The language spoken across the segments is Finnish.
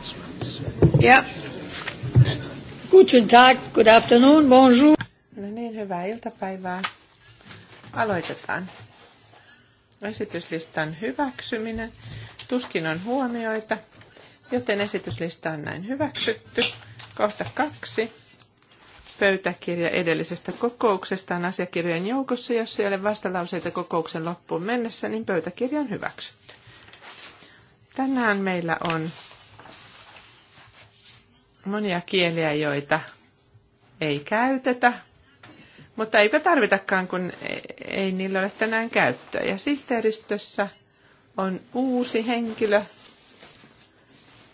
announcements. Yeah. Guten Tag, good afternoon, bonjour. No niin, hyvää iltapäivää. Aloitetaan. Esityslistan hyväksyminen. Tuskin on huomioita, joten esityslista on näin hyväksytty. Kohta kaksi. Pöytäkirja edellisestä kokouksesta on asiakirjojen joukossa. Jos ei ole vastalauseita kokouksen loppuun mennessä, niin pöytäkirja on hyväksytty. Tänään meillä on monia kieliä, joita ei käytetä, mutta eipä tarvitakaan, kun ei niillä ole tänään käyttöä. Ja sihteeristössä on uusi henkilö,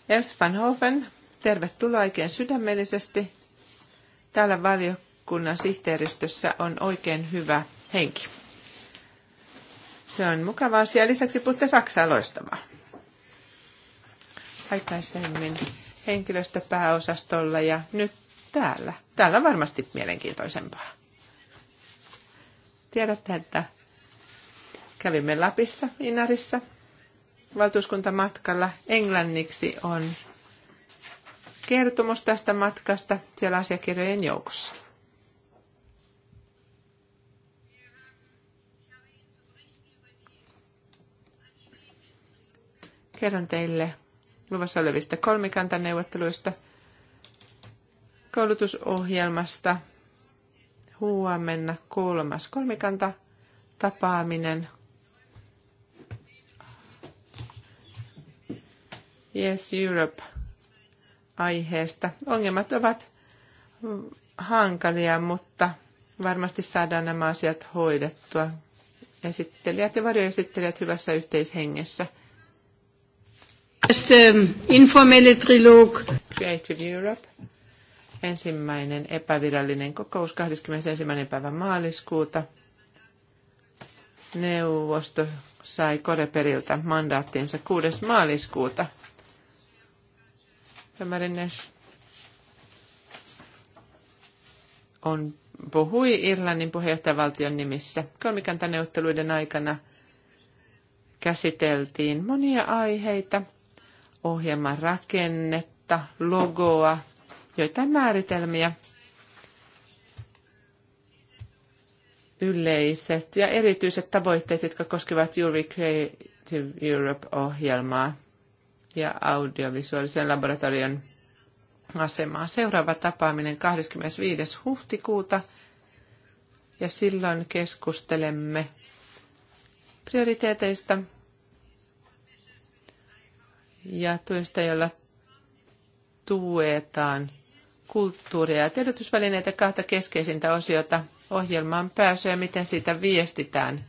Els van Hoven. Tervetuloa oikein sydämellisesti. Täällä valiokunnan sihteeristössä on oikein hyvä henki. Se on mukava asia. Lisäksi puhutte saksaa loistavaa. Aikaisemmin henkilöstöpääosastolla ja nyt täällä. Täällä on varmasti mielenkiintoisempaa. Tiedätte, että kävimme Lapissa, Inarissa, valtuuskuntamatkalla. Englanniksi on kertomus tästä matkasta siellä asiakirjojen joukossa. Kerron teille luvassa olevista kolmikantaneuvotteluista, koulutusohjelmasta, huomenna kolmas kolmikanta tapaaminen. Yes Europe aiheesta. Ongelmat ovat hankalia, mutta varmasti saadaan nämä asiat hoidettua. Esittelijät ja varjoesittelijät hyvässä yhteishengessä. Ähm, informelle trilog. Creative Europe. Ensimmäinen epävirallinen kokous 21. päivä maaliskuuta. Neuvosto sai Koreperiltä mandaattinsa 6. maaliskuuta. Tömärines on puhui Irlannin puheenjohtajavaltion nimissä. Kolmikantaneuvotteluiden aikana käsiteltiin monia aiheita – ohjelman rakennetta, logoa, joitain määritelmiä, yleiset ja erityiset tavoitteet, jotka koskevat juuri Creative Europe-ohjelmaa ja audiovisuaalisen laboratorion asemaa. Seuraava tapaaminen 25. huhtikuuta ja silloin keskustelemme prioriteeteista ja tuesta, jolla tuetaan kulttuuria ja tiedotusvälineitä kahta keskeisintä osiota ohjelmaan pääsyä, miten siitä viestitään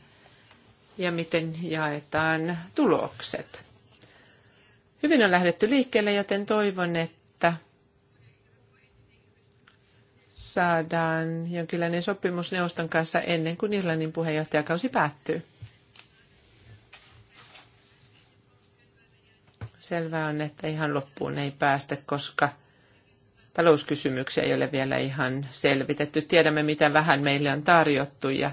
ja miten jaetaan tulokset. Hyvin on lähdetty liikkeelle, joten toivon, että saadaan jonkinlainen sopimus neuvoston kanssa ennen kuin Irlannin puheenjohtajakausi päättyy. Selvää on, että ihan loppuun ei päästä, koska talouskysymyksiä ei ole vielä ihan selvitetty. Tiedämme, mitä vähän meille on tarjottu ja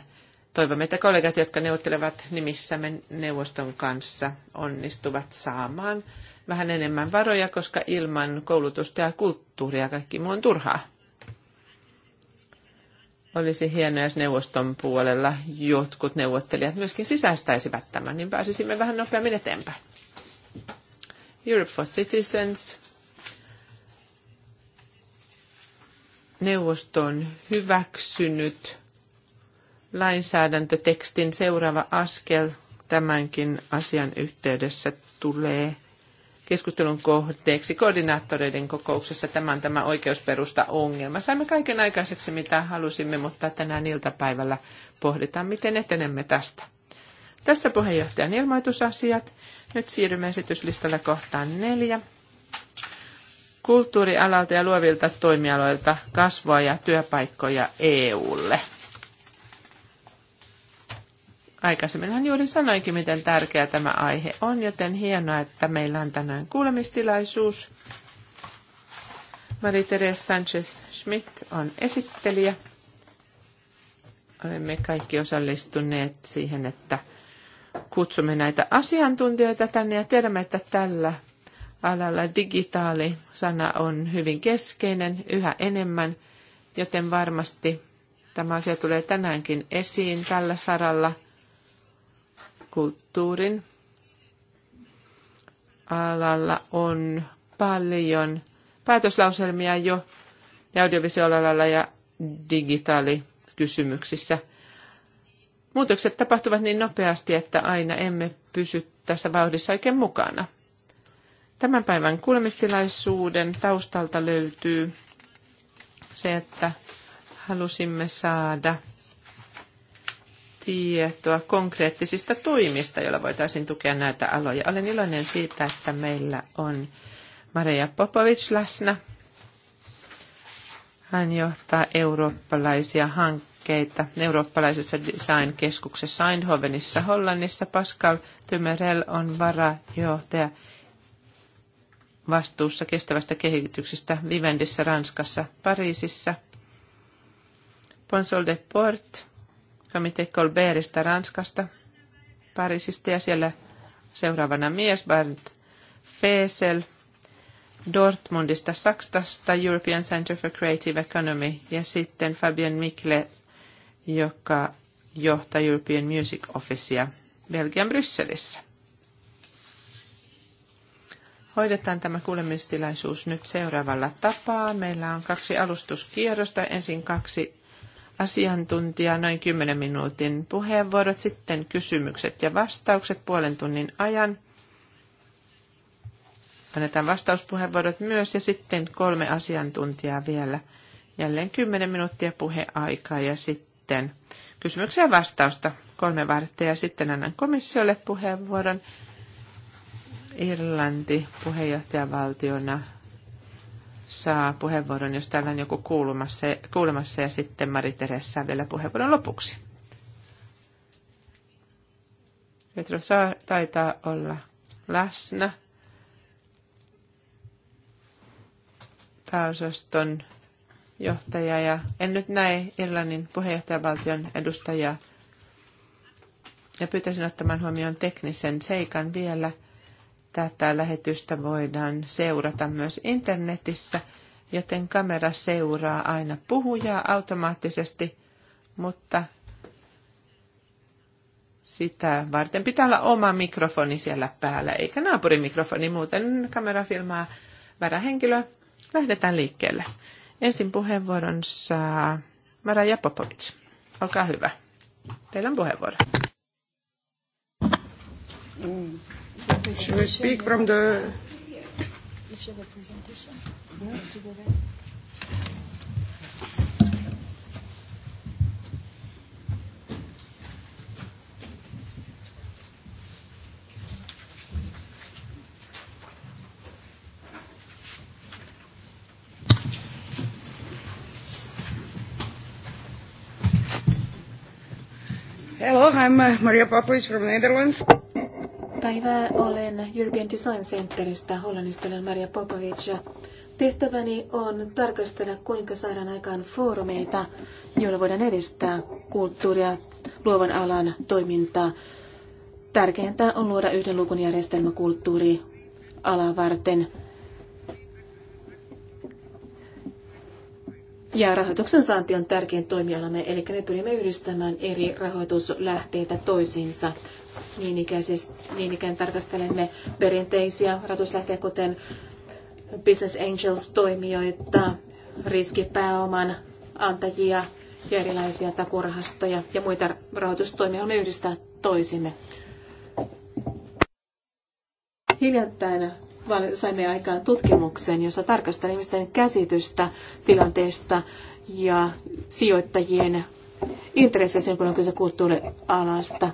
toivomme, että kollegat, jotka neuvottelevat nimissämme neuvoston kanssa, onnistuvat saamaan vähän enemmän varoja, koska ilman koulutusta ja kulttuuria kaikki muu on turhaa. Olisi hienoa, jos neuvoston puolella jotkut neuvottelijat myöskin sisäistäisivät tämän, niin pääsisimme vähän nopeammin eteenpäin. Europe for Citizens. Neuvosto on hyväksynyt lainsäädäntötekstin seuraava askel tämänkin asian yhteydessä tulee keskustelun kohteeksi koordinaattoreiden kokouksessa tämän tämä oikeusperusta ongelma. Saimme kaiken aikaiseksi mitä halusimme, mutta tänään iltapäivällä pohditaan, miten etenemme tästä. Tässä puheenjohtajan ilmoitusasiat. Nyt siirrymme esityslistalle kohtaan neljä. Kulttuurialalta ja luovilta toimialoilta kasvua ja työpaikkoja EUlle. Aikaisemminhan juuri sanoinkin, miten tärkeä tämä aihe on, joten hienoa, että meillä on tänään kuulemistilaisuus. Marie-Therese Sanchez-Schmidt on esittelijä. Olemme kaikki osallistuneet siihen, että – kutsumme näitä asiantuntijoita tänne ja tiedämme, että tällä alalla digitaali-sana on hyvin keskeinen yhä enemmän, joten varmasti tämä asia tulee tänäänkin esiin tällä saralla kulttuurin alalla on paljon päätöslauselmia jo ja audiovisuaalialalla ja digitaalikysymyksissä – muutokset tapahtuvat niin nopeasti, että aina emme pysy tässä vauhdissa oikein mukana. Tämän päivän kuulemistilaisuuden taustalta löytyy se, että halusimme saada tietoa konkreettisista toimista, joilla voitaisiin tukea näitä aloja. Olen iloinen siitä, että meillä on Maria Popovic läsnä. Hän johtaa eurooppalaisia hankkeita liikkeitä eurooppalaisessa design Eindhovenissa Hollannissa. Pascal Tymerel on varajohtaja vastuussa kestävästä kehityksestä Vivendissä Ranskassa Pariisissa. Ponsol de Port, Comité Colbertista Ranskasta Pariisista ja siellä seuraavana mies Bernd Fesel Dortmundista Saksasta European Center for Creative Economy ja sitten Fabian Mikle joka johtaa European Music Officea Belgian Brysselissä. Hoidetaan tämä kuulemistilaisuus nyt seuraavalla tapaa. Meillä on kaksi alustuskierrosta. Ensin kaksi asiantuntijaa, noin 10 minuutin puheenvuorot, sitten kysymykset ja vastaukset puolen tunnin ajan. Annetaan vastauspuheenvuorot myös ja sitten kolme asiantuntijaa vielä. Jälleen 10 minuuttia puheaikaa ja sitten sitten kysymyksiä ja vastausta kolme varttia ja sitten annan komissiolle puheenvuoron. Irlanti puheenjohtajavaltiona saa puheenvuoron, jos täällä on joku kuulumassa, kuulemassa ja sitten Mari-Teres saa vielä puheenvuoron lopuksi. Petro saa, taitaa olla läsnä pääosaston johtaja ja en nyt näe Irlannin puheenjohtajavaltion edustajaa. Ja pyytäisin ottamaan huomioon teknisen seikan vielä. Tätä lähetystä voidaan seurata myös internetissä, joten kamera seuraa aina puhujaa automaattisesti, mutta sitä varten pitää olla oma mikrofoni siellä päällä, eikä naapurin mikrofoni, muuten kamera filmaa väärä henkilö. Lähdetään liikkeelle. Ensin puheenvuoron saa Maraja Popovic. Olkaa hyvä. Teillä on puheenvuoro. Should speak from Hello, I'm uh, Maria from Netherlands. Päivää olen European Design Centeristä, Hollannista olen Maria Popovic. Tehtäväni on tarkastella, kuinka saadaan aikaan foorumeita, joilla voidaan edistää kulttuuria, luovan alan toimintaa. Tärkeintä on luoda yhden lukun järjestelmä kulttuurialaa varten – Ja rahoituksen saanti on tärkein toimialamme, eli me pyrimme yhdistämään eri rahoituslähteitä toisiinsa. Niin, ikäisesti, niin ikään tarkastelemme perinteisiä rahoituslähteitä, kuten Business Angels-toimijoita, riskipääoman antajia ja erilaisia takurahastoja ja muita rahoitustoimia haluamme yhdistää toisimme. Hiljattain saimme aikaan tutkimuksen, jossa tarkastelimme ihmisten käsitystä tilanteesta ja sijoittajien intressejä sen, kun on kyse kulttuurialasta.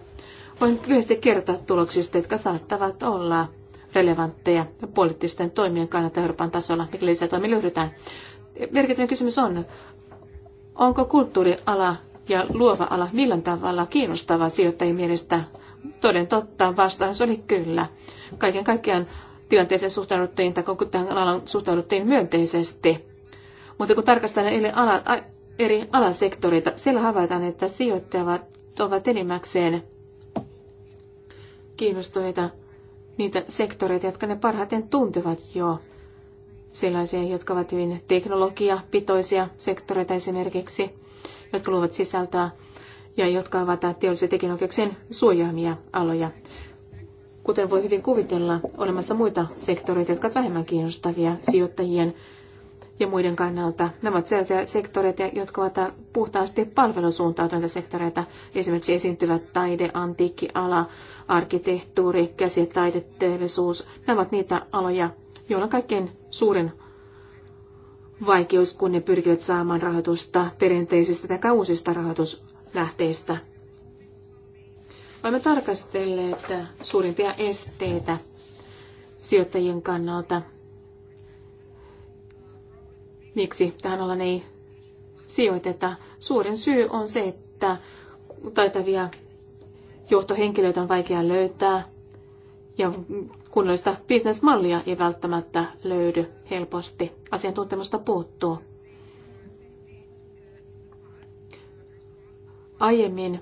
Voin lyhyesti kertoa tuloksista, jotka saattavat olla relevantteja poliittisten toimien kannalta Euroopan tasolla, mikä lisätoimi lyhdytään. Merkittävä kysymys on, onko kulttuuriala ja luova ala millään tavalla kiinnostava sijoittajien mielestä? Toden totta, vastaus oli kyllä. Kaiken kaikkiaan tilanteeseen suhtauduttiin, tai koko tähän alaan suhtauduttiin myönteisesti. Mutta kun tarkastellaan eri, ala, eri alasektoreita, siellä havaitaan, että sijoittajat ovat enimmäkseen kiinnostuneita niitä sektoreita, jotka ne parhaiten tuntevat jo. Sellaisia, jotka ovat hyvin teknologiapitoisia sektoreita esimerkiksi, jotka luovat sisältöä ja jotka ovat teollisen tekijänoikeuksien suojaamia aloja. Kuten voi hyvin kuvitella, olemassa muita sektoreita, jotka ovat vähemmän kiinnostavia sijoittajien ja muiden kannalta. Nämä ovat sellaisia sektoreita, jotka ovat puhtaasti palvelusuuntautuneita sektoreita, esimerkiksi esiintyvät taide, antiikkiala, arkkitehtuuri, käsitaide, teollisuus. Nämä ovat niitä aloja, joilla on kaikkein suurin vaikeus, kun ne pyrkivät saamaan rahoitusta perinteisistä tai uusista rahoituslähteistä. Olemme tarkastelleet suurimpia esteitä sijoittajien kannalta. Miksi tähän ollaan ei sijoiteta? Suurin syy on se, että taitavia johtohenkilöitä on vaikea löytää ja kunnollista bisnesmallia ei välttämättä löydy helposti. Asiantuntemusta puuttuu. Aiemmin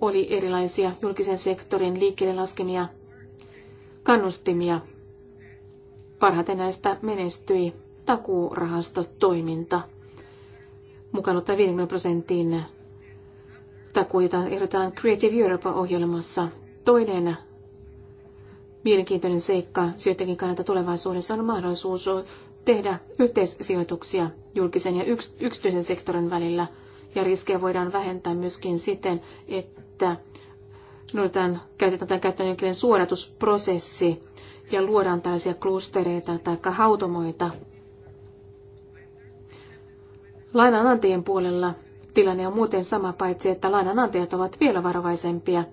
oli erilaisia julkisen sektorin liikkeelle laskemia kannustimia. Parhaiten näistä menestyi takuurahastotoiminta, mukaan ottaa 50 prosentin takuu, jota ehdotetaan Creative Europe-ohjelmassa. Toinen mielenkiintoinen seikka sijoittajien kannalta tulevaisuudessa on mahdollisuus tehdä yhteissijoituksia julkisen ja yksityisen sektorin välillä, ja riskejä voidaan vähentää myöskin siten, että että noudatetaan, käytetään käyttöön jonkinlainen suodatusprosessi ja luodaan tällaisia klustereita tai hautomoita. Lainanantajien puolella tilanne on muuten sama, paitsi että lainanantajat ovat vielä varovaisempia.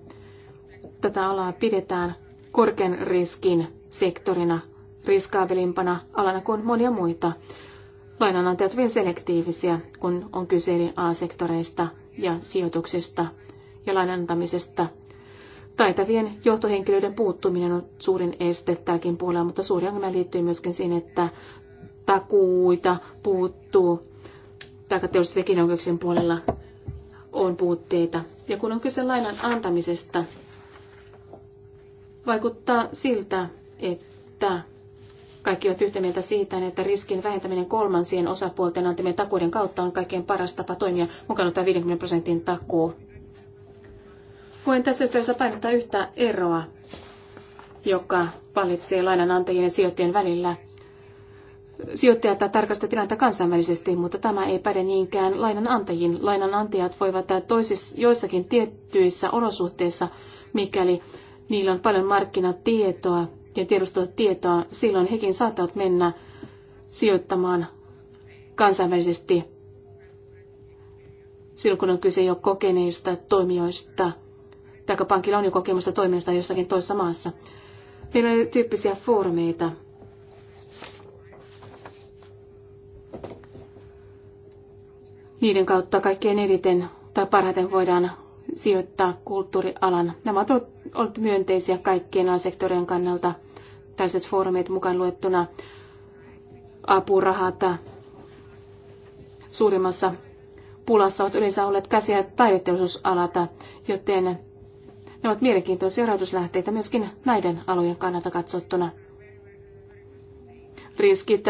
Tätä alaa pidetään korkean riskin sektorina, riskaavelimpana alana kuin monia muita. Lainanantajat ovat hyvin selektiivisiä, kun on kyse eri alasektoreista ja sijoituksista ja lainantamisesta. Taitavien johtohenkilöiden puuttuminen on suurin este tälläkin puolella, mutta suuri ongelma liittyy myöskin siihen, että takuita puuttuu, tai teollisuuden oikeuksien puolella on puutteita. Ja kun on kyse lainan antamisesta, vaikuttaa siltä, että kaikki ovat yhtä mieltä siitä, että riskin vähentäminen kolmansien osapuolten antamien takuiden kautta on kaikkein paras tapa toimia, mukana ottaa 50 prosentin takuu. Voin tässä yhteydessä painottaa yhtä eroa, joka valitsee lainanantajien ja sijoittajien välillä. Sijoittajat tarkastavat tilannetta kansainvälisesti, mutta tämä ei päde niinkään lainanantajiin. Lainanantajat voivat toisissa, joissakin tiettyissä olosuhteissa, mikäli niillä on paljon markkinatietoa ja tiedustelutietoa, silloin hekin saattavat mennä sijoittamaan kansainvälisesti silloin kun on kyse jo kokeneista toimijoista – tai pankilla on jo kokemusta toiminnasta jossakin toisessa maassa. Meillä on tyyppisiä foorumeita. Niiden kautta kaikkein eniten tai parhaiten voidaan sijoittaa kulttuurialan. Nämä ovat olleet myönteisiä kaikkien sektorien kannalta. Tällaiset foorumeet mukaan luettuna apurahat suurimmassa pulassa ovat yleensä olleet käsiä ja taideteollisuusalata, joten ne ovat mielenkiintoisia rahoituslähteitä myöskin näiden alojen kannalta katsottuna. Riskit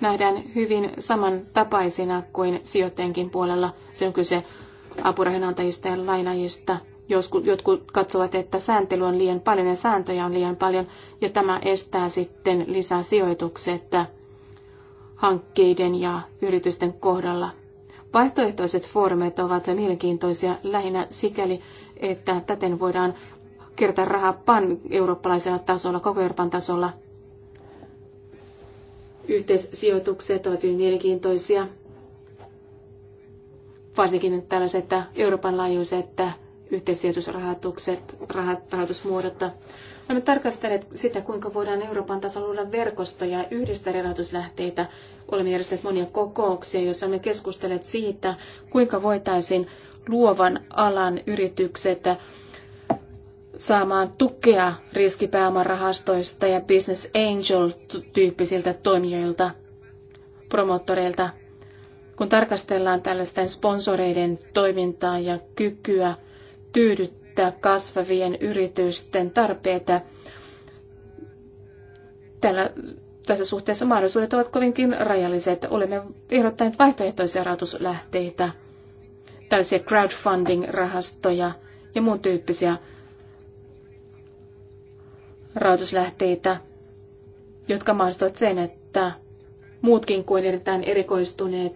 nähdään hyvin samantapaisina kuin sijoittajienkin puolella. Se on kyse apurahanantajista ja lainajista. jotkut katsovat, että sääntely on liian paljon ja sääntöjä on liian paljon, ja tämä estää sitten lisää sijoitukset hankkeiden ja yritysten kohdalla. Vaihtoehtoiset foorumit ovat mielenkiintoisia lähinnä sikäli, että täten voidaan kertaa rahaa pan-eurooppalaisella tasolla, koko Euroopan tasolla. Yhteissijoitukset ovat hyvin mielenkiintoisia, varsinkin tällaiset Euroopan laajuiset yhteissijoitusrahoitusmuodot me tarkastelet sitä, kuinka voidaan Euroopan tasolla luoda verkostoja ja yhdistää rahoituslähteitä. Olemme järjestäneet monia kokouksia, joissa me keskustelet siitä, kuinka voitaisiin luovan alan yritykset saamaan tukea riskipääomarahastoista ja Business Angel-tyyppisiltä toimijoilta, promottoreilta. Kun tarkastellaan tällaisten sponsoreiden toimintaa ja kykyä tyydyttää, täyttää kasvavien yritysten tarpeita. Tällä, tässä suhteessa mahdollisuudet ovat kovinkin rajalliset. Olemme ehdottaneet vaihtoehtoisia rahoituslähteitä, tällaisia crowdfunding-rahastoja ja muun tyyppisiä rahoituslähteitä, jotka mahdollistavat sen, että muutkin kuin erittäin erikoistuneet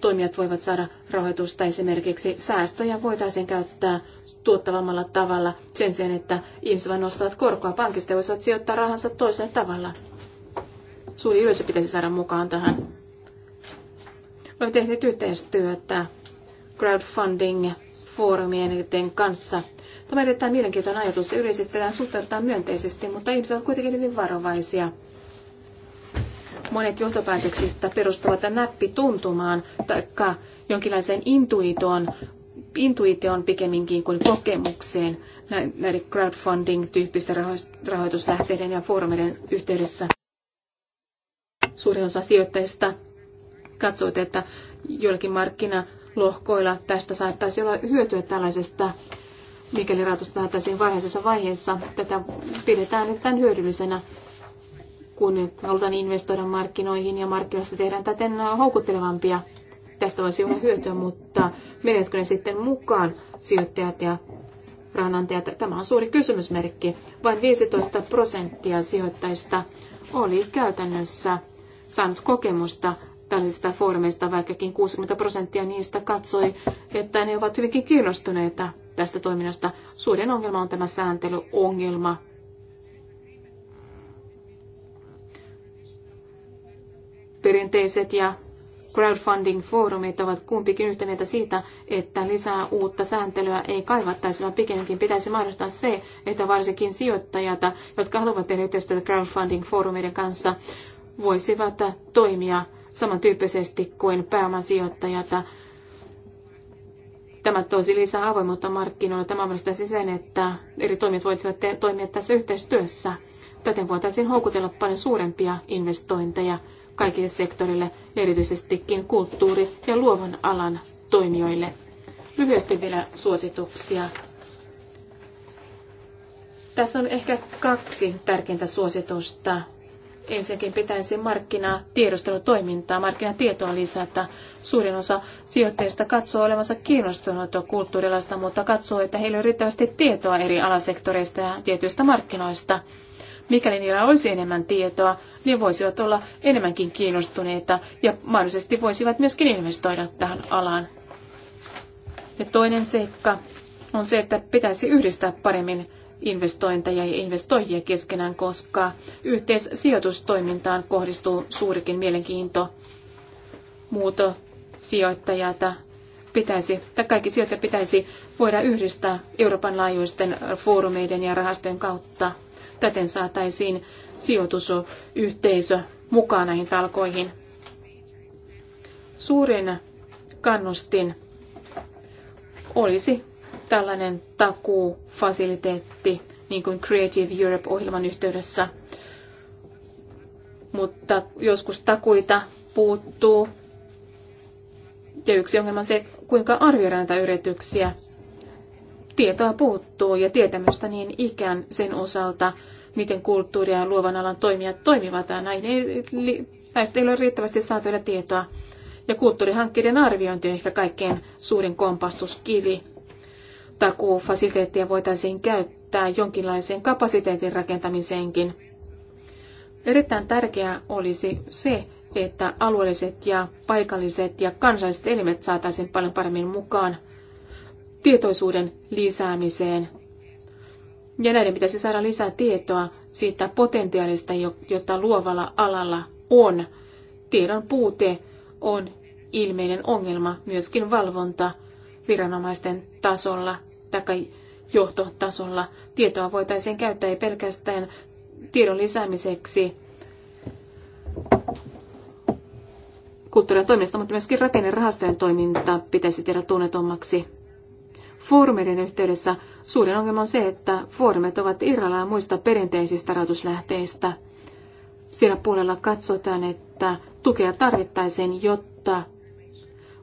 toimijat voivat saada rahoitusta. Esimerkiksi säästöjä voitaisiin käyttää tuottavammalla tavalla sen sen, että ihmiset vain nostavat korkoa pankista ja voisivat sijoittaa rahansa toisella tavalla. Suuri yleisö pitäisi saada mukaan tähän. Olemme tehneet yhteistyötä crowdfunding-foorumien kanssa. Tämä on erittäin mielenkiintoinen ajatus ja yleisesti tähän suhtaudutaan myönteisesti, mutta ihmiset ovat kuitenkin hyvin varovaisia. Monet johtopäätöksistä perustuvat näppituntumaan tai jonkinlaiseen intuitoon intuitioon pikemminkin kuin kokemukseen näiden crowdfunding-tyyppisten rahoituslähteiden ja foorumeiden yhteydessä. Suurin osa sijoittajista katsoo, että joillakin markkinalohkoilla tästä saattaisi olla hyötyä tällaisesta mikäli rahoitusta saataisiin varhaisessa vaiheessa. Tätä pidetään tämän hyödyllisenä, kun halutaan investoida markkinoihin ja markkinoista tehdään täten houkuttelevampia Tästä voisi olla hyötyä, mutta menetkö ne sitten mukaan sijoittajat ja rahanantajat? Tämä on suuri kysymysmerkki. Vain 15 prosenttia sijoittajista oli käytännössä saanut kokemusta tällaisista foorumeista, vaikkakin 60 prosenttia niistä katsoi, että ne ovat hyvinkin kiinnostuneita tästä toiminnasta. Suurin ongelma on tämä sääntelyongelma. Perinteiset ja crowdfunding-foorumit ovat kumpikin yhtä mieltä siitä, että lisää uutta sääntelyä ei kaivattaisi, vaan pikemminkin pitäisi mahdollistaa se, että varsinkin sijoittajat, jotka haluavat tehdä yhteistyötä crowdfunding-foorumeiden kanssa, voisivat toimia samantyyppisesti kuin pääomasijoittajat. Tämä toisi lisää avoimuutta markkinoilla. Tämä mahdollistaisi sen, että eri toimijat voisivat toimia tässä yhteistyössä. Täten voitaisiin houkutella paljon suurempia investointeja kaikille sektorille, erityisestikin kulttuuri- ja luovan alan toimijoille. Lyhyesti vielä suosituksia. Tässä on ehkä kaksi tärkeintä suositusta. Ensinnäkin pitäisi markkinatiedustelutoimintaa, markkinatietoa lisätä. Suurin osa sijoittajista katsoo olevansa kiinnostunut kulttuurilasta, mutta katsoo, että heillä on riittävästi tietoa eri alasektoreista ja tietyistä markkinoista. Mikäli niillä olisi enemmän tietoa, niin voisivat olla enemmänkin kiinnostuneita ja mahdollisesti voisivat myöskin investoida tähän alaan. Ja toinen seikka on se, että pitäisi yhdistää paremmin investointeja ja investoijia keskenään, koska yhteissijoitustoimintaan kohdistuu suurikin mielenkiinto. Muuto sijoittajata pitäisi, tai kaikki sijoittajat pitäisi voida yhdistää Euroopan laajuisten foorumeiden ja rahastojen kautta. Täten saataisiin sijoitusyhteisö mukaan näihin talkoihin. Suurin kannustin olisi tällainen takuufasiliteetti, niin kuin Creative Europe-ohjelman yhteydessä. Mutta joskus takuita puuttuu. Ja yksi ongelma on se, kuinka arvioidaan näitä yrityksiä Tietoa puuttuu ja tietämystä niin ikään sen osalta, miten kulttuuri- ja luovan alan toimijat toimivat. Näin ei, näistä ei ole riittävästi saatavilla tietoa. Ja kulttuurihankkeiden arviointi on ehkä kaikkein suurin kompastuskivi. Takuufasiliteettia voitaisiin käyttää jonkinlaiseen kapasiteetin rakentamiseenkin. Erittäin tärkeää olisi se, että alueelliset ja paikalliset ja kansalliset elimet saataisiin paljon paremmin mukaan tietoisuuden lisäämiseen. Ja näiden pitäisi saada lisää tietoa siitä potentiaalista, jota luovalla alalla on. Tiedon puute on ilmeinen ongelma myöskin valvonta viranomaisten tasolla tai johtotasolla. Tietoa voitaisiin käyttää ei pelkästään tiedon lisäämiseksi kulttuurin toimesta, mutta myöskin rakennerahastojen toiminta pitäisi tehdä tunnetummaksi. Foorumeiden yhteydessä suurin ongelma on se, että foorumit ovat irrallaan muista perinteisistä rahoituslähteistä. Siellä puolella katsotaan, että tukea tarvittaisiin, jotta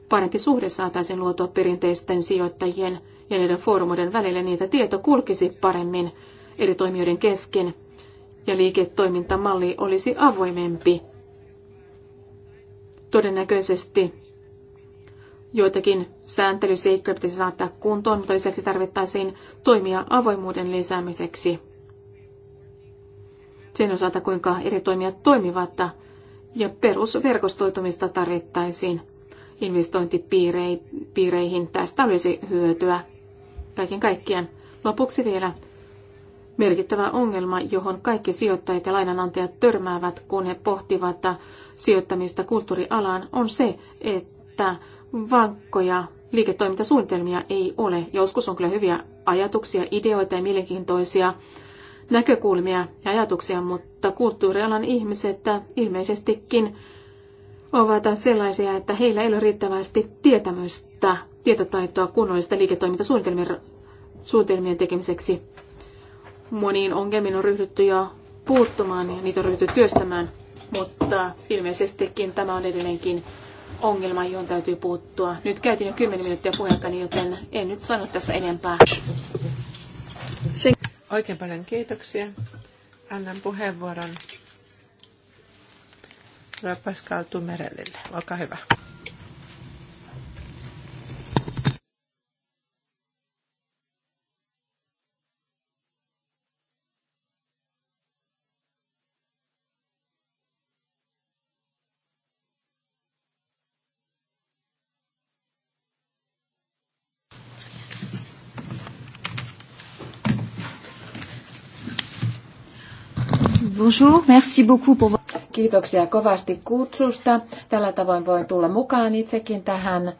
parempi suhde saataisiin luotua perinteisten sijoittajien ja niiden foorumoiden välillä Niitä tieto kulkisi paremmin eri toimijoiden kesken ja liiketoimintamalli olisi avoimempi. Todennäköisesti joitakin sääntelyseikkoja pitäisi saattaa kuntoon, mutta lisäksi tarvittaisiin toimia avoimuuden lisäämiseksi sen osalta, kuinka eri toimijat toimivat, ja perusverkostoitumista tarvittaisiin investointipiireihin. Tästä olisi hyötyä kaiken kaikkiaan. Lopuksi vielä merkittävä ongelma, johon kaikki sijoittajat ja lainanantajat törmäävät, kun he pohtivat sijoittamista kulttuurialaan, on se, että vankkoja liiketoimintasuunnitelmia ei ole. Joskus on kyllä hyviä ajatuksia, ideoita ja mielenkiintoisia näkökulmia ja ajatuksia, mutta kulttuurialan ihmiset ilmeisestikin ovat sellaisia, että heillä ei ole riittävästi tietämystä, tietotaitoa kunnollista liiketoimintasuunnitelmien suunnitelmien tekemiseksi. Moniin ongelmiin on ryhdytty jo puuttumaan ja niitä on ryhdytty työstämään, mutta ilmeisestikin tämä on edelleenkin ongelma, johon täytyy puuttua. Nyt käytin jo 10 minuuttia puheeltani, joten en nyt sano tässä enempää. Oikein paljon kiitoksia. Annan puheenvuoron Pascal Tumerellille. Olkaa hyvä. Bonjour, merci beaucoup pour... Kiitoksia kovasti kutsusta. Tällä tavoin voin tulla mukaan itsekin tähän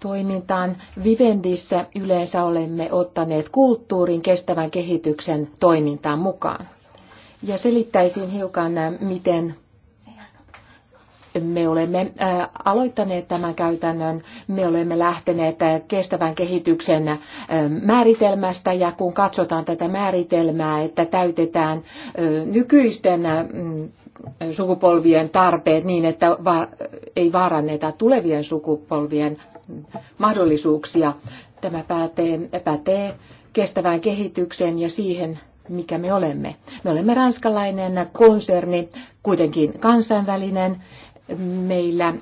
toimintaan. Vivendissä yleensä olemme ottaneet kulttuurin kestävän kehityksen toimintaan mukaan. Ja selittäisin hiukan, miten me olemme aloittaneet tämän käytännön, me olemme lähteneet kestävän kehityksen määritelmästä ja kun katsotaan tätä määritelmää, että täytetään nykyisten mm, sukupolvien tarpeet niin, että ei vaaranneta tulevien sukupolvien mahdollisuuksia. Tämä pätee, pätee kestävään kehitykseen ja siihen, mikä me olemme. Me olemme ranskalainen konserni, kuitenkin kansainvälinen meillä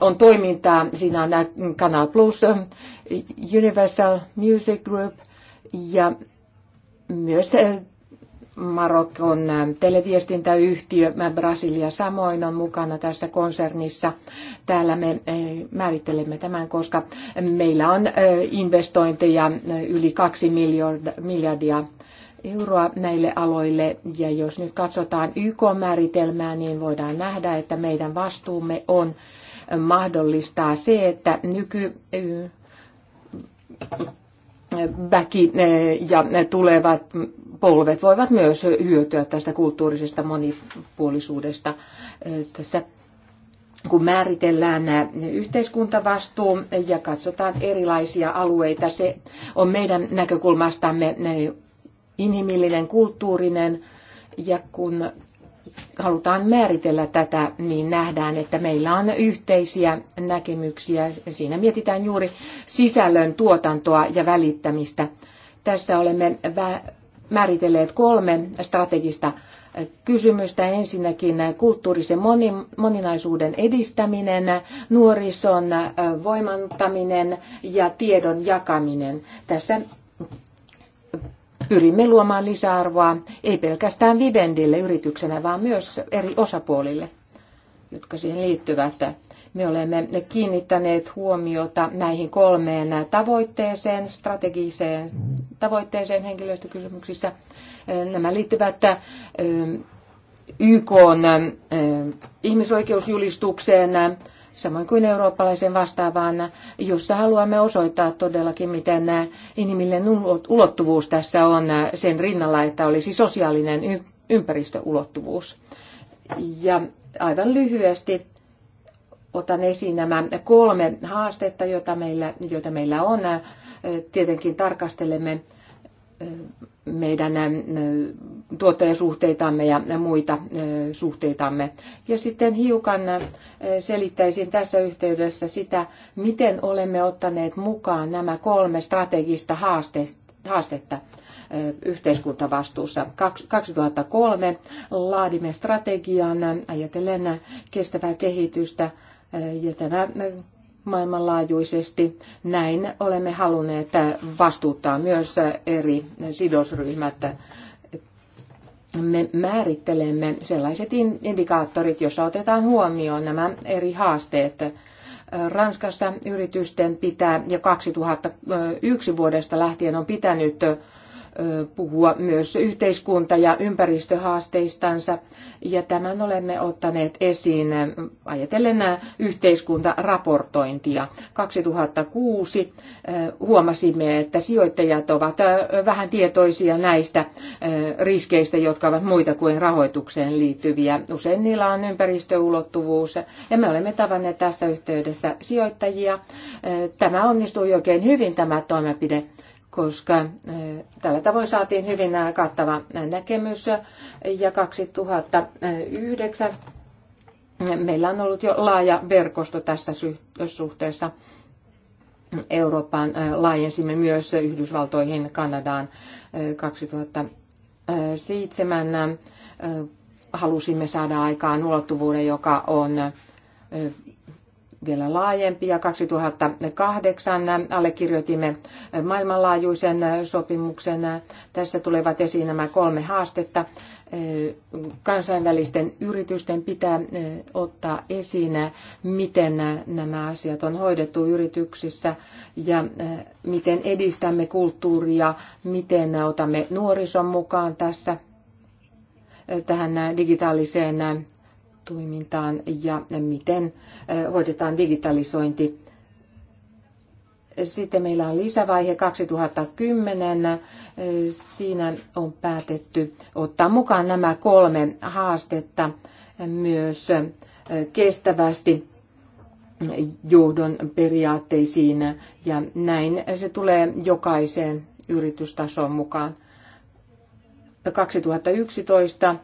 on toimintaa, siinä on Canal Plus, Universal Music Group ja myös Marokon televiestintäyhtiö Brasilia samoin on mukana tässä konsernissa. Täällä me määrittelemme tämän, koska meillä on investointeja yli kaksi miljardia euroa näille aloille. Ja jos nyt katsotaan YK-määritelmää, niin voidaan nähdä, että meidän vastuumme on mahdollistaa se, että nyky väki e, ja tulevat polvet voivat myös hyötyä tästä kulttuurisesta monipuolisuudesta. E, tässä kun määritellään yhteiskuntavastuu ja katsotaan erilaisia alueita, se on meidän näkökulmastamme inhimillinen, kulttuurinen. Ja kun halutaan määritellä tätä, niin nähdään, että meillä on yhteisiä näkemyksiä. Siinä mietitään juuri sisällön tuotantoa ja välittämistä. Tässä olemme määritelleet kolme strategista kysymystä. Ensinnäkin kulttuurisen moninaisuuden edistäminen, nuorison voimantaminen ja tiedon jakaminen. Tässä pyrimme luomaan lisäarvoa ei pelkästään Vivendille yrityksenä, vaan myös eri osapuolille, jotka siihen liittyvät. Me olemme kiinnittäneet huomiota näihin kolmeen tavoitteeseen, strategiseen tavoitteeseen henkilöstökysymyksissä. Nämä liittyvät YK ihmisoikeusjulistukseen, samoin kuin eurooppalaisen vastaavaan, jossa haluamme osoittaa todellakin, miten inhimillinen ulottuvuus tässä on sen rinnalla, että olisi sosiaalinen ympäristöulottuvuus. Ja aivan lyhyesti otan esiin nämä kolme haastetta, joita meillä, joita meillä on. Tietenkin tarkastelemme meidän tuottajasuhteitamme ja muita suhteitamme. Ja sitten hiukan selittäisin tässä yhteydessä sitä, miten olemme ottaneet mukaan nämä kolme strategista haastetta yhteiskuntavastuussa. 2003 laadimme strategian ajatellen kestävää kehitystä ja tämä maailmanlaajuisesti. Näin olemme halunneet vastuuttaa myös eri sidosryhmät. Me määrittelemme sellaiset indikaattorit, joissa otetaan huomioon nämä eri haasteet. Ranskassa yritysten pitää jo 2001 vuodesta lähtien on pitänyt puhua myös yhteiskunta- ja ympäristöhaasteistansa, ja tämän olemme ottaneet esiin ajatellen yhteiskuntaraportointia. 2006 huomasimme, että sijoittajat ovat vähän tietoisia näistä riskeistä, jotka ovat muita kuin rahoitukseen liittyviä. Usein niillä on ympäristöulottuvuus, ja me olemme tavanneet tässä yhteydessä sijoittajia. Tämä onnistui oikein hyvin tämä toimenpide koska eh, tällä tavoin saatiin hyvin eh, kattava eh, näkemys. Ja 2009 meillä on ollut jo laaja verkosto tässä suhteessa. Eurooppaan laajensimme myös Yhdysvaltoihin, Kanadaan 2007. Halusimme saada aikaan ulottuvuuden, joka on vielä laajempi ja 2008 allekirjoitimme maailmanlaajuisen sopimuksen. Tässä tulevat esiin nämä kolme haastetta. Kansainvälisten yritysten pitää eh, ottaa esiin, miten nämä asiat on hoidettu yrityksissä ja eh, miten edistämme kulttuuria, miten otamme nuorison mukaan tässä eh, tähän digitaaliseen toimintaan ja miten hoidetaan digitalisointi. Sitten meillä on lisävaihe 2010. Siinä on päätetty ottaa mukaan nämä kolme haastetta myös kestävästi johdon periaatteisiin ja näin se tulee jokaiseen yritystasoon mukaan. 2011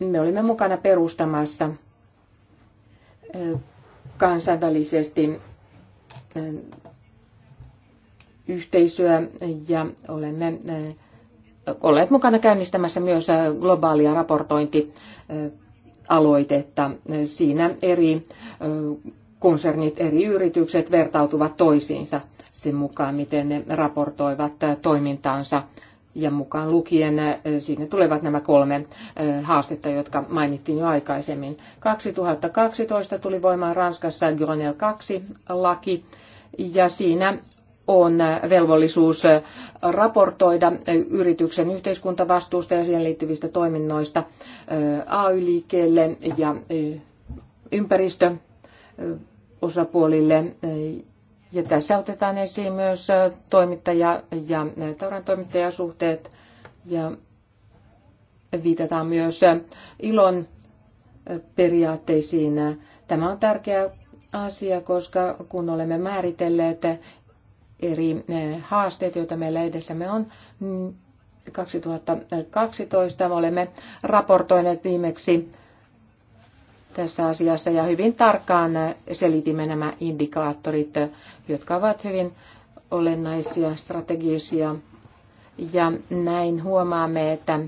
me olimme mukana perustamassa kansainvälisesti yhteisöä ja olemme olleet mukana käynnistämässä myös globaalia raportointialoitetta. Siinä eri konsernit, eri yritykset vertautuvat toisiinsa sen mukaan, miten ne raportoivat toimintaansa ja mukaan lukien äh, sinne tulevat nämä kolme äh, haastetta, jotka mainittiin jo aikaisemmin. 2012 tuli voimaan Ranskassa Grenelle 2 laki ja siinä on äh, velvollisuus raportoida yrityksen yhteiskuntavastuusta ja siihen liittyvistä toiminnoista AY-liikkeelle ja ympäristöosapuolille. Ja tässä otetaan esiin myös toimittaja- ja tauran toimittajasuhteet ja viitataan myös ilon periaatteisiin. Tämä on tärkeä asia, koska kun olemme määritelleet eri haasteet, joita meillä edessämme on, 2012 mm, olemme raportoineet viimeksi tässä asiassa ja hyvin tarkkaan selitimme nämä indikaattorit, jotka ovat hyvin olennaisia, strategisia. Ja näin huomaamme, että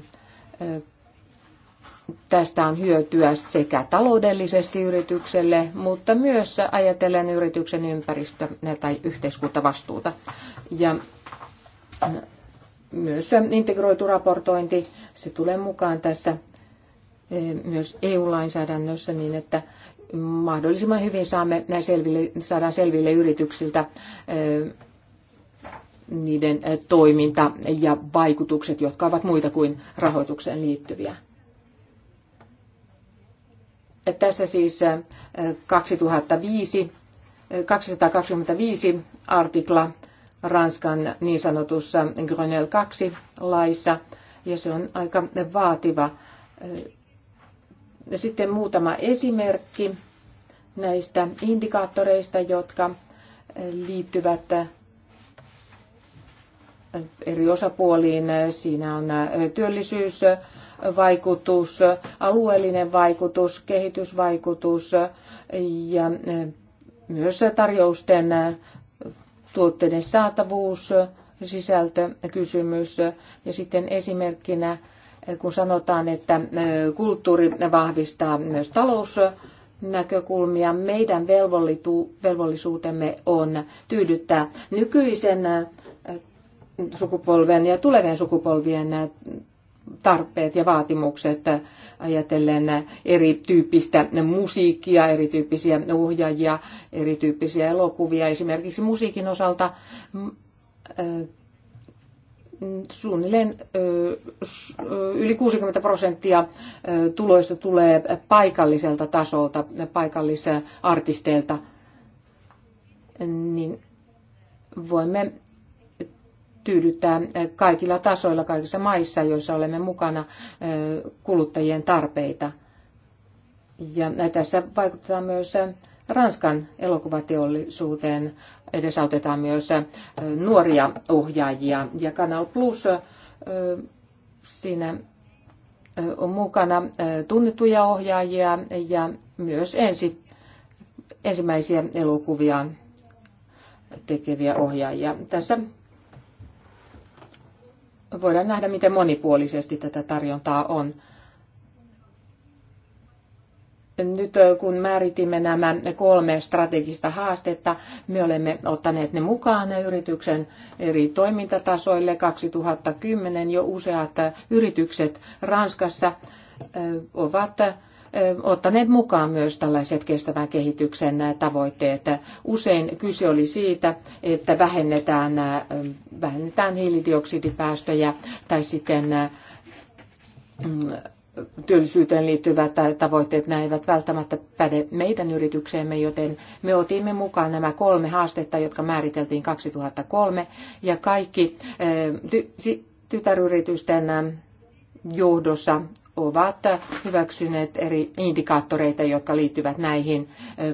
tästä on hyötyä sekä taloudellisesti yritykselle, mutta myös ajatellen yrityksen ympäristö- tai yhteiskuntavastuuta. Ja myös integroitu raportointi, se tulee mukaan tässä Eh, myös EU-lainsäädännössä niin, että mahdollisimman hyvin saamme selville, saadaan selville yrityksiltä eh, niiden eh, toiminta ja vaikutukset, jotka ovat muita kuin rahoitukseen liittyviä. Tässä siis 2005, 225 artikla Ranskan niin sanotussa Grenelle 2 laissa, ja se on aika vaativa sitten muutama esimerkki näistä indikaattoreista, jotka liittyvät eri osapuoliin. Siinä on työllisyysvaikutus, alueellinen vaikutus, kehitysvaikutus ja myös tarjousten tuotteiden saatavuus, sisältökysymys ja sitten esimerkkinä kun sanotaan, että kulttuuri vahvistaa myös talousnäkökulmia. Meidän velvollisuutemme on tyydyttää nykyisen sukupolven ja tulevien sukupolvien tarpeet ja vaatimukset ajatellen erityyppistä musiikkia, erityyppisiä ohjaajia, erityyppisiä elokuvia. Esimerkiksi musiikin osalta suunnilleen yli 60 prosenttia tuloista tulee paikalliselta tasolta, paikallisartisteilta, niin voimme tyydyttää kaikilla tasoilla, kaikissa maissa, joissa olemme mukana kuluttajien tarpeita. Ja tässä vaikutetaan myös Ranskan elokuvateollisuuteen edesautetaan myös äh, nuoria ohjaajia ja Canal Plus äh, siinä äh, on mukana tunnettuja ohjaajia ja myös ensi, ensimmäisiä elokuvia tekeviä ohjaajia. Tässä voidaan nähdä, miten monipuolisesti tätä tarjontaa on nyt kun määritimme nämä kolme strategista haastetta, me olemme ottaneet ne mukaan yrityksen eri toimintatasoille. 2010 jo useat yritykset Ranskassa ovat ottaneet mukaan myös tällaiset kestävän kehityksen tavoitteet. Usein kyse oli siitä, että vähennetään, vähennetään hiilidioksidipäästöjä tai sitten työllisyyteen liittyvät tavoitteet näivät välttämättä päde meidän yritykseemme, joten me otimme mukaan nämä kolme haastetta, jotka määriteltiin 2003, ja kaikki eh, tytäryritysten eh, johdossa ovat hyväksyneet eri indikaattoreita, jotka liittyvät näihin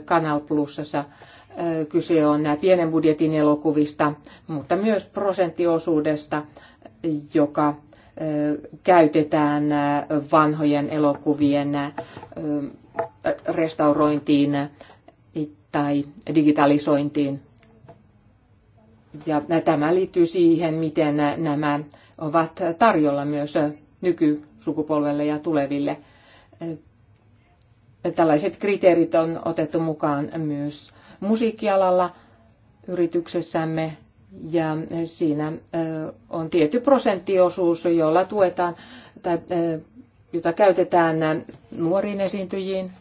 Canal eh, Plusassa. Kyse on pienen budjetin elokuvista, mutta myös prosenttiosuudesta, joka käytetään vanhojen elokuvien restaurointiin tai digitalisointiin. Ja tämä liittyy siihen, miten nämä ovat tarjolla myös nykysukupolvelle ja tuleville. Tällaiset kriteerit on otettu mukaan myös musiikkialalla yrityksessämme ja siinä on tietty prosenttiosuus, jolla tuetaan tai jota käytetään nuoriin esiintyjiin.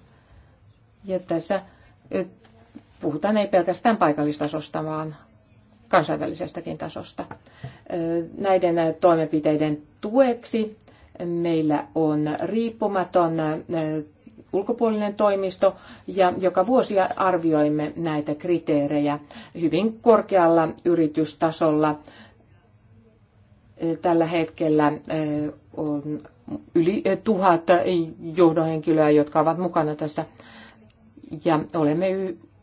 Ja tässä puhutaan ei pelkästään paikallistasosta, vaan kansainvälisestäkin tasosta. Näiden toimenpiteiden tueksi meillä on riippumaton ulkopuolinen toimisto ja joka vuosi arvioimme näitä kriteerejä hyvin korkealla yritystasolla. Tällä hetkellä eh, on yli tuhat johdohenkilöä, jotka ovat mukana tässä. Ja olemme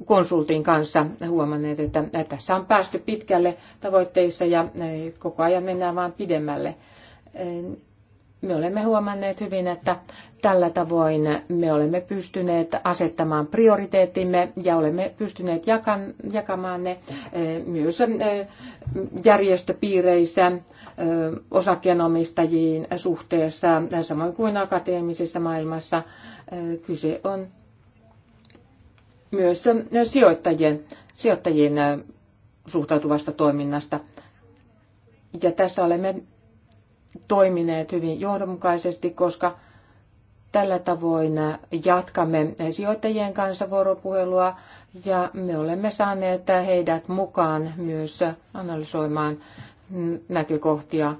konsultin kanssa huomanneet, että tässä on päästy pitkälle tavoitteissa ja eh, koko ajan mennään vaan pidemmälle. Eh, me olemme huomanneet hyvin, että tällä tavoin me olemme pystyneet asettamaan prioriteettimme ja olemme pystyneet jakan, jakamaan ne e, myös e, järjestöpiireissä e, osakkeenomistajiin suhteessa, samoin kuin akateemisessa maailmassa. Kyse on myös sijoittajien, sijoittajien suhtautuvasta toiminnasta. Ja tässä olemme toimineet hyvin johdonmukaisesti, koska tällä tavoin jatkamme sijoittajien kanssa vuoropuhelua ja me olemme saaneet heidät mukaan myös analysoimaan näkökohtia.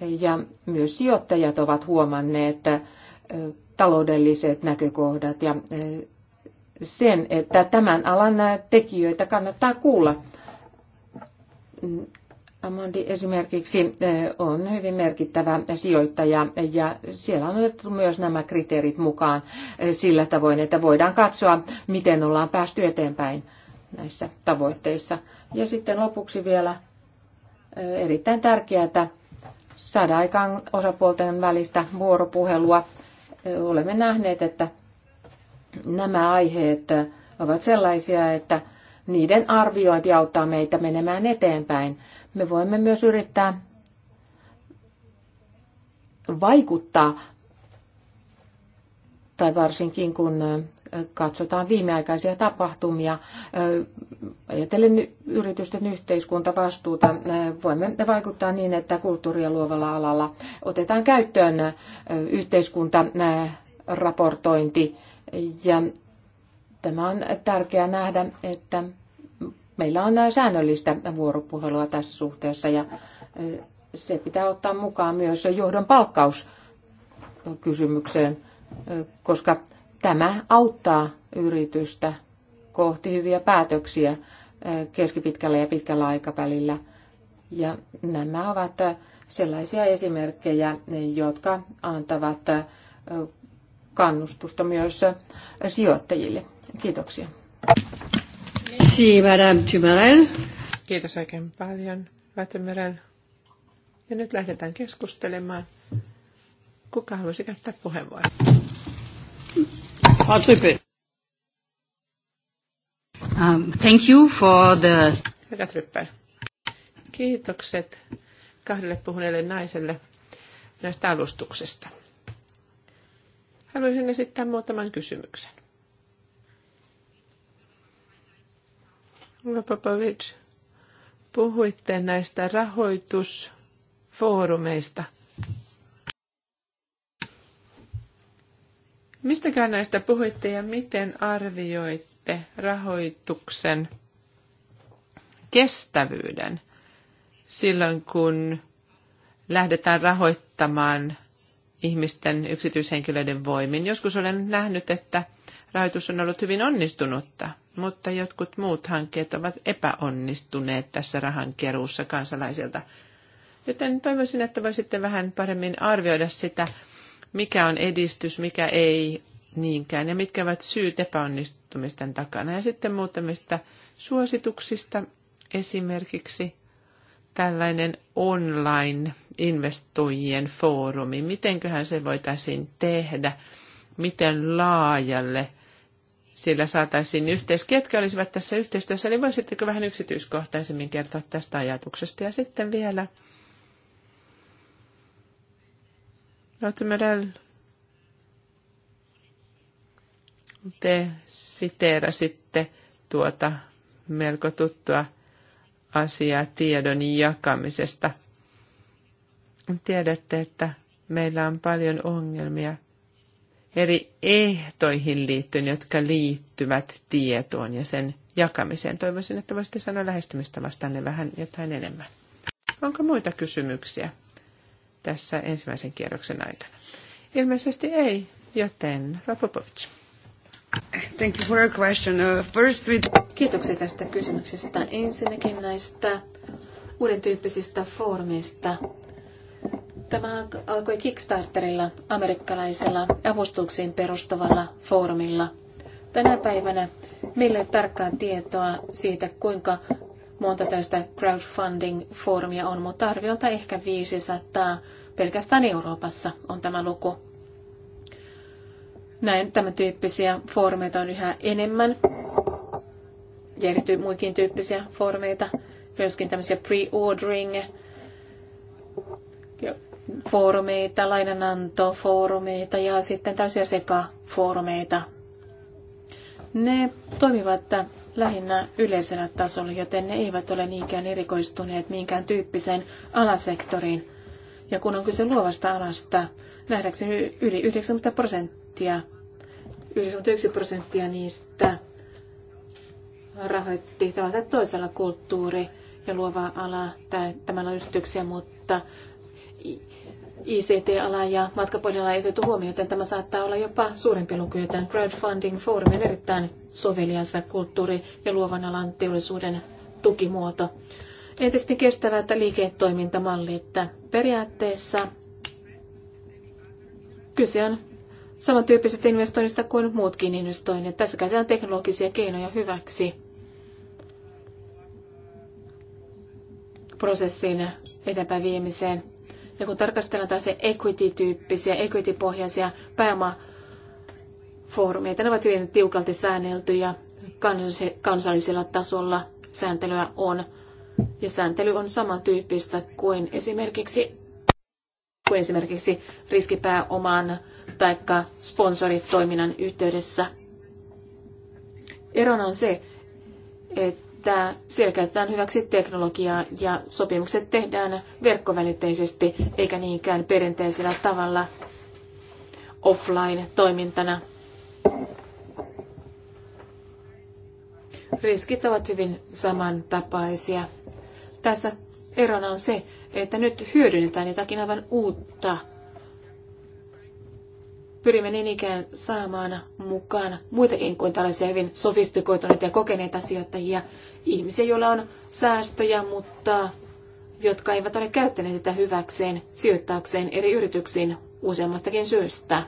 Ja myös sijoittajat ovat huomanneet taloudelliset näkökohdat ja sen, että tämän alan tekijöitä kannattaa kuulla Amondi esimerkiksi eh, on hyvin merkittävä sijoittaja ja siellä on otettu myös nämä kriteerit mukaan eh, sillä tavoin, että voidaan katsoa, miten ollaan päästy eteenpäin näissä tavoitteissa. Ja sitten lopuksi vielä eh, erittäin tärkeää että saada aikaan osapuolten välistä vuoropuhelua. Olemme nähneet, että nämä aiheet ovat sellaisia, että niiden arviointi auttaa meitä menemään eteenpäin. Me voimme myös yrittää vaikuttaa, tai varsinkin kun katsotaan viimeaikaisia tapahtumia, ajatellen yritysten yhteiskuntavastuuta, voimme vaikuttaa niin, että kulttuuria luovalla alalla otetaan käyttöön yhteiskuntaraportointi ja Tämä on tärkeää nähdä, että meillä on säännöllistä vuoropuhelua tässä suhteessa ja se pitää ottaa mukaan myös johdon palkkauskysymykseen, koska tämä auttaa yritystä kohti hyviä päätöksiä keskipitkällä ja pitkällä aikavälillä. Ja nämä ovat sellaisia esimerkkejä, jotka antavat kannustusta myös sijoittajille. Kiitoksia. Si, Madame Kiitos oikein paljon, Vätömeren. Ja nyt lähdetään keskustelemaan. Kuka haluaisi käyttää puheenvuoron? Patripe. Um, thank you for the... Hyvä Kiitokset kahdelle puhuneelle naiselle näistä alustuksista. Haluaisin esittää muutaman kysymyksen. Hyvä Popovic, puhuitte näistä rahoitusfoorumeista. Mistäkään näistä puhuitte ja miten arvioitte rahoituksen kestävyyden silloin, kun lähdetään rahoittamaan ihmisten yksityishenkilöiden voimin? Joskus olen nähnyt, että rahoitus on ollut hyvin onnistunutta – mutta jotkut muut hankkeet ovat epäonnistuneet tässä rahankeruussa kansalaisilta. Joten toivoisin, että voisitte vähän paremmin arvioida sitä, mikä on edistys, mikä ei niinkään, ja mitkä ovat syyt epäonnistumisten takana. Ja sitten muutamista suosituksista, esimerkiksi tällainen online-investoijien foorumi. Mitenköhän se voitaisiin tehdä? Miten laajalle – sillä saataisiin yhteys, Ketkä olisivat tässä yhteistyössä, niin voisitteko vähän yksityiskohtaisemmin kertoa tästä ajatuksesta. Ja sitten vielä Rotemedel, te siteerasitte tuota melko tuttua asiaa tiedon jakamisesta. Tiedätte, että meillä on paljon ongelmia eri ehtoihin liittyen, jotka liittyvät tietoon ja sen jakamiseen. Toivoisin, että voisitte sanoa ne vähän jotain enemmän. Onko muita kysymyksiä tässä ensimmäisen kierroksen aikana? Ilmeisesti ei, joten Rapopovic. Thank you for your question. Uh, first with... Kiitoksia tästä kysymyksestä. Ensinnäkin näistä uuden tyyppisistä foorumeista Tämä alkoi Kickstarterilla, amerikkalaisella avustuksiin perustuvalla foorumilla. Tänä päivänä meillä ei tarkkaa tietoa siitä, kuinka monta tällaista crowdfunding-foorumia on, mutta arviolta ehkä 500 pelkästään Euroopassa on tämä luku. Näin tämän tyyppisiä foorumeita on yhä enemmän ja muikin tyyppisiä foorumeita, myöskin tämmöisiä pre-ordering foorumeita, lainanantofoorumeita ja sitten tällaisia sekafoorumeita. Ne toimivat lähinnä yleisellä tasolla, joten ne eivät ole niinkään erikoistuneet minkään tyyppiseen alasektoriin. Ja kun on kyse luovasta alasta, nähdäkseni yli 90 prosenttia, 91 prosenttia niistä rahoitti tavallaan toisella kulttuuri ja luova ala tämän yrityksiä, mutta ICT-ala ja matkapuhelin ei otettu huomioon, joten tämä saattaa olla jopa suurempi luku, joten crowdfunding foorumin on erittäin soveliansa kulttuuri- ja luovan alan teollisuuden tukimuoto. Entisesti liiketoimintamalli, että Periaatteessa kyse on samantyyppisestä investoinnista kuin muutkin investoinnit. Tässä käytetään teknologisia keinoja hyväksi prosessin eteenpäin viemiseen ja kun tarkastellaan taas equity-tyyppisiä, equity-pohjaisia pääomafoorumeita, ne ovat hyvin tiukalti säänneltyjä kansallisella tasolla sääntelyä on. Ja sääntely on samantyyppistä kuin esimerkiksi, kuin esimerkiksi riskipääoman tai sponsoritoiminnan yhteydessä. Erona on se, että että siellä käytetään hyväksi teknologiaa ja sopimukset tehdään verkkovälitteisesti eikä niinkään perinteisellä tavalla offline-toimintana. Riskit ovat hyvin samantapaisia. Tässä erona on se, että nyt hyödynnetään jotakin aivan uutta – Pyrimme niin ikään saamaan mukaan muitakin kuin tällaisia hyvin sofistikoituneita ja kokeneita sijoittajia, ihmisiä, joilla on säästöjä, mutta jotka eivät ole käyttäneet tätä hyväkseen sijoittaakseen eri yrityksiin useammastakin syystä.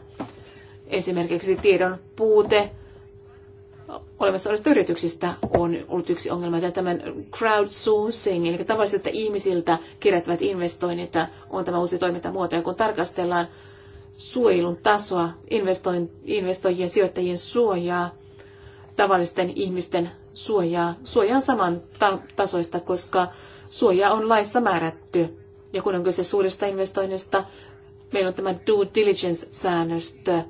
Esimerkiksi tiedon puute olemassa olevista yrityksistä on ollut yksi ongelma. Ja tämän crowdsourcing, eli että ihmisiltä kerättävät investoinnit on tämä uusi toimintamuoto. Ja kun tarkastellaan suojelun tasoa, investoijien sijoittajien suojaa, tavallisten ihmisten suojaa. Suoja on saman ta- tasoista, koska suoja on laissa määrätty. Ja kun on kyse suurista investoinnista, meillä on tämä due diligence-säännöstö,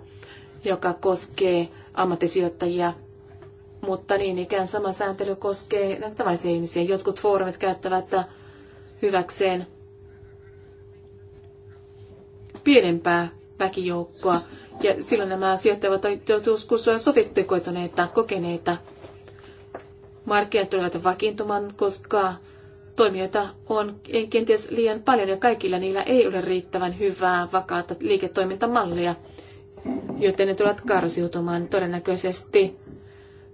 joka koskee ammattisijoittajia. Mutta niin ikään sama sääntely koskee näitä tavallisia ihmisiä. Jotkut foorumit käyttävät hyväkseen pienempää väkijoukkoa. Ja silloin nämä sijoittajat ovat joskus sofistikoituneita, kokeneita. Markkinat tulevat vakiintumaan, koska toimijoita on kenties liian paljon ja kaikilla niillä ei ole riittävän hyvää, vakaata liiketoimintamallia, joten ne tulevat karsiutumaan todennäköisesti.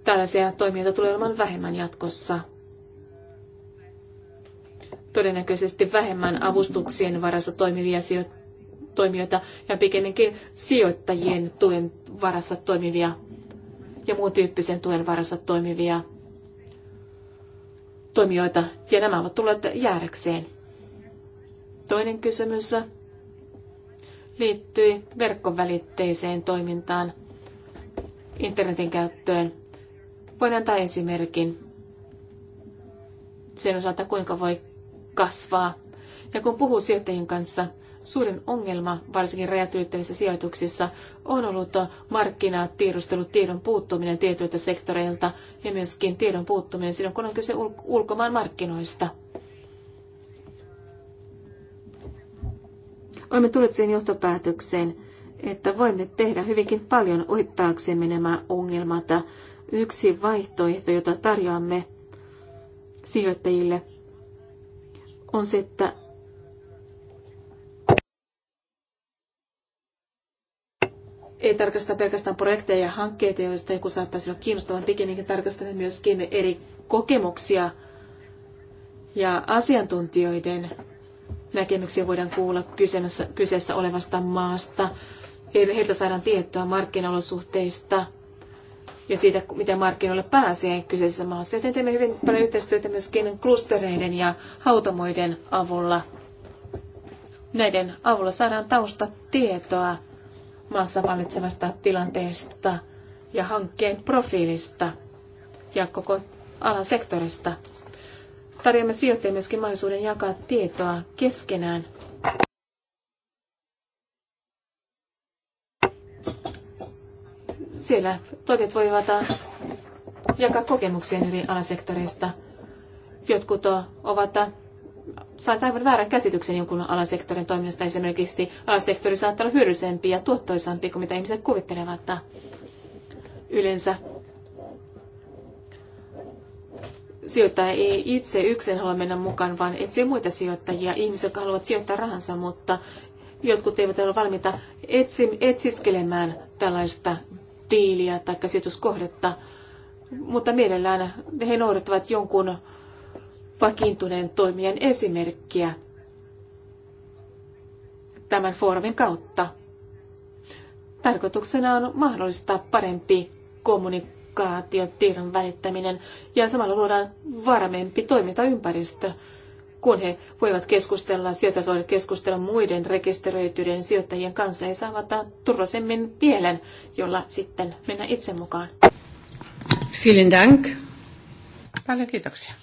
Tällaisia toimijoita tulee olemaan vähemmän jatkossa. Todennäköisesti vähemmän avustuksien varassa toimivia sijoittajia toimijoita ja pikemminkin sijoittajien tuen varassa toimivia ja muun tyyppisen tuen varassa toimivia toimijoita. Ja nämä ovat tulleet jäädäkseen. Toinen kysymys liittyi verkkovälitteiseen toimintaan, internetin käyttöön. Voin antaa esimerkin sen osalta, kuinka voi kasvaa. Ja kun puhuu sijoittajien kanssa, Suurin ongelma, varsinkin rajat ylittävissä sijoituksissa, on ollut tiedon puuttuminen tietyiltä sektoreilta ja myöskin tiedon puuttuminen silloin, kun on kyse ulkomaan markkinoista. Olemme tulleet siihen johtopäätökseen, että voimme tehdä hyvinkin paljon ohittaaksemme nämä ongelmat. Yksi vaihtoehto, jota tarjoamme sijoittajille, on se, että ei tarkasta pelkästään projekteja ja hankkeita, joista joku saattaisi olla kiinnostavan, pikemminkin tarkastamme myöskin eri kokemuksia ja asiantuntijoiden näkemyksiä voidaan kuulla kyseessä, kyseessä olevasta maasta. Heiltä saadaan tietoa markkinaolosuhteista ja siitä, miten markkinoille pääsee kyseisessä maassa. Joten teemme hyvin paljon yhteistyötä myöskin klustereiden ja hautamoiden avulla. Näiden avulla saadaan taustatietoa tietoa maassa vallitsevasta tilanteesta ja hankkeen profiilista ja koko sektorista. Tarjoamme sijoittajille myöskin mahdollisuuden jakaa tietoa keskenään. Siellä toimijat voivat jakaa kokemuksia eri alasektoreista. Jotkut ovat saat aivan väärän käsityksen jonkun sektorin toiminnasta. Esimerkiksi alasektori saattaa olla hyödyllisempi ja tuottoisampi kuin mitä ihmiset kuvittelevat. Yleensä sijoittaja ei itse yksin halua mennä mukaan, vaan etsii muita sijoittajia, ihmisiä, jotka haluavat sijoittaa rahansa, mutta jotkut eivät ole valmiita etsi, etsiskelemään tällaista diiliä tai sijoituskohdetta, mutta mielellään he noudattavat jonkun vakiintuneen toimijan esimerkkiä tämän foorumin kautta. Tarkoituksena on mahdollistaa parempi kommunikaatio, tiedon välittäminen ja samalla luodaan varmempi toimintaympäristö, kun he voivat keskustella, sijoittajat keskustella muiden rekisteröityiden sijoittajien kanssa ja saavat turvallisemmin pielen, jolla sitten mennä itse mukaan. Vielen Dank. Paljon kiitoksia.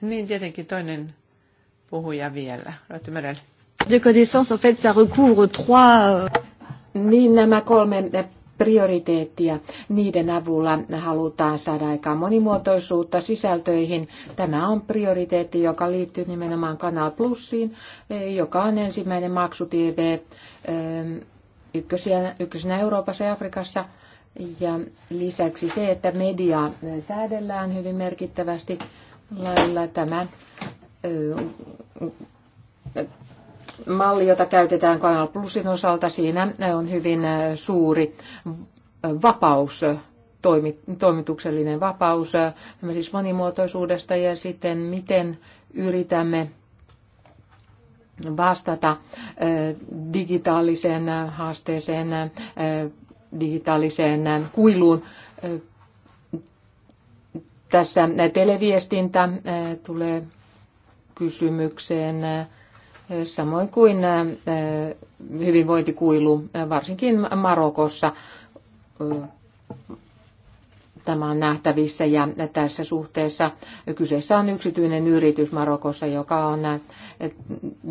Niin tietenkin toinen puhuja vielä. Olette merellä. De connaissance, en fait, ça recouvre trois... Euh, niin nämä kolme eh, prioriteettia. Niiden avulla halutaan saada aikaan monimuotoisuutta sisältöihin. Tämä on prioriteetti, joka liittyy nimenomaan Kanal Plusiin, eh, joka on ensimmäinen maksu-TV eh, ykkösenä, ykkösenä Euroopassa ja Afrikassa. Ja lisäksi se, että mediaa säädellään hyvin merkittävästi lailla tämä malli, jota käytetään Kanal Plusin osalta, siinä on hyvin suuri vapaus, toimi, toimituksellinen vapaus, siis monimuotoisuudesta ja sitten miten yritämme vastata digitaaliseen haasteeseen, digitaaliseen kuiluun tässä televiestintä eh, tulee kysymykseen, eh, samoin kuin eh, hyvinvointikuilu, varsinkin Marokossa. Tämä on nähtävissä ja tässä suhteessa kyseessä on yksityinen yritys Marokossa, joka on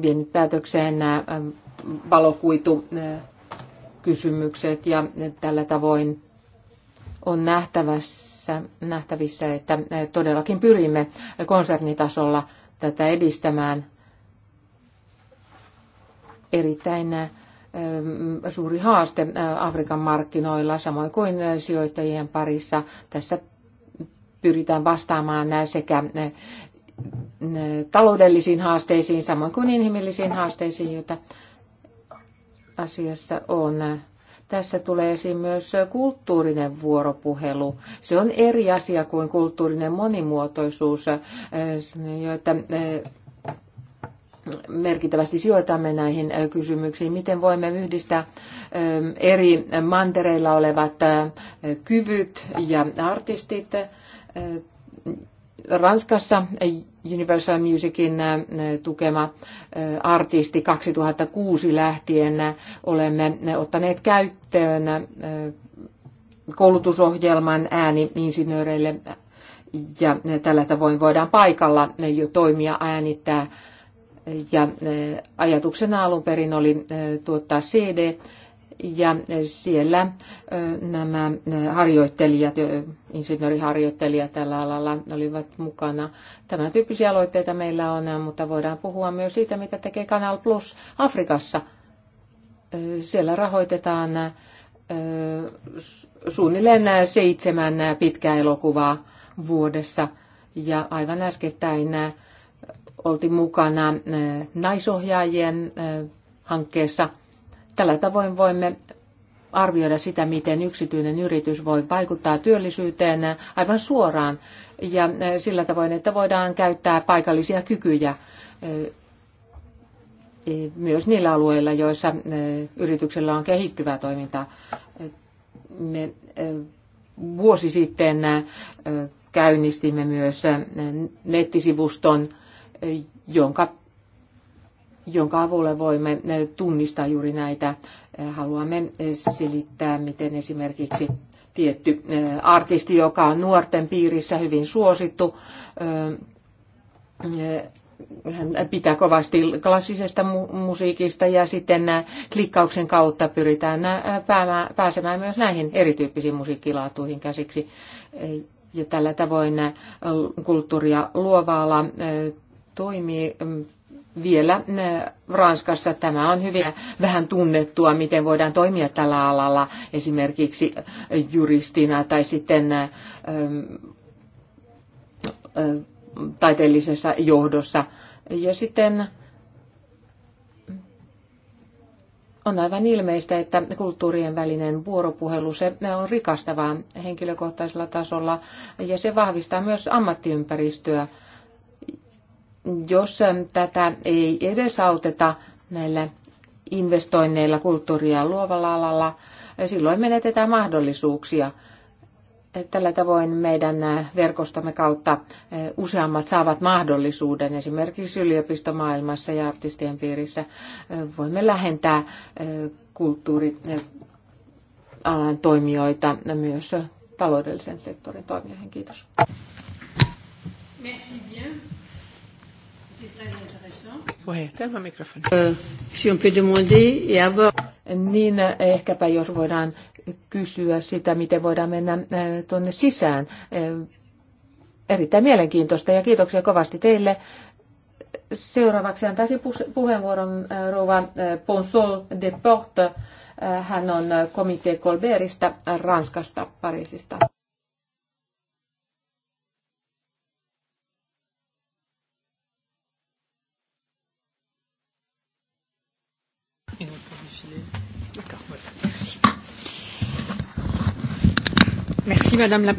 vienyt päätökseen valokuitu kysymykset ja tällä tavoin on nähtävässä, nähtävissä, että todellakin pyrimme konsernitasolla tätä edistämään. Erittäin mm, suuri haaste Afrikan markkinoilla, samoin kuin sijoittajien parissa. Tässä pyritään vastaamaan sekä taloudellisiin haasteisiin, samoin kuin inhimillisiin haasteisiin, joita asiassa on tässä tulee esiin myös kulttuurinen vuoropuhelu. Se on eri asia kuin kulttuurinen monimuotoisuus, eh, joita eh, merkittävästi sijoitamme näihin eh, kysymyksiin. Miten voimme yhdistää eri mantereilla olevat kyvyt ja artistit Ranskassa Universal Musicin äh, tukema äh, artisti 2006 lähtien äh, olemme ottaneet käyttöön koulutusohjelman ääniinsinööreille ja tällä tavoin voidaan paikalla jo toimia äänittää. Ja ajatuksena alun perin oli tuottaa CD ja siellä nämä harjoittelijat, insinööriharjoittelijat tällä alalla olivat mukana. Tämän tyyppisiä aloitteita meillä on, mutta voidaan puhua myös siitä, mitä tekee Canal Plus Afrikassa. Siellä rahoitetaan suunnilleen seitsemän pitkää elokuvaa vuodessa ja aivan äskettäin oltiin mukana naisohjaajien hankkeessa – Tällä tavoin voimme arvioida sitä, miten yksityinen yritys voi vaikuttaa työllisyyteen aivan suoraan ja eh, sillä tavoin, että voidaan käyttää paikallisia kykyjä eh, eh, myös niillä alueilla, joissa yrityksellä on kehittyvää toimintaa. Me vuosi sitten käynnistimme myös nettisivuston, jonka jonka avulla voimme eh, tunnistaa juuri näitä. Eh, haluamme eh, selittää, miten esimerkiksi tietty artisti, joka on nuorten piirissä hyvin suosittu, hän pitää kovasti klassisesta musiikista ja sitten klikkauksen kautta pyritään pääsemään myös näihin erityyppisiin musiikkilaatuihin käsiksi. Ja tällä tavoin kulttuuria ala toimii mm, vielä eh, Ranskassa tämä on hyvin vähän tunnettua, miten voidaan toimia tällä alalla esimerkiksi eh, juristina tai sitten eh, taiteellisessa johdossa. Ja sitten on aivan ilmeistä, että kulttuurien välinen vuoropuhelu se on rikastavaa henkilökohtaisella tasolla ja se vahvistaa myös ammattiympäristöä jos ähm, tätä ei edesauteta näillä investoinneilla kulttuuria luovalla alalla, äh, silloin menetetään mahdollisuuksia. Äh, tällä tavoin meidän äh, verkostamme kautta useammat saavat mahdollisuuden esimerkiksi yliopistomaailmassa ja artistien piirissä. Voimme lähentää kulttuurialan toimijoita myös taloudellisen sektorin toimijoihin. Kiitos. Merci bien mikrofoni. Euh, si on peut demander et avoir... Niin eh, ehkäpä jos voidaan kysyä sitä, miten voidaan mennä eh, tuonne sisään. Eh, erittäin mielenkiintoista ja kiitoksia kovasti teille. Seuraavaksi antaisin puheenvuoron rouva Ponsol de Porte. Hän on komitea Colbertista Ranskasta, Pariisista. Merci, Madame la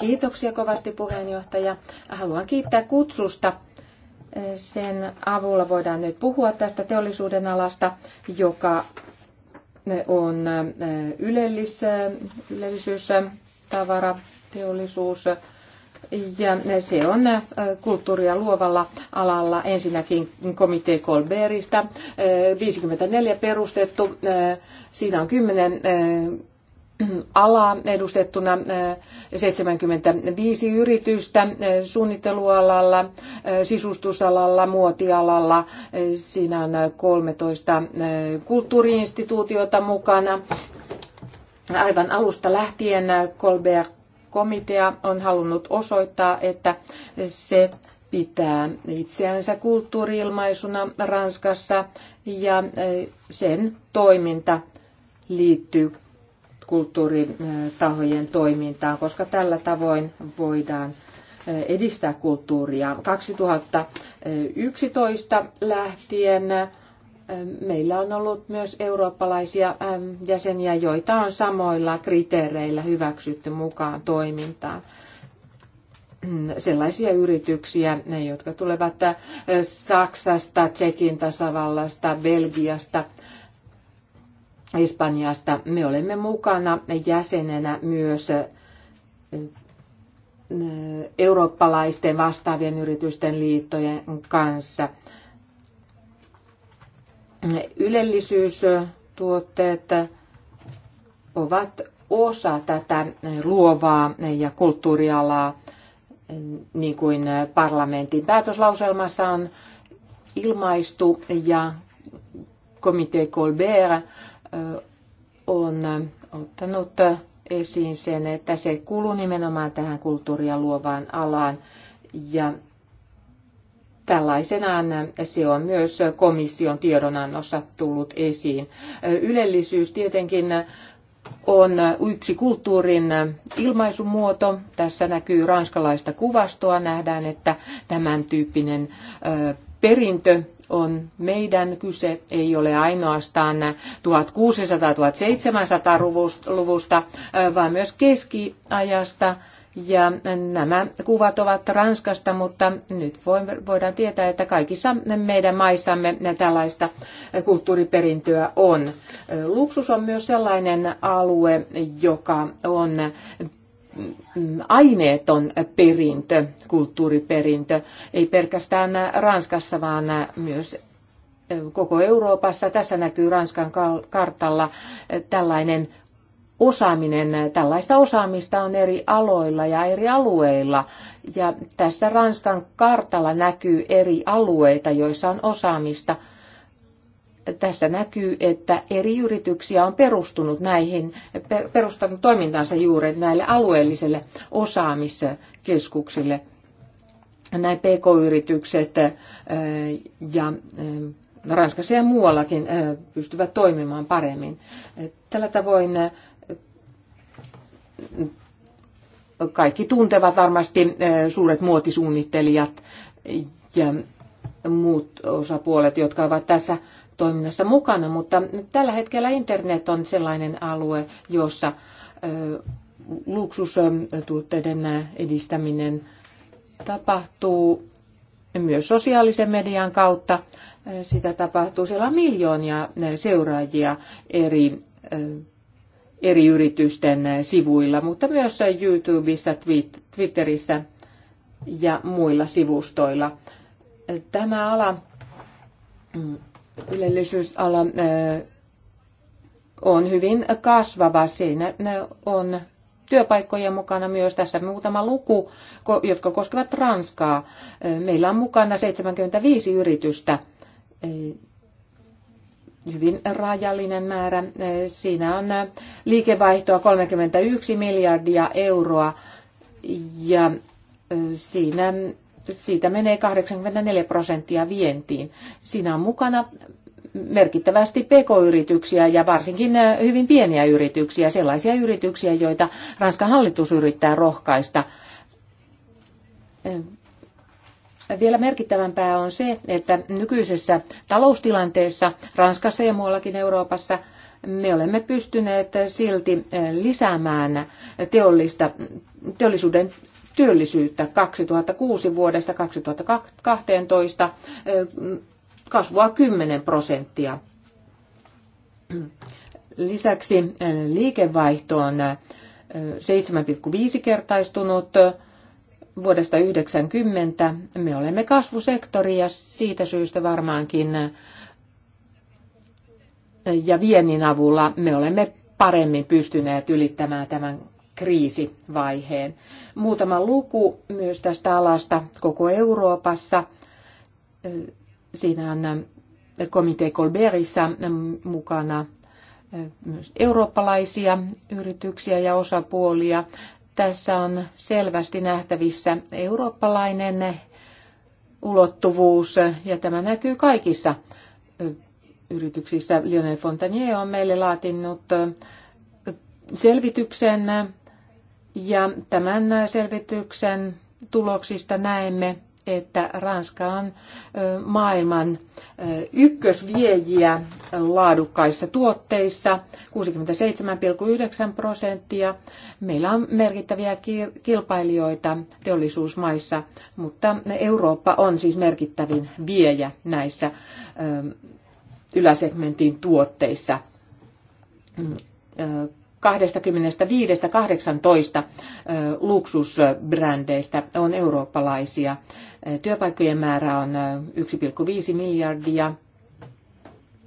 Kiitoksia kovasti puheenjohtaja. Haluan kiittää kutsusta. Sen avulla voidaan nyt puhua tästä teollisuuden alasta, joka on ylellis, ylellisyystavara, ja se on kulttuuria luovalla alalla ensinnäkin komitee Colbertista, 54 perustettu, siinä on kymmenen alaa edustettuna 75 eh, yritystä eh, suunnittelualalla, eh, sisustusalalla, muotialalla. Siinä on 13 kulttuuriinstituutiota mukana. Aivan alusta lähtien Colbert-komitea on halunnut osoittaa, että se pitää itseänsä kulttuuriilmaisuna Ranskassa ja sen toiminta liittyy kulttuuritahojen toimintaan, koska tällä tavoin voidaan eh, edistää kulttuuria. 2011 lähtien eh, meillä on ollut myös eurooppalaisia eh, jäseniä, joita on samoilla kriteereillä hyväksytty mukaan toimintaan sellaisia yrityksiä, jotka tulevat Saksasta, Tsekin tasavallasta, Belgiasta, Espanjasta. Me olemme mukana jäsenenä myös eurooppalaisten vastaavien yritysten liittojen kanssa. Ylellisyystuotteet ovat osa tätä luovaa ja kulttuurialaa, niin kuin parlamentin päätöslauselmassa on ilmaistu, ja komitea Colbert on ottanut esiin sen, että se kuuluu nimenomaan tähän kulttuuria luovaan alaan. Ja Tällaisenaan se on myös komission tiedonannossa tullut esiin. Ylellisyys tietenkin on yksi kulttuurin ilmaisumuoto. Tässä näkyy ranskalaista kuvastoa. Nähdään, että tämän tyyppinen perintö on meidän kyse, ei ole ainoastaan 1600-1700-luvusta, vaan myös keskiajasta. Ja nämä kuvat ovat Ranskasta, mutta nyt voidaan tietää, että kaikissa meidän maissamme tällaista kulttuuriperintöä on. Luksus on myös sellainen alue, joka on aineeton perintö, kulttuuriperintö, ei pelkästään Ranskassa, vaan myös koko Euroopassa. Tässä näkyy Ranskan kartalla tällainen osaaminen, tällaista osaamista on eri aloilla ja eri alueilla. Ja tässä Ranskan kartalla näkyy eri alueita, joissa on osaamista – tässä näkyy, että eri yrityksiä on perustunut näihin, perustanut toimintansa juuri näille alueellisille osaamiskeskuksille. Näin pk-yritykset ja Ranskassa ja muuallakin pystyvät toimimaan paremmin. Tällä tavoin kaikki tuntevat varmasti suuret muotisuunnittelijat ja muut osapuolet, jotka ovat tässä toiminnassa mukana, mutta tällä hetkellä internet on sellainen alue, jossa luksustuotteiden edistäminen tapahtuu myös sosiaalisen median kautta. Sitä tapahtuu. Siellä on miljoonia seuraajia eri, eri yritysten sivuilla, mutta myös YouTubessa, Twitterissä ja muilla sivustoilla. Tämä ala mm, Ylellisyysala on hyvin kasvava. Siinä on työpaikkoja mukana myös. Tässä muutama luku, jotka koskevat Ranskaa. Meillä on mukana 75 yritystä. Hyvin rajallinen määrä. Siinä on liikevaihtoa 31 miljardia euroa ja siinä siitä menee 84 prosenttia vientiin. Siinä on mukana merkittävästi pk-yrityksiä ja varsinkin hyvin pieniä yrityksiä, sellaisia yrityksiä, joita Ranskan hallitus yrittää rohkaista. Vielä merkittävämpää on se, että nykyisessä taloustilanteessa Ranskassa ja muuallakin Euroopassa me olemme pystyneet silti lisäämään teollista, teollisuuden työllisyyttä 2006 vuodesta 2012 kasvua 10 prosenttia. Lisäksi liikevaihto on 7,5 kertaistunut vuodesta 90. Me olemme kasvusektori ja siitä syystä varmaankin ja viennin avulla me olemme paremmin pystyneet ylittämään tämän kriisivaiheen. Muutama luku myös tästä alasta koko Euroopassa. Siinä on Komitee Colbertissa mukana myös eurooppalaisia yrityksiä ja osapuolia. Tässä on selvästi nähtävissä eurooppalainen ulottuvuus ja tämä näkyy kaikissa yrityksissä. Lionel Fontanier on meille laatinut selvityksen ja tämän selvityksen tuloksista näemme, että Ranska on maailman ykkösviejiä laadukkaissa tuotteissa, 67,9 prosenttia. Meillä on merkittäviä kilpailijoita teollisuusmaissa, mutta Eurooppa on siis merkittävin viejä näissä yläsegmentin tuotteissa. Mm, 25-18 luksusbrändeistä on eurooppalaisia. Työpaikkojen määrä on 1,5 miljardia.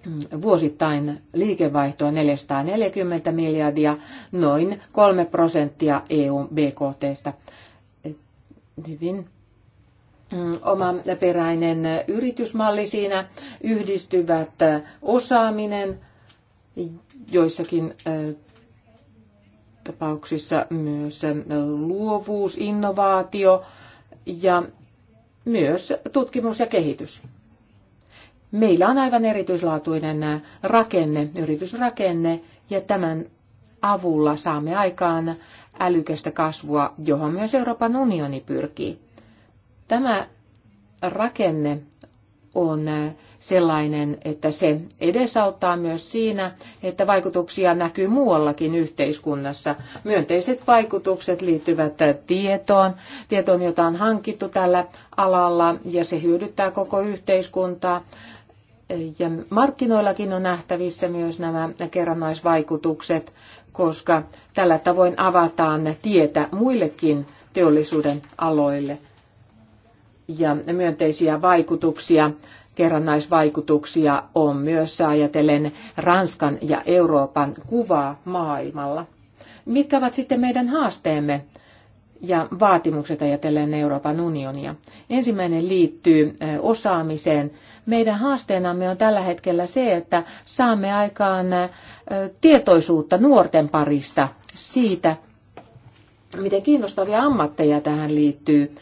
Mm, vuosittain liikevaihto on 440 miljardia, noin 3 prosenttia EUn BKTstä. Hyvin mm, peräinen yritysmalli siinä yhdistyvät osaaminen, joissakin tapauksissa myös luovuus, innovaatio ja myös tutkimus ja kehitys. Meillä on aivan erityislaatuinen rakenne, yritysrakenne, ja tämän avulla saamme aikaan älykästä kasvua, johon myös Euroopan unioni pyrkii. Tämä rakenne on sellainen, että se edesauttaa myös siinä, että vaikutuksia näkyy muuallakin yhteiskunnassa. Myönteiset vaikutukset liittyvät tietoon, tietoon, jota on hankittu tällä alalla, ja se hyödyttää koko yhteiskuntaa. Ja markkinoillakin on nähtävissä myös nämä kerrannaisvaikutukset, koska tällä tavoin avataan tietä muillekin teollisuuden aloille ja myönteisiä vaikutuksia kerrannaisvaikutuksia on myös ajatellen Ranskan ja Euroopan kuvaa maailmalla. Mitkä ovat sitten meidän haasteemme ja vaatimukset ajatellen Euroopan unionia? Ensimmäinen liittyy eh, osaamiseen. Meidän haasteenamme on tällä hetkellä se, että saamme aikaan eh, tietoisuutta nuorten parissa siitä, miten kiinnostavia ammatteja tähän liittyy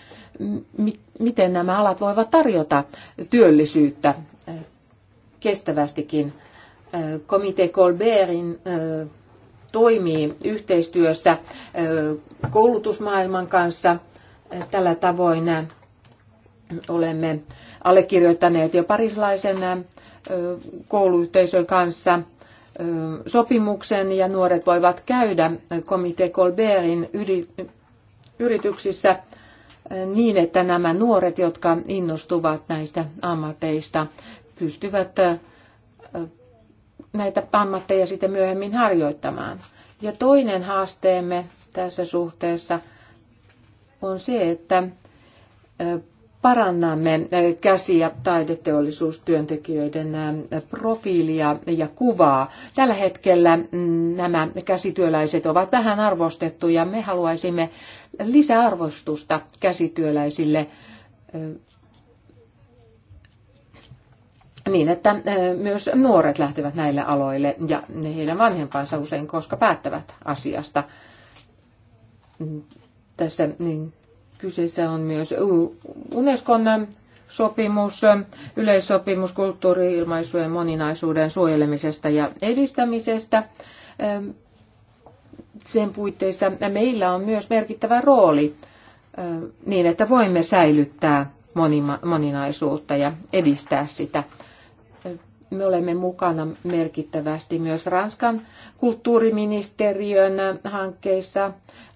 miten nämä alat voivat tarjota työllisyyttä äh, kestävästikin. Äh, Komite Colbertin äh, toimii yhteistyössä koulutusmaailman kanssa. Tällä tavoin olemme allekirjoittaneet jo parislaisen kouluyhteisön kanssa sopimuksen ja nuoret voivat käydä Komite Colbertin yrityksissä niin, että nämä nuoret, jotka innostuvat näistä ammateista, pystyvät näitä ammatteja sitten myöhemmin harjoittamaan. Ja toinen haasteemme tässä suhteessa on se, että parannamme käsi- ja taideteollisuustyöntekijöiden profiilia ja kuvaa. Tällä hetkellä mm, nämä käsityöläiset ovat vähän arvostettuja. Me haluaisimme lisäarvostusta käsityöläisille niin, että myös nuoret lähtevät näille aloille ja heidän vanhempansa usein, koska päättävät asiasta. Mm, tässä niin Kyseessä on myös Unescon sopimus, yleissopimus kulttuuriilmaisujen moninaisuuden suojelemisesta ja edistämisestä. Ähm, sen puitteissa meillä on myös merkittävä rooli äh, niin, että voimme säilyttää moninaisuutta ja edistää sitä. Äh, me olemme mukana merkittävästi myös Ranskan kulttuuriministeriön hankkeissa.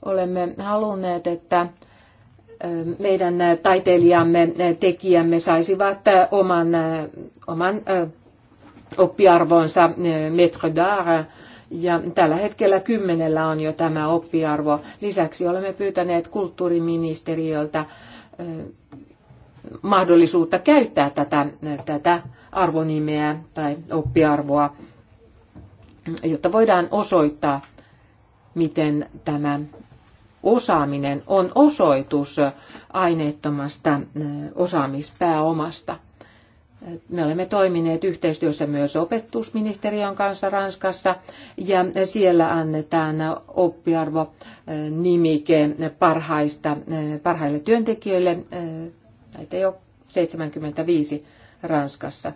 Olemme halunneet, että meidän taiteilijamme, tekijämme saisivat oman, oman oppiarvonsa Metro d'Art. Ja tällä hetkellä kymmenellä on jo tämä oppiarvo. Lisäksi olemme pyytäneet kulttuuriministeriöltä mahdollisuutta käyttää tätä, tätä arvonimeä tai oppiarvoa, jotta voidaan osoittaa, miten tämä osaaminen on osoitus aineettomasta osaamispääomasta. Me olemme toimineet yhteistyössä myös opetusministeriön kanssa Ranskassa ja siellä annetaan oppiarvo nimike parhaista, parhaille työntekijöille, näitä jo 75 Ranskassa.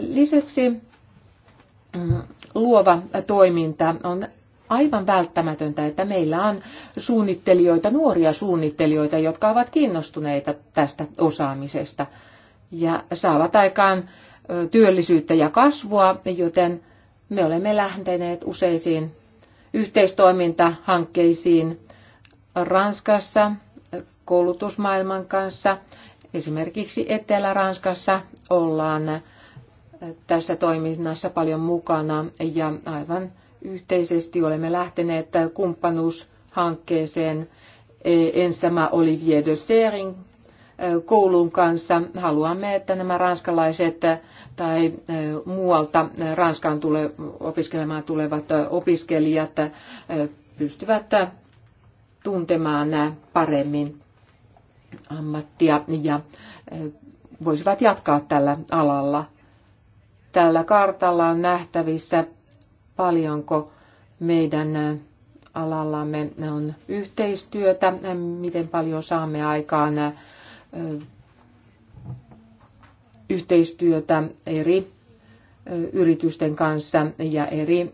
Lisäksi mm, luova toiminta on aivan välttämätöntä, että meillä on suunnittelijoita, nuoria suunnittelijoita, jotka ovat kiinnostuneita tästä osaamisesta ja saavat aikaan työllisyyttä ja kasvua, joten me olemme lähteneet useisiin yhteistoimintahankkeisiin Ranskassa koulutusmaailman kanssa. Esimerkiksi Etelä-Ranskassa ollaan tässä toiminnassa paljon mukana ja aivan yhteisesti olemme lähteneet kumppanuushankkeeseen Ensama Olivier de Serin koulun kanssa. Haluamme, että nämä ranskalaiset tai muualta Ranskaan tule, opiskelemaan tulevat opiskelijat pystyvät tuntemaan paremmin ammattia ja voisivat jatkaa tällä alalla. Tällä kartalla on nähtävissä paljonko meidän alallamme on yhteistyötä, miten paljon saamme aikaan yhteistyötä eri yritysten kanssa ja eri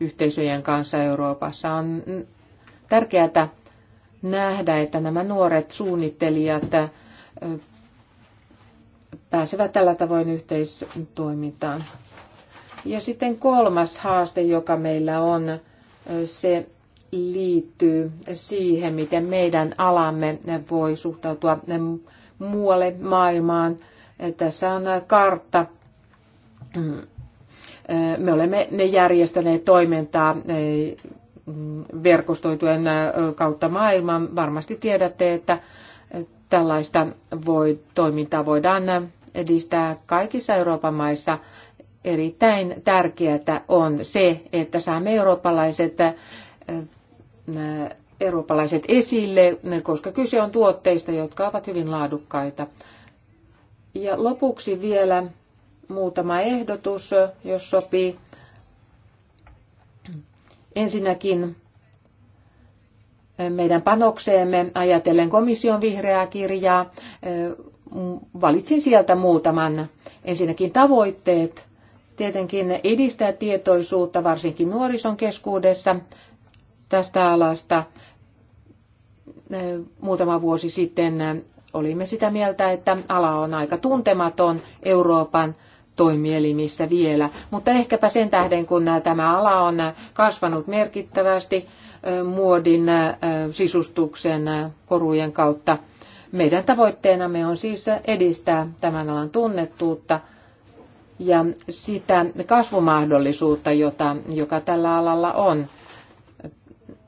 yhteisöjen kanssa Euroopassa. On tärkeää nähdä, että nämä nuoret suunnittelijat pääsevät tällä tavoin yhteistoimintaan. Ja sitten kolmas haaste, joka meillä on, se liittyy siihen, miten meidän alamme voi suhtautua muualle maailmaan. Tässä on kartta. Mm. Me olemme ne järjestäneet toimintaa verkostoitujen kautta maailman. Varmasti tiedätte, että tällaista voi, toimintaa voidaan edistää kaikissa Euroopan maissa erittäin tärkeää on se, että saamme eurooppalaiset, äh, eurooppalaiset esille, koska kyse on tuotteista, jotka ovat hyvin laadukkaita. Ja lopuksi vielä muutama ehdotus, jos sopii. Ensinnäkin äh, meidän panokseemme ajatellen komission vihreää kirjaa. Äh, valitsin sieltä muutaman. Ensinnäkin tavoitteet, tietenkin edistää tietoisuutta varsinkin nuorison keskuudessa tästä alasta. Muutama vuosi sitten olimme sitä mieltä, että ala on aika tuntematon Euroopan toimielimissä vielä, mutta ehkäpä sen tähden, kun tämä ala on kasvanut merkittävästi muodin, sisustuksen, korujen kautta. Meidän tavoitteenamme on siis edistää tämän alan tunnettuutta – ja sitä kasvumahdollisuutta, jota, joka tällä alalla on.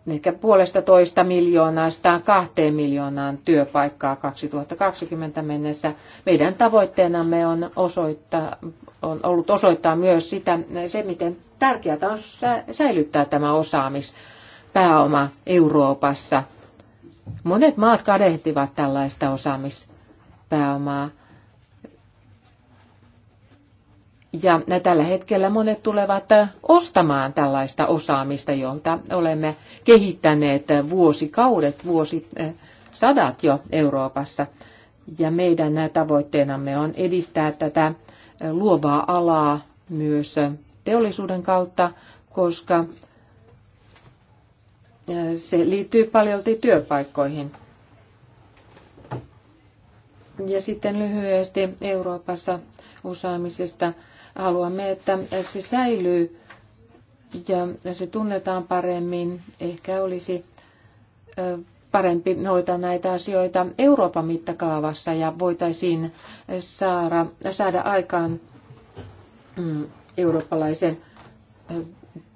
Ehkä puolesta toista miljoonasta kahteen miljoonaan työpaikkaa 2020 mennessä. Meidän tavoitteenamme on, osoittaa, on ollut osoittaa myös sitä, se miten tärkeää on säilyttää tämä osaamispääoma Euroopassa. Monet maat kadehtivat tällaista osaamispääomaa Ja tällä hetkellä monet tulevat ostamaan tällaista osaamista, jota olemme kehittäneet vuosikaudet, vuosisadat jo Euroopassa. Ja meidän tavoitteenamme on edistää tätä luovaa alaa myös teollisuuden kautta, koska se liittyy paljolti työpaikkoihin. Ja sitten lyhyesti Euroopassa osaamisesta. Haluamme, että se säilyy ja se tunnetaan paremmin. Ehkä olisi parempi hoitaa näitä asioita Euroopan mittakaavassa ja voitaisiin saada, saada aikaan mm, eurooppalaisen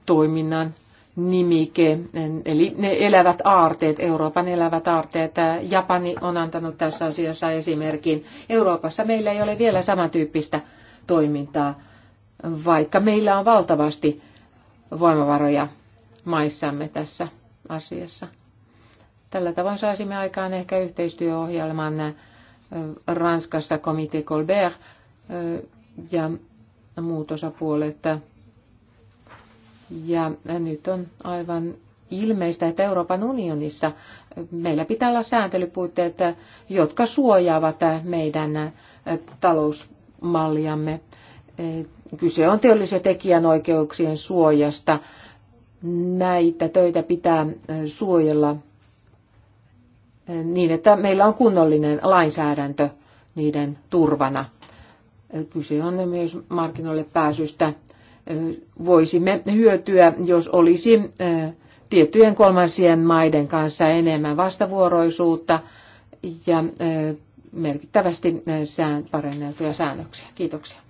toiminnan nimike, eli ne elävät aarteet, Euroopan elävät aarteet. Japani on antanut tässä asiassa esimerkin. Euroopassa meillä ei ole vielä samantyyppistä toimintaa, vaikka meillä on valtavasti voimavaroja maissamme tässä asiassa. Tällä tavoin saisimme aikaan ehkä yhteistyöohjelman Ranskassa Comité Colbert ja muut osapuolet. Ja nyt on aivan ilmeistä, että Euroopan unionissa meillä pitää olla sääntelypuitteet, jotka suojaavat meidän talous, malliamme. E, kyse on ja tekijänoikeuksien suojasta. Näitä töitä pitää e, suojella e, niin, että meillä on kunnollinen lainsäädäntö niiden turvana. Kyse on myös markkinoille pääsystä. Voisimme hyötyä, jos olisi tiettyjen kolmansien maiden kanssa enemmän vastavuoroisuutta ja merkittävästi äh, sään, paranneltuja säännöksiä. Kiitoksia.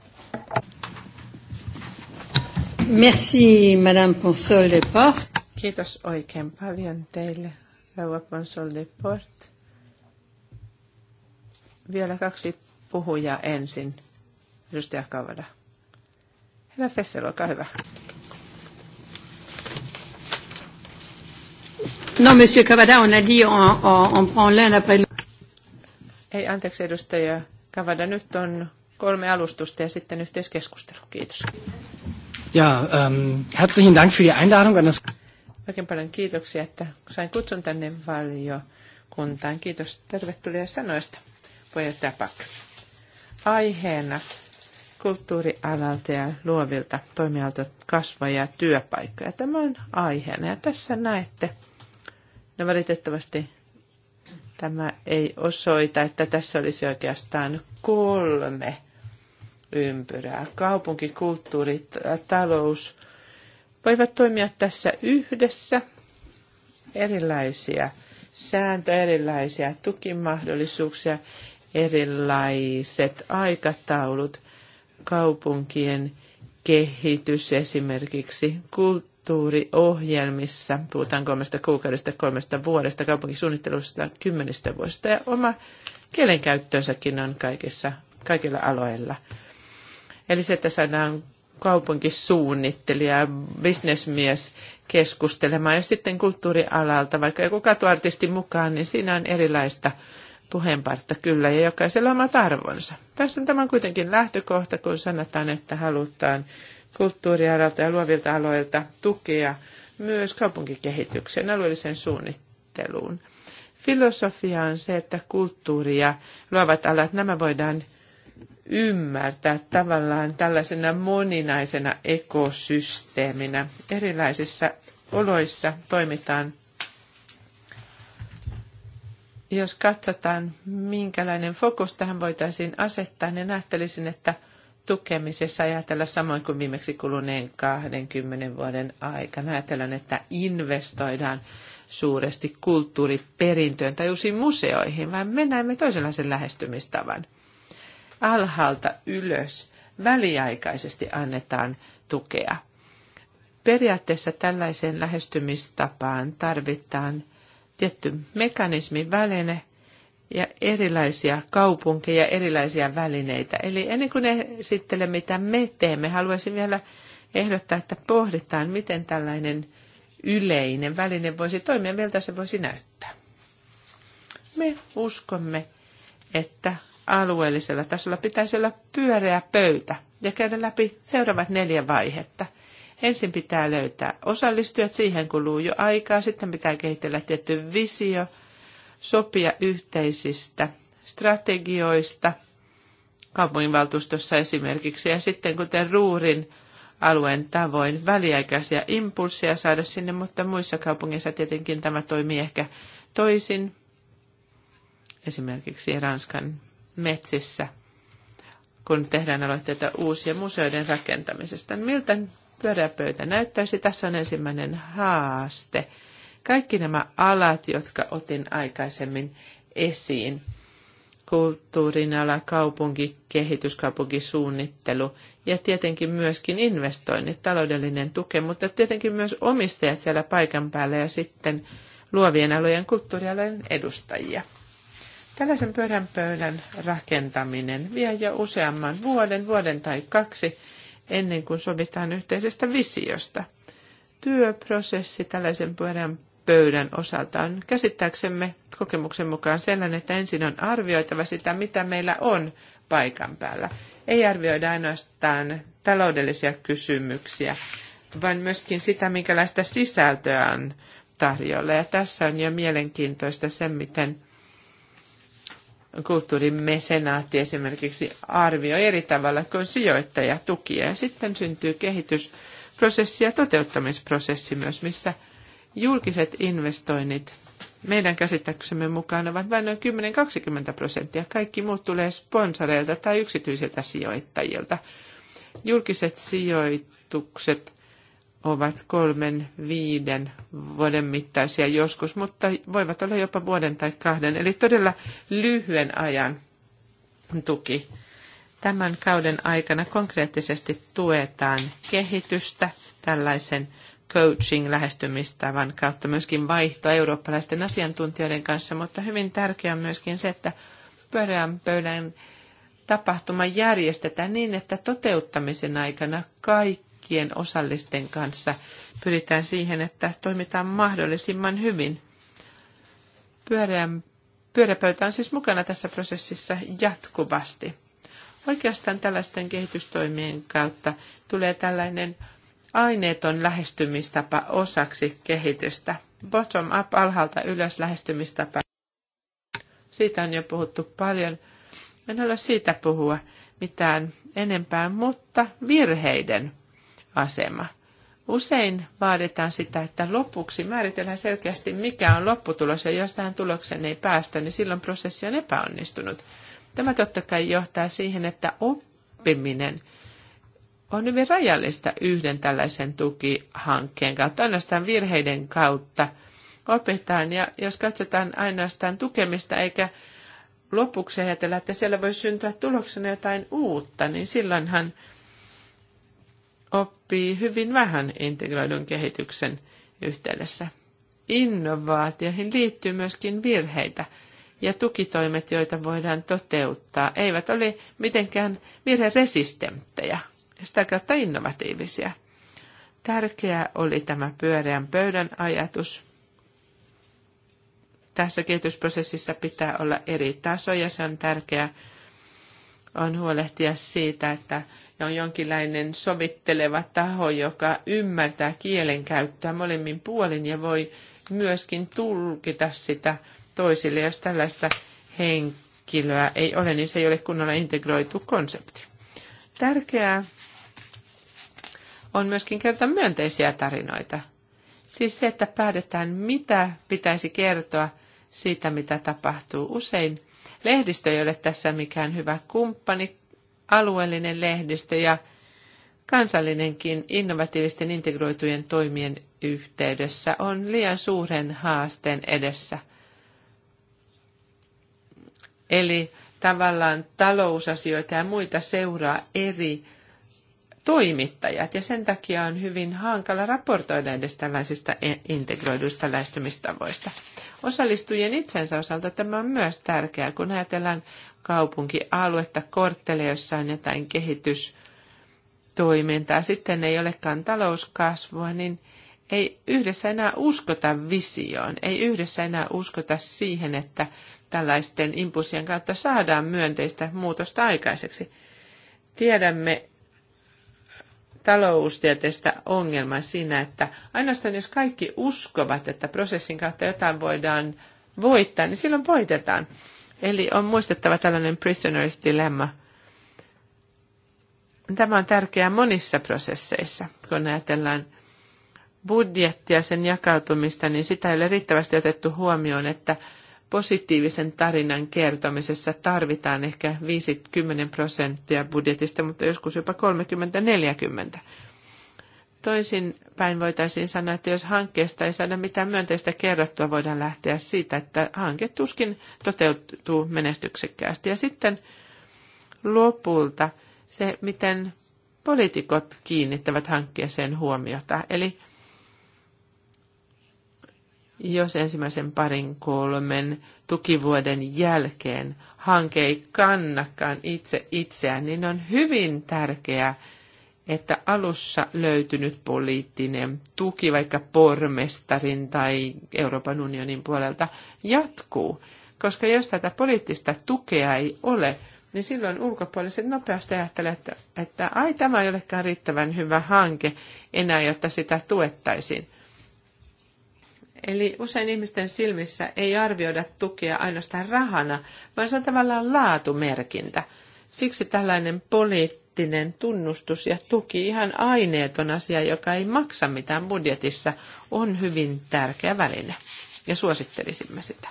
Merci, Madame Ponsol de Port. Kiitos oikein paljon teille, Rouva Ponsol de Port. Vielä kaksi puhujaa ensin. Edustaja Kavada. Herra Fessel, olkaa hyvä. No, Monsieur Kavada, on a dit on, on, on prend l'un après l'autre. Ei, anteeksi edustaja Kavada, nyt on kolme alustusta ja sitten yhteiskeskustelu. Kiitos. Ja, ähm, herzlichen Dank für die Einladung an das... Oikein paljon kiitoksia, että sain kutsun tänne valiokuntaan. Kiitos tervetuloa sanoista, puheenjohtaja Pak. Aiheena kulttuurialalta ja luovilta toimialta kasvaja työpaikkoja. Tämä on aiheena ja tässä näette, no valitettavasti Tämä ei osoita, että tässä olisi oikeastaan kolme ympyrää. Kaupunki, kulttuuri, talous voivat toimia tässä yhdessä erilaisia sääntöjä, erilaisia tukimahdollisuuksia, erilaiset aikataulut, kaupunkien kehitys esimerkiksi, kulttuuri, kulttuuriohjelmissa, puhutaan kolmesta kuukaudesta, kolmesta vuodesta, kaupunkisuunnittelusta kymmenistä vuosista ja oma kielenkäyttönsäkin on kaikissa, kaikilla aloilla. Eli se, että saadaan kaupunkisuunnittelija, bisnesmies keskustelemaan ja sitten kulttuurialalta, vaikka joku katuartisti mukaan, niin siinä on erilaista puheenpartta kyllä ja jokaisella omat arvonsa. Tässä on tämän kuitenkin lähtökohta, kun sanotaan, että halutaan kulttuurialalta ja luovilta aloilta tukea myös kaupunkikehitykseen, alueelliseen suunnitteluun. Filosofia on se, että kulttuuri ja luovat alat, nämä voidaan ymmärtää tavallaan tällaisena moninaisena ekosysteeminä. Erilaisissa oloissa toimitaan. Jos katsotaan, minkälainen fokus tähän voitaisiin asettaa, niin ajattelisin, että – tukemisessa ajatella samoin kuin viimeksi kuluneen 20 vuoden aikana. Ajatellaan, että investoidaan suuresti kulttuuriperintöön tai uusiin museoihin, vaan me näemme toisenlaisen lähestymistavan. Alhaalta ylös väliaikaisesti annetaan tukea. Periaatteessa tällaiseen lähestymistapaan tarvitaan tietty mekanismi, väline, ja erilaisia kaupunkeja, erilaisia välineitä. Eli ennen kuin esittelen, mitä me teemme, haluaisin vielä ehdottaa, että pohditaan, miten tällainen yleinen väline voisi toimia, miltä se voisi näyttää. Me uskomme, että alueellisella tasolla pitäisi olla pyöreä pöytä ja käydä läpi seuraavat neljä vaihetta. Ensin pitää löytää osallistujat, siihen kuluu jo aikaa, sitten pitää kehitellä tietty visio – sopia yhteisistä strategioista kaupunginvaltuustossa esimerkiksi. Ja sitten kuten Ruurin alueen tavoin väliaikaisia impulsseja saada sinne, mutta muissa kaupungeissa tietenkin tämä toimii ehkä toisin. Esimerkiksi Ranskan metsissä, kun tehdään aloitteita uusien museoiden rakentamisesta. Miltä pyöräpöytä näyttäisi? Tässä on ensimmäinen haaste kaikki nämä alat, jotka otin aikaisemmin esiin, kulttuurin ala, kaupunki, kaupunkisuunnittelu ja tietenkin myöskin investoinnit, taloudellinen tuke, mutta tietenkin myös omistajat siellä paikan päällä ja sitten luovien alojen kulttuurialojen edustajia. Tällaisen pyörän pöydän rakentaminen vie jo useamman vuoden, vuoden tai kaksi, ennen kuin sovitaan yhteisestä visiosta. Työprosessi tällaisen pyörän pöydän osalta on käsittääksemme kokemuksen mukaan sellainen, että ensin on arvioitava sitä, mitä meillä on paikan päällä. Ei arvioida ainoastaan taloudellisia kysymyksiä, vaan myöskin sitä, minkälaista sisältöä on tarjolla. Ja tässä on jo mielenkiintoista se, miten kulttuurimesenaatti esimerkiksi arvioi eri tavalla kuin sijoittaja tukia. Ja sitten syntyy kehitysprosessi ja toteuttamisprosessi myös, missä – Julkiset investoinnit meidän käsityksemme mukaan ovat vain noin 10-20 prosenttia. Kaikki muut tulee sponsoreilta tai yksityisiltä sijoittajilta. Julkiset sijoitukset ovat kolmen, viiden vuoden mittaisia joskus, mutta voivat olla jopa vuoden tai kahden. Eli todella lyhyen ajan tuki. Tämän kauden aikana konkreettisesti tuetaan kehitystä tällaisen – coaching-lähestymistavan kautta myöskin vaihto eurooppalaisten asiantuntijoiden kanssa, mutta hyvin tärkeää on myöskin se, että pyöreän pöydän tapahtuma järjestetään niin, että toteuttamisen aikana kaikkien osallisten kanssa pyritään siihen, että toimitaan mahdollisimman hyvin. Pyöreän, pyöräpöytä on siis mukana tässä prosessissa jatkuvasti. Oikeastaan tällaisten kehitystoimien kautta tulee tällainen – aineeton lähestymistapa osaksi kehitystä. Bottom up, alhaalta ylös lähestymistapa. Siitä on jo puhuttu paljon. En ole siitä puhua mitään enempää, mutta virheiden asema. Usein vaaditaan sitä, että lopuksi määritellään selkeästi, mikä on lopputulos, ja jos tähän tulokseen ei päästä, niin silloin prosessi on epäonnistunut. Tämä totta kai johtaa siihen, että oppiminen – on hyvin rajallista yhden tällaisen tukihankkeen kautta, ainoastaan virheiden kautta opitaan. Ja jos katsotaan ainoastaan tukemista eikä lopuksi ajatella, että siellä voi syntyä tuloksena jotain uutta, niin silloinhan oppii hyvin vähän integroidun kehityksen yhteydessä. Innovaatioihin liittyy myöskin virheitä, ja tukitoimet, joita voidaan toteuttaa, eivät ole mitenkään virheresistenttejä ja sitä kautta innovatiivisia. Tärkeää oli tämä pyöreän pöydän ajatus. Tässä kehitysprosessissa pitää olla eri tasoja, se on tärkeää on huolehtia siitä, että on jonkinlainen sovitteleva taho, joka ymmärtää kielenkäyttöä molemmin puolin ja voi myöskin tulkita sitä toisille. Jos tällaista henkilöä ei ole, niin se ei ole kunnolla integroitu konsepti. Tärkeää on myöskin kertoa myönteisiä tarinoita. Siis se, että päätetään, mitä pitäisi kertoa siitä, mitä tapahtuu. Usein lehdistö ei ole tässä mikään hyvä kumppani, alueellinen lehdistö ja kansallinenkin innovatiivisten integroitujen toimien yhteydessä on liian suuren haasteen edessä. Eli tavallaan talousasioita ja muita seuraa eri toimittajat ja sen takia on hyvin hankala raportoida edes tällaisista e- integroiduista lähestymistavoista. Osallistujien itsensä osalta tämä on myös tärkeää, kun ajatellaan kaupunkialuetta, kortteleja, jossa on jotain kehitystoimintaa, sitten ei olekaan talouskasvua, niin ei yhdessä enää uskota visioon, ei yhdessä enää uskota siihen, että tällaisten impulsien kautta saadaan myönteistä muutosta aikaiseksi. Tiedämme, taloustieteestä ongelma siinä, että ainoastaan jos kaikki uskovat, että prosessin kautta jotain voidaan voittaa, niin silloin voitetaan. Eli on muistettava tällainen prisoner's dilemma. Tämä on tärkeää monissa prosesseissa, kun ajatellaan budjettia, sen jakautumista, niin sitä ei ole riittävästi otettu huomioon, että positiivisen tarinan kertomisessa tarvitaan ehkä 50 prosenttia budjetista, mutta joskus jopa 30-40. Toisin päin voitaisiin sanoa, että jos hankkeesta ei saada mitään myönteistä kerrottua, voidaan lähteä siitä, että hanke tuskin toteutuu menestyksekkäästi. Ja sitten lopulta se, miten poliitikot kiinnittävät hankkeeseen huomiota. Eli jos ensimmäisen parin kolmen tukivuoden jälkeen hanke ei kannakaan itse itseään, niin on hyvin tärkeää, että alussa löytynyt poliittinen tuki vaikka pormestarin tai Euroopan unionin puolelta jatkuu. Koska jos tätä poliittista tukea ei ole, niin silloin ulkopuoliset nopeasti ajattelevat, että, että ai tämä ei olekaan riittävän hyvä hanke enää, jotta sitä tuettaisiin. Eli usein ihmisten silmissä ei arvioida tukea ainoastaan rahana, vaan se on tavallaan laatumerkintä. Siksi tällainen poliittinen tunnustus ja tuki, ihan aineeton asia, joka ei maksa mitään budjetissa, on hyvin tärkeä väline. Ja suosittelisimme sitä.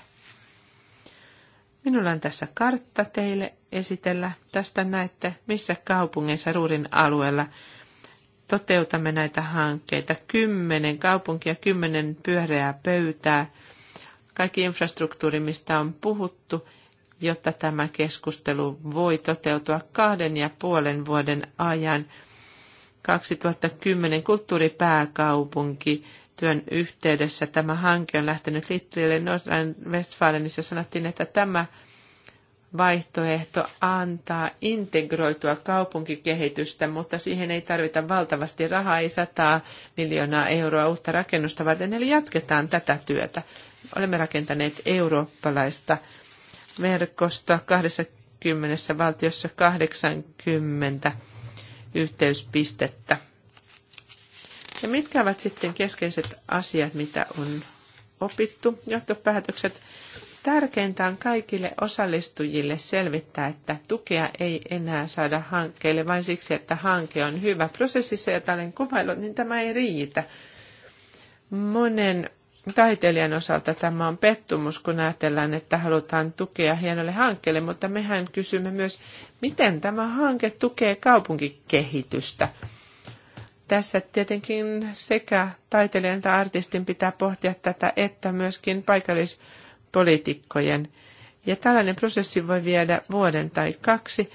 Minulla on tässä kartta teille esitellä. Tästä näette, missä kaupungeissa Ruurin alueella toteutamme näitä hankkeita. Kymmenen kaupunkia, kymmenen pyöreää pöytää, kaikki infrastruktuuri, mistä on puhuttu, jotta tämä keskustelu voi toteutua kahden ja puolen vuoden ajan. 2010 kulttuuripääkaupunki työn yhteydessä tämä hanke on lähtenyt liittyen Nordrhein-Westfalenissa sanottiin, että tämä vaihtoehto antaa integroitua kaupunkikehitystä, mutta siihen ei tarvita valtavasti rahaa, ei 100 miljoonaa euroa uutta rakennusta varten, eli jatketaan tätä työtä. Olemme rakentaneet eurooppalaista verkostoa 20 valtiossa 80 yhteyspistettä. Ja mitkä ovat sitten keskeiset asiat, mitä on opittu? Johtopäätökset Tärkeintä on kaikille osallistujille selvittää, että tukea ei enää saada hankkeelle vain siksi, että hanke on hyvä. Prosessissa, jota olen kuvaillut, niin tämä ei riitä. Monen taiteilijan osalta tämä on pettumus, kun ajatellaan, että halutaan tukea hienolle hankkeelle, mutta mehän kysymme myös, miten tämä hanke tukee kaupunkikehitystä. Tässä tietenkin sekä taiteilijan että artistin pitää pohtia tätä, että myöskin paikallis- poliitikkojen. Ja tällainen prosessi voi viedä vuoden tai kaksi.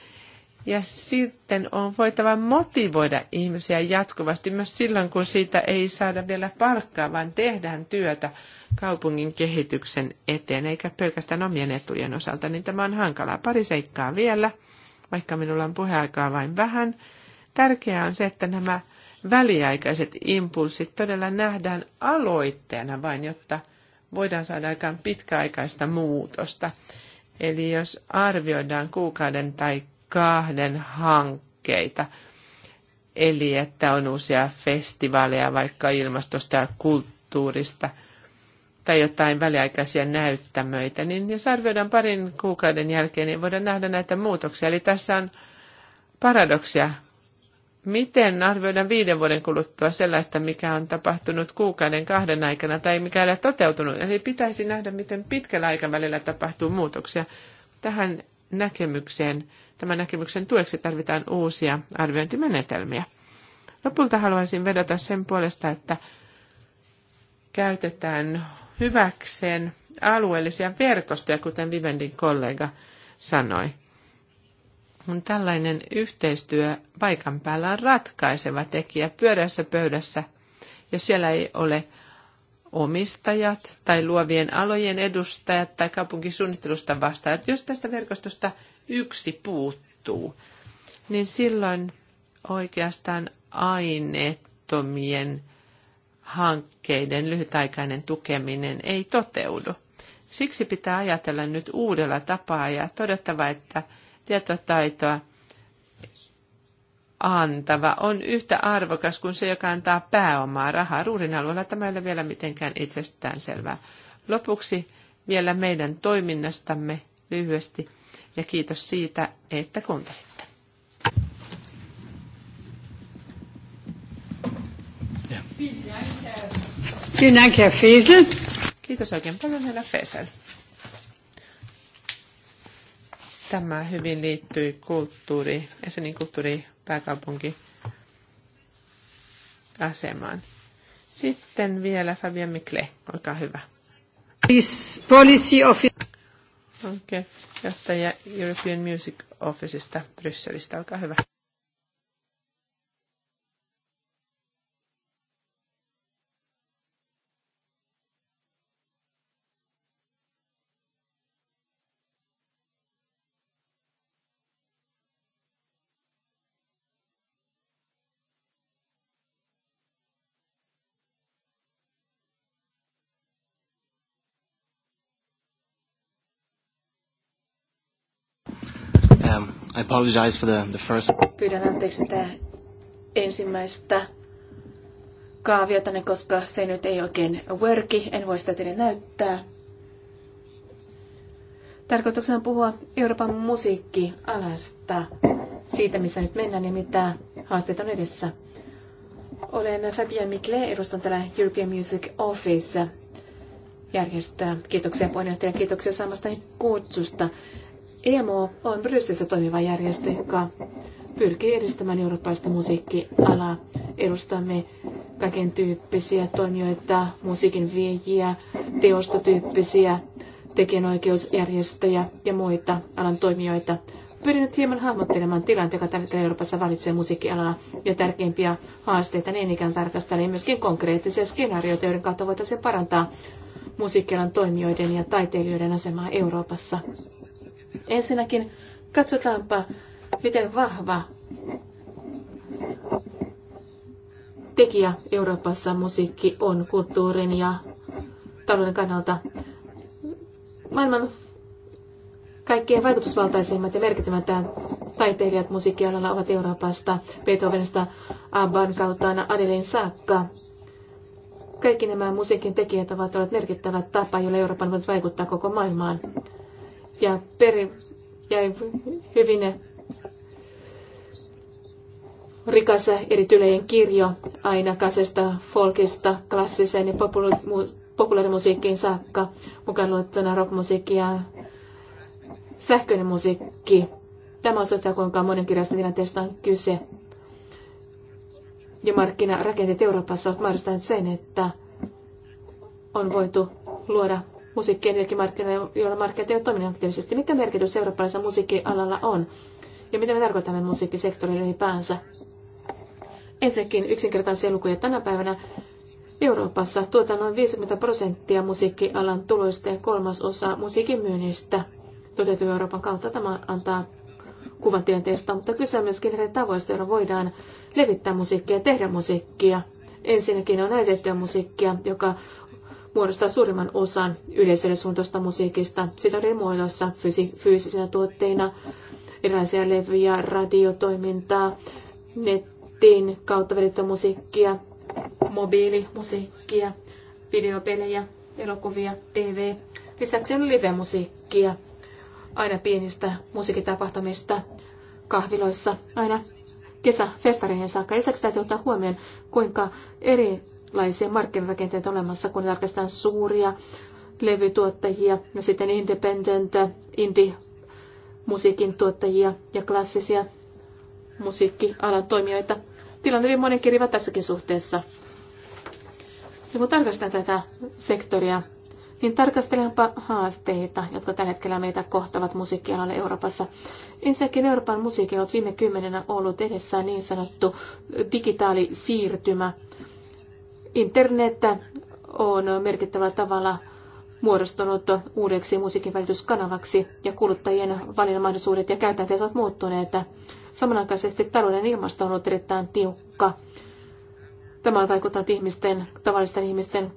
Ja sitten on voitava motivoida ihmisiä jatkuvasti myös silloin, kun siitä ei saada vielä palkkaa, vaan tehdään työtä kaupungin kehityksen eteen, eikä pelkästään omien etujen osalta, niin tämä on hankalaa. Pari seikkaa vielä, vaikka minulla on puheaikaa vain vähän. Tärkeää on se, että nämä väliaikaiset impulssit todella nähdään aloitteena vain, jotta – voidaan saada aikaan pitkäaikaista muutosta. Eli jos arvioidaan kuukauden tai kahden hankkeita, eli että on uusia festivaaleja vaikka ilmastosta ja kulttuurista tai jotain väliaikaisia näyttämöitä, niin jos arvioidaan parin kuukauden jälkeen, niin voidaan nähdä näitä muutoksia. Eli tässä on paradoksia. Miten arvioida viiden vuoden kuluttua sellaista, mikä on tapahtunut kuukauden kahden aikana tai mikä ei ole toteutunut? Eli pitäisi nähdä, miten pitkällä aikavälillä tapahtuu muutoksia. Tähän näkemykseen, tämän näkemyksen tueksi tarvitaan uusia arviointimenetelmiä. Lopulta haluaisin vedota sen puolesta, että käytetään hyväkseen alueellisia verkostoja, kuten Vivendin kollega sanoi kun tällainen yhteistyö paikan päällä on ratkaiseva tekijä pyörässä pöydässä ja siellä ei ole omistajat tai luovien alojen edustajat tai kaupunkisuunnittelusta vastaajat. Jos tästä verkostosta yksi puuttuu, niin silloin oikeastaan aineettomien hankkeiden lyhytaikainen tukeminen ei toteudu. Siksi pitää ajatella nyt uudella tapaa ja todettava, että tietotaitoa antava on yhtä arvokas kuin se, joka antaa pääomaa rahaa. Ruurin alueella tämä ei ole vielä mitenkään itsestään selvää. Lopuksi vielä meidän toiminnastamme lyhyesti ja kiitos siitä, että kuuntelitte. Kiitos oikein paljon, herra Fesel. Tämä hyvin liittyy kulttuuri, Essenin pääkaupunki asemaan. Sitten vielä Fabian Mikle, olkaa hyvä. Policy Office. Okei, okay. johtaja European Music Officeista Brysselistä, olkaa hyvä. apologize for the, the first. Pyydän anteeksi tätä ensimmäistä kaaviotanne, koska se nyt ei oikein worki. En voi sitä teille näyttää. Tarkoituksena on puhua Euroopan musiikkialasta, siitä missä nyt mennään ja mitä haasteita on edessä. Olen Fabien Mikle, edustan täällä European Music Office järjestää. Kiitoksia puheenjohtaja, kiitoksia samasta kutsusta. EMO on Brysselissä toimiva järjestö, joka pyrkii edistämään eurooppalaista musiikkialaa. Edustamme kaiken tyyppisiä toimijoita, musiikin viejiä, teostotyyppisiä, tekijänoikeusjärjestöjä ja muita alan toimijoita. Pyrin nyt hieman hahmottelemaan tilanteen, joka tällä hetkellä Euroopassa valitsee musiikkialalla ja tärkeimpiä haasteita niin ikään tarkastelen myöskin konkreettisia skenaarioita, joiden kautta voitaisiin parantaa musiikkialan toimijoiden ja taiteilijoiden asemaa Euroopassa. Ensinnäkin katsotaanpa, miten vahva tekijä Euroopassa musiikki on kulttuurin ja talouden kannalta. Maailman kaikkein vaikutusvaltaisimmat ja merkittävät taiteilijat musiikkialalla ovat Euroopasta, Beethovenista, Abban kautta Adelin saakka. Kaikki nämä musiikin tekijät ovat olleet merkittävä tapa, jolla Euroopan voi vaikuttaa koko maailmaan ja peri, jäi hyvin rikas eri tyylien kirjo aina kasesta, folkista, klassiseen ja populaarimusiikkiin saakka, mukaan luettuna rockmusiikki ja sähköinen musiikki. Tämä osoittaa, kuinka monenkirjasta tilanteesta on kyse. Ja markkinarakenteet Euroopassa ovat mahdollistaneet sen, että on voitu luoda musiikkien energiamarkkinoilla, joilla markkinat eivät toimineet aktiivisesti. Mikä merkitys eurooppalaisella musiikkialalla on? Ja mitä me tarkoitamme musiikkisektorille ylipäänsä? Ensinnäkin yksinkertaisia lukuja tänä päivänä Euroopassa tuotetaan noin 50 prosenttia musiikkialan tuloista ja kolmas osa musiikin myynnistä toteutuu Euroopan kautta. Tämä antaa kuvan tilanteesta, mutta kyse on myöskin eri tavoista, joilla voidaan levittää musiikkia ja tehdä musiikkia. Ensinnäkin on näytettyä musiikkia, joka muodostaa suurimman osan yleisölle suuntausta musiikista. Sitä eri muodossa fyysi- fyysisinä tuotteina, erilaisia levyjä, radiotoimintaa, nettiin kautta vedettyä musiikkia, mobiilimusiikkia, videopelejä, elokuvia, TV. Lisäksi on live-musiikkia, aina pienistä musiikitapahtumista kahviloissa, aina kesäfestareihin saakka. Lisäksi täytyy ottaa huomioon, kuinka eri minkälaisia markkinarakenteita olemassa, kun tarkastetaan suuria levytuottajia ja sitten independent, indie musiikin tuottajia ja klassisia musiikkialan toimijoita. Tilanne on hyvin monenkirjava tässäkin suhteessa. Ja kun tarkastan tätä sektoria, niin tarkastelenpa haasteita, jotka tällä hetkellä meitä kohtavat musiikkialalle Euroopassa. Ensinnäkin Euroopan musiikki on viime kymmenenä ollut edessä niin sanottu digitaalisiirtymä. Internet on merkittävällä tavalla muodostunut uudeksi musiikinvälityskanavaksi ja kuluttajien valinnanmahdollisuudet ja käytänteet ovat muuttuneet. Samanaikaisesti talouden ilmasto on ollut erittäin tiukka. Tämä on vaikuttanut ihmisten, tavallisten ihmisten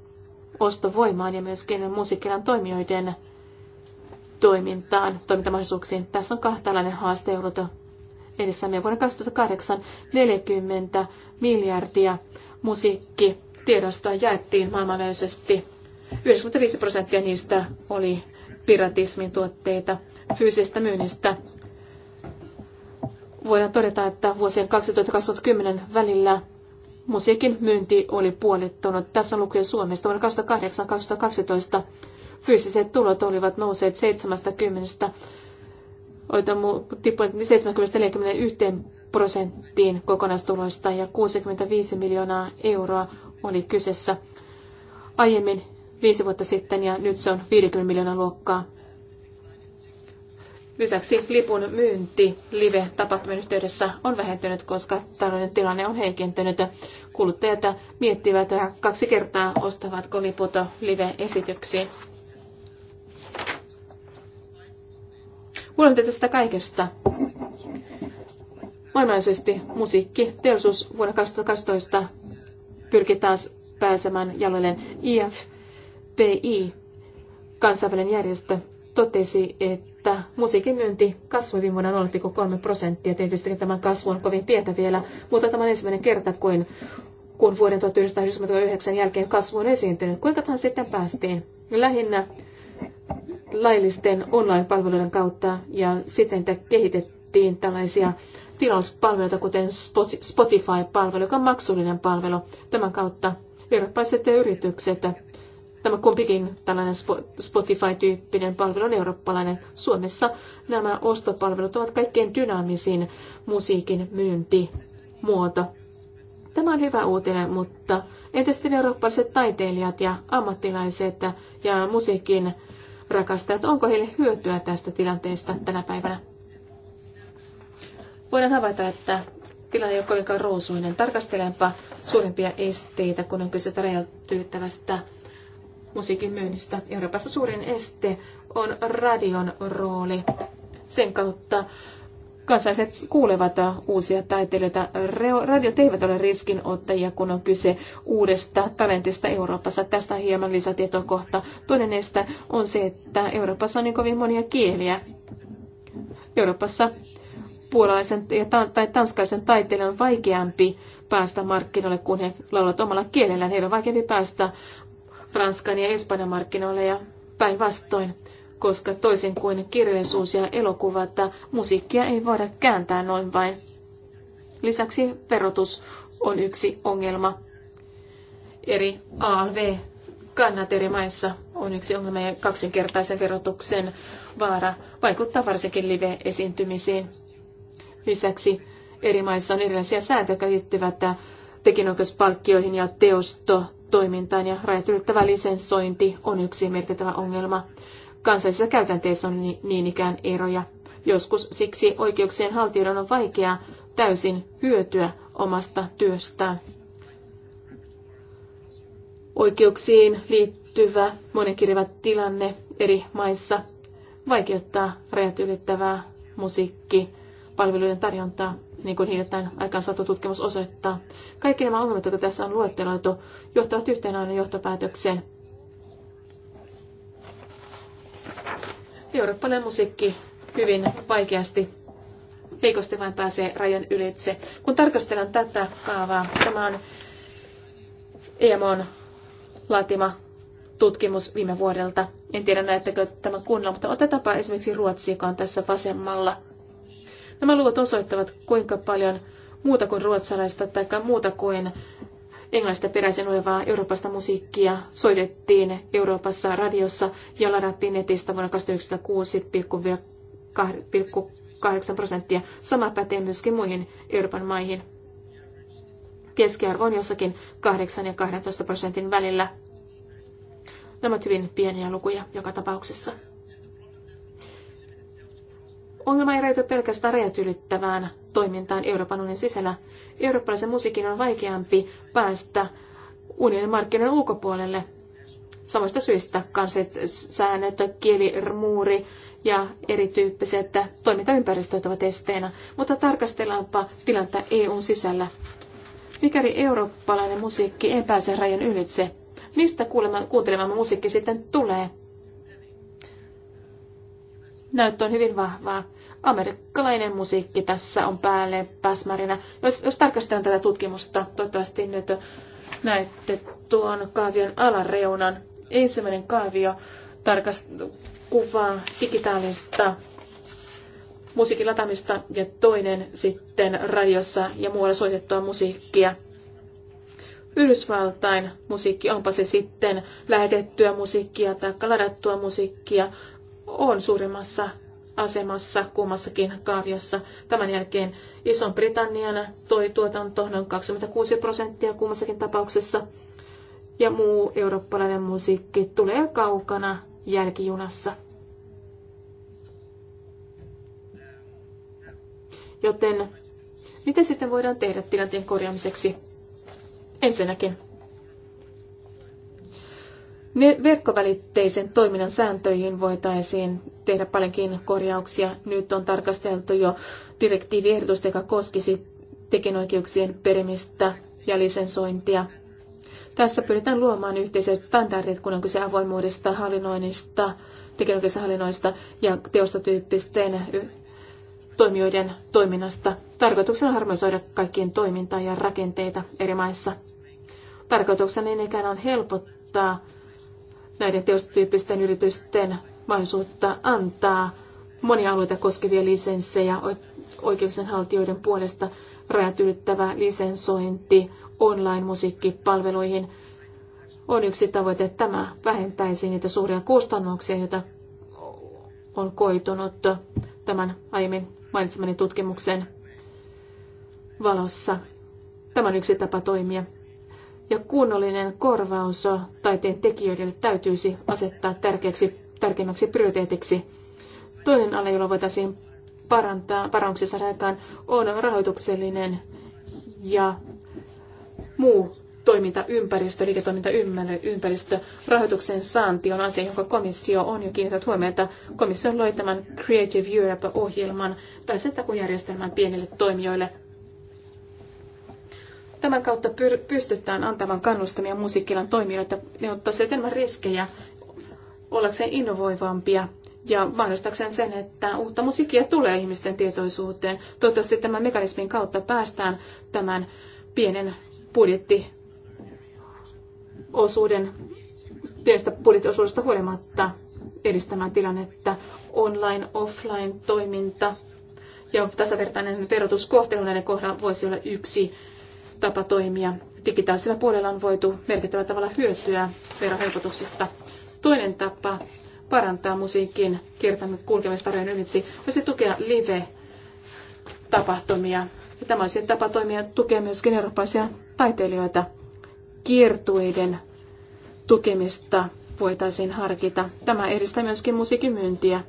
ostovoimaan ja myöskin musiikkilan toimijoiden toimintaan, toimintamahdollisuuksiin. Tässä on kahtalainen haaste ollut edessämme. Vuonna 2008 40 miljardia musiikki tiedostoa jaettiin maailmanlaajuisesti. 95 prosenttia niistä oli piratismin tuotteita fyysisestä myynnistä. Voidaan todeta, että vuosien 2010 välillä musiikin myynti oli puolittunut. Tässä on lukuja Suomesta. Vuonna 2008-2012 fyysiset tulot olivat nousseet 70 tippuneet 70-41 prosenttiin kokonaistuloista ja 65 miljoonaa euroa oli kyseessä aiemmin viisi vuotta sitten ja nyt se on 50 miljoonan luokkaa. Lisäksi lipun myynti live-tapahtumien yhteydessä on vähentynyt, koska taloudellinen tilanne on heikentynyt. Kuluttajat miettivät kaksi kertaa, ostavatko liput live-esityksiin. Huolimatta tästä kaikesta, maailmanlaajuisesti musiikki teollisuus vuonna 2012 pyrki taas pääsemään jaloilleen. IFPI, kansainvälinen järjestö, totesi, että musiikin myynti kasvoi viime vuonna 0,3 prosenttia. Tietysti tämän kasvu on kovin pientä vielä, mutta tämä on ensimmäinen kerta, kun, kun vuoden 1999 jälkeen kasvu on esiintynyt. Kuinka tähän sitten päästiin? Lähinnä laillisten online-palveluiden kautta ja sitten kehitettiin tällaisia tilauspalveluita, kuten Spotify-palvelu, joka on maksullinen palvelu. Tämän kautta eurooppalaiset yritykset, tämä kumpikin tällainen Spotify-tyyppinen palvelu on eurooppalainen. Suomessa nämä ostopalvelut ovat kaikkein dynaamisin musiikin myyntimuoto. Tämä on hyvä uutinen, mutta entä sitten eurooppalaiset taiteilijat ja ammattilaiset ja musiikin rakastajat, onko heille hyötyä tästä tilanteesta tänä päivänä? Voidaan havaita, että tilanne ei ole kovinkaan ruusuinen. Tarkastelenpa suurimpia esteitä, kun on kyse rajat musiikin myynnistä. Euroopassa suurin este on radion rooli. Sen kautta kansalaiset kuulevat uusia taiteilijoita. Radiot eivät ole riskinottajia, kun on kyse uudesta talentista Euroopassa. Tästä hieman lisätietoa kohta. Toinen este on se, että Euroopassa on niin kovin monia kieliä. Euroopassa puolalaisen ja tai tanskaisen taiteilijan on vaikeampi päästä markkinoille, kun he laulavat omalla kielellään. Heillä on vaikeampi päästä Ranskan ja Espanjan markkinoille ja päinvastoin, koska toisin kuin kirjallisuus ja että musiikkia ei voida kääntää noin vain. Lisäksi verotus on yksi ongelma. Eri ALV kannat eri maissa on yksi ongelma ja kaksinkertaisen verotuksen vaara vaikuttaa varsinkin live-esiintymisiin. Lisäksi eri maissa on erilaisia sääntöjä, jotka liittyvät tekinoikeuspalkkioihin ja teosto toimintaan ja rajat ylittävä lisensointi on yksi merkittävä ongelma. Kansallisissa käytänteissä on niin ikään eroja. Joskus siksi oikeuksien haltijoiden on vaikeaa täysin hyötyä omasta työstään. Oikeuksiin liittyvä monenkirjava tilanne eri maissa vaikeuttaa rajat ylittävää musiikki- palveluiden tarjontaa, niin kuin hiljattain aikaan saatu tutkimus osoittaa. Kaikki nämä ongelmat, jotka tässä on luetteloitu, johtavat yhteen aina johtopäätökseen. Eurooppalainen musiikki hyvin vaikeasti, heikosti vain pääsee rajan ylitse. Kun tarkastellaan tätä kaavaa, tämä on EMOn laatima tutkimus viime vuodelta. En tiedä näettekö tämän kunnolla, mutta otetaanpa esimerkiksi Ruotsi, joka on tässä vasemmalla – Nämä luvut osoittavat, kuinka paljon muuta kuin ruotsalaista tai muuta kuin englannista peräisin olevaa Euroopasta musiikkia soitettiin Euroopassa radiossa ja ladattiin netistä vuonna 2006,8 prosenttia. Sama pätee myöskin muihin Euroopan maihin. Keskiarvo on jossakin 8 ja 12 prosentin välillä. Nämä ovat hyvin pieniä lukuja joka tapauksessa. Ongelma ei rajoitu pelkästään rajat ylittävään toimintaan Euroopan unionin sisällä. Eurooppalaisen musiikin on vaikeampi päästä unionin markkinoiden ulkopuolelle Samoista syistä. Kansalliset säännöt, kielirmuuri ja erityyppiset toimintaympäristöt ovat esteenä. Mutta tarkastellaanpa tilannetta EUn sisällä. Mikäli eurooppalainen musiikki ei pääse rajan ylitse, mistä kuulemamme musiikki sitten tulee? näyttö on hyvin vahvaa. Amerikkalainen musiikki tässä on päälle pääsmärinä. Jos, jos tarkastetaan tätä tutkimusta, toivottavasti nyt näette tuon kaavion alareunan. Ensimmäinen kaavio tarkast- kuvaa digitaalista musiikin latamista ja toinen sitten radiossa ja muualla soitettua musiikkia. Yhdysvaltain musiikki, onpa se sitten lähetettyä musiikkia tai ladattua musiikkia, on suurimmassa asemassa kummassakin kaaviossa. Tämän jälkeen Ison-Britannian toi tuotanto noin 26 prosenttia kummassakin tapauksessa. Ja muu eurooppalainen musiikki tulee kaukana jälkijunassa. Joten mitä sitten voidaan tehdä tilanteen korjaamiseksi? Ensinnäkin Verkkovälitteisen toiminnan sääntöihin voitaisiin tehdä paljonkin korjauksia. Nyt on tarkasteltu jo direktiiviehdotusta, joka koskisi tekijänoikeuksien perimistä ja lisensointia. Tässä pyritään luomaan yhteiset standardit, kun on kyse avoimuudesta, hallinnoinnista, tekijänoikeuksien hallinnoista ja teostotyyppisten toimijoiden toiminnasta. Tarkoituksena on harmonisoida kaikkien toimintaa ja rakenteita eri maissa. Tarkoituksena niin ikään on helpottaa näiden teostotyyppisten yritysten mahdollisuutta antaa monia alueita koskevia lisenssejä haltijoiden puolesta rajat ylittävä lisensointi online-musiikkipalveluihin on yksi tavoite. Tämä vähentäisi niitä suuria kustannuksia, joita on koitunut tämän aiemmin mainitsemani tutkimuksen valossa. Tämä on yksi tapa toimia ja kunnollinen korvaus taiteen tekijöille täytyisi asettaa tärkeäksi, tärkeimmäksi prioriteetiksi. Toinen ala, jolla voitaisiin parantaa, parannuksessa aikaan, on rahoituksellinen ja muu toimintaympäristö, liiketoimintaympäristö, rahoituksen saanti on asia, jonka komissio on jo kiinnittänyt huomiota. Komissio loi tämän Creative Europe-ohjelman tai sen järjestelmän pienille toimijoille Tämän kautta pystytään antamaan kannustamia musiikkilan toimijoille, ne ottaisivat enemmän riskejä ollakseen innovoivampia ja mahdollistakseen sen, että uutta musiikkia tulee ihmisten tietoisuuteen. Toivottavasti tämän mekanismin kautta päästään tämän pienen budjettiosuuden, pienestä budjettiosuudesta huolimatta edistämään tilannetta online, offline toiminta ja tasavertainen verotuskohtelu näiden kohdalla voisi olla yksi tapa toimia. Digitaalisella puolella on voitu merkittävällä tavalla hyötyä verohelpotuksista. Toinen tapa parantaa musiikin kiertämisen kulkemistarjojen ylitse olisi tukea live-tapahtumia. Ja tämä olisi tapa toimia tukea myös eurooppalaisia taiteilijoita. Kiertueiden tukemista voitaisiin harkita. Tämä edistää myöskin musiikin myyntiä.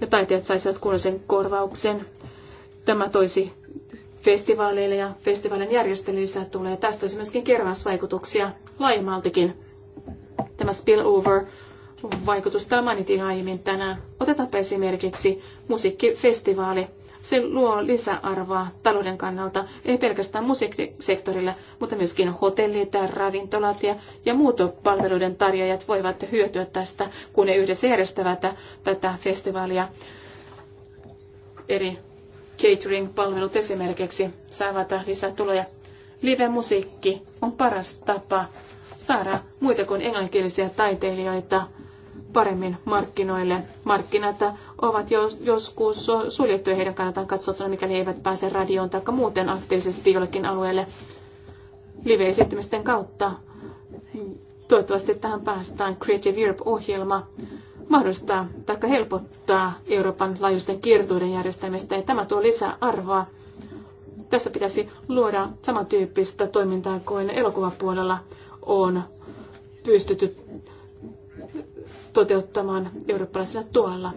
Ja taiteilijat saisivat kunnollisen korvauksen. Tämä toisi festivaaleille ja festivaalin järjestelyissä tulee. Tästä olisi myöskin kerransvaikutuksia laajemmaltikin. Tämä spillover vaikutus täällä mainitin aiemmin tänään. Otetaanpa esimerkiksi musiikkifestivaali. Se luo lisäarvoa talouden kannalta, ei pelkästään musiikkisektorille, mutta myöskin hotellit, ravintolat ja, ja muut palveluiden tarjoajat voivat hyötyä tästä, kun ne yhdessä järjestävät tätä festivaalia eri catering-palvelut esimerkiksi saavat lisätuloja. Live-musiikki on paras tapa saada muita kuin englanninkielisiä taiteilijoita paremmin markkinoille. Markkinat ovat joskus suljettuja heidän kannaltaan katsottuna, mikäli he eivät pääse radioon tai muuten aktiivisesti jollekin alueelle live-esittämisten kautta. Toivottavasti tähän päästään. Creative Europe-ohjelma mahdollistaa tai helpottaa Euroopan laajuisten kiertueiden järjestämistä ja tämä tuo lisää arvoa. Tässä pitäisi luoda samantyyppistä toimintaa kuin elokuvapuolella on pystytty toteuttamaan eurooppalaisella tuolla.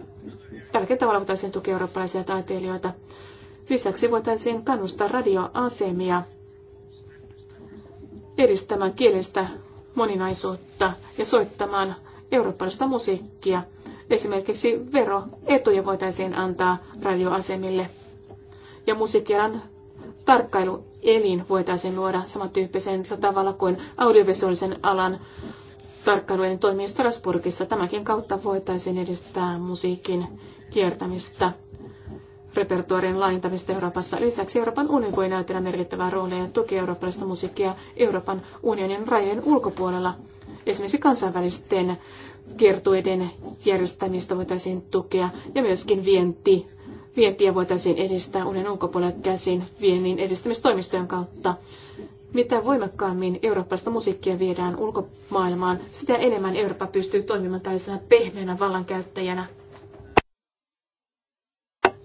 Tärkeällä tavalla voitaisiin tukea eurooppalaisia taiteilijoita. Lisäksi voitaisiin kannustaa radioasemia edistämään kielistä moninaisuutta ja soittamaan eurooppalaista musiikkia. Esimerkiksi veroetuja voitaisiin antaa radioasemille. Ja musiikkialan tarkkailuelin voitaisiin luoda samantyyppisellä tavalla kuin audiovisuaalisen alan tarkkailuelin toimii Strasbourgissa. Tämäkin kautta voitaisiin edistää musiikin kiertämistä repertuarin laajentamista Euroopassa. Lisäksi Euroopan unioni voi näytellä merkittävää roolia ja tukea eurooppalaista musiikkia Euroopan unionin rajojen ulkopuolella. Esimerkiksi kansainvälisten kiertueiden järjestämistä voitaisiin tukea ja myöskin vienti, vientiä voitaisiin edistää unen ulkopuolelle käsin viennin edistämistoimistojen kautta. Mitä voimakkaammin eurooppalaista musiikkia viedään ulkomaailmaan, sitä enemmän Eurooppa pystyy toimimaan tällaisena pehmeänä vallankäyttäjänä.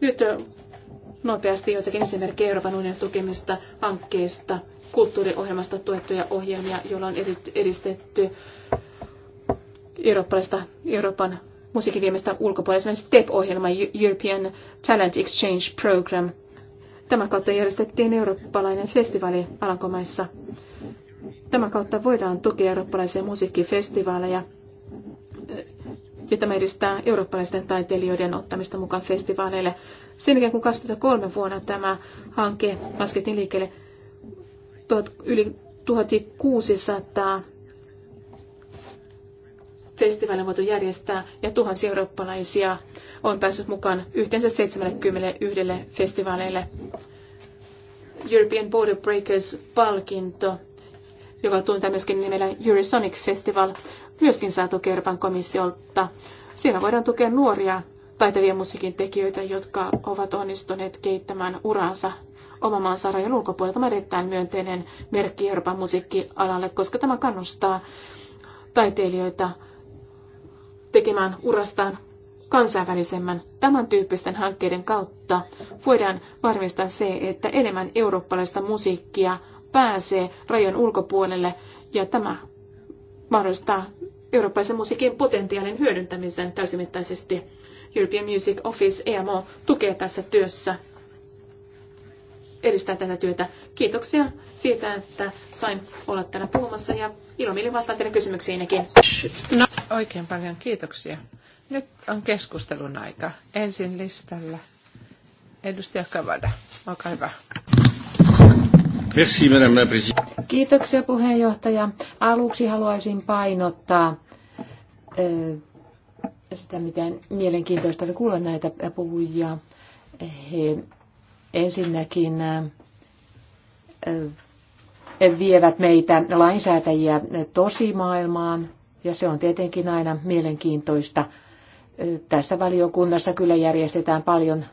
Nyt nopeasti joitakin esimerkkejä Euroopan unionin tukemista hankkeista, kulttuuriohjelmasta tuettuja ohjelmia, joilla on edistetty eurooppalaista, Euroopan musiikin viemistä ulkopuolella, esimerkiksi TEP-ohjelma, European Talent Exchange Program. Tämän kautta järjestettiin eurooppalainen festivaali Alankomaissa. Tämän kautta voidaan tukea eurooppalaisia musiikkifestivaaleja tämä edistää eurooppalaisten taiteilijoiden ottamista mukaan festivaaleille. Sen jälkeen kun 2003 vuonna tämä hanke laskettiin liikkeelle, tuot, yli 1600 festivaaleja voitu järjestää ja tuhansia eurooppalaisia on päässyt mukaan yhteensä 71 festivaaleille. European Border Breakers-palkinto, joka tunnetaan myöskin nimellä Eurosonic Festival, myöskin saatu Kerpan komissiolta. Siinä voidaan tukea nuoria taitavia musiikin tekijöitä, jotka ovat onnistuneet kehittämään uransa oman maan sarjan ulkopuolelta. Tämä on erittäin myönteinen merkki Euroopan musiikkialalle, koska tämä kannustaa taiteilijoita tekemään urastaan kansainvälisemmän tämän tyyppisten hankkeiden kautta voidaan varmistaa se, että enemmän eurooppalaista musiikkia pääsee rajan ulkopuolelle ja tämä mahdollistaa eurooppalaisen musiikin potentiaalin hyödyntämisen täysimittaisesti. European Music Office EMO tukee tässä työssä edistää tätä työtä. Kiitoksia siitä, että sain olla täällä puhumassa ja ilomielin vastaan teidän kysymyksiinkin. No, oikein paljon kiitoksia. Nyt on keskustelun aika. Ensin listalla edustaja Kavada. Olkaa hyvä. Merci, madame la présidente. Kiitoksia puheenjohtaja. Aluksi haluaisin painottaa sitä, miten mielenkiintoista oli kuulla näitä puhujia. He ensinnäkin vievät meitä lainsäätäjiä tosimaailmaan, ja se on tietenkin aina mielenkiintoista. Tässä valiokunnassa kyllä järjestetään paljon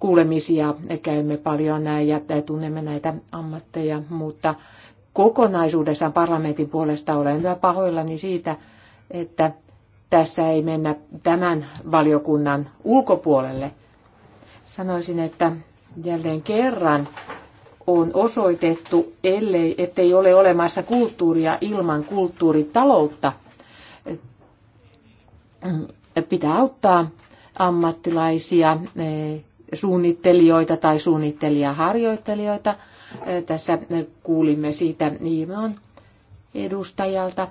kuulemisia, käymme paljon näin ja tunnemme näitä ammatteja, mutta kokonaisuudessaan parlamentin puolesta olen pahoillani siitä, että tässä ei mennä tämän valiokunnan ulkopuolelle. Sanoisin, että jälleen kerran on osoitettu, ellei, ettei ole olemassa kulttuuria ilman kulttuuritaloutta. Pitää auttaa ammattilaisia, eh, suunnittelijoita tai suunnittelijaharjoittelijoita – tässä kuulimme siitä IMOn edustajalta.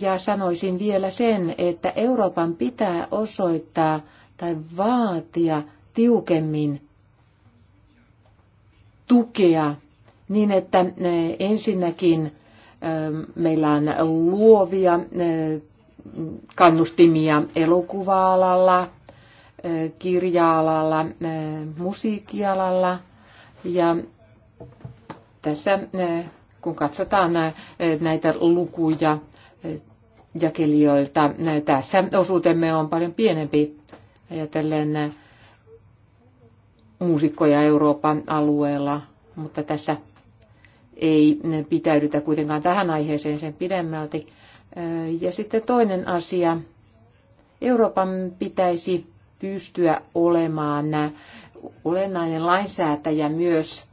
Ja sanoisin vielä sen, että Euroopan pitää osoittaa tai vaatia tiukemmin tukea niin, että ensinnäkin meillä on luovia kannustimia elokuva-alalla, kirja-alalla, musiikkialalla ja tässä kun katsotaan näitä lukuja jakelijoilta, tässä osuutemme on paljon pienempi ajatellen muusikkoja Euroopan alueella, mutta tässä ei pitäydytä kuitenkaan tähän aiheeseen sen pidemmälti. Ja sitten toinen asia. Euroopan pitäisi pystyä olemaan olennainen lainsäätäjä myös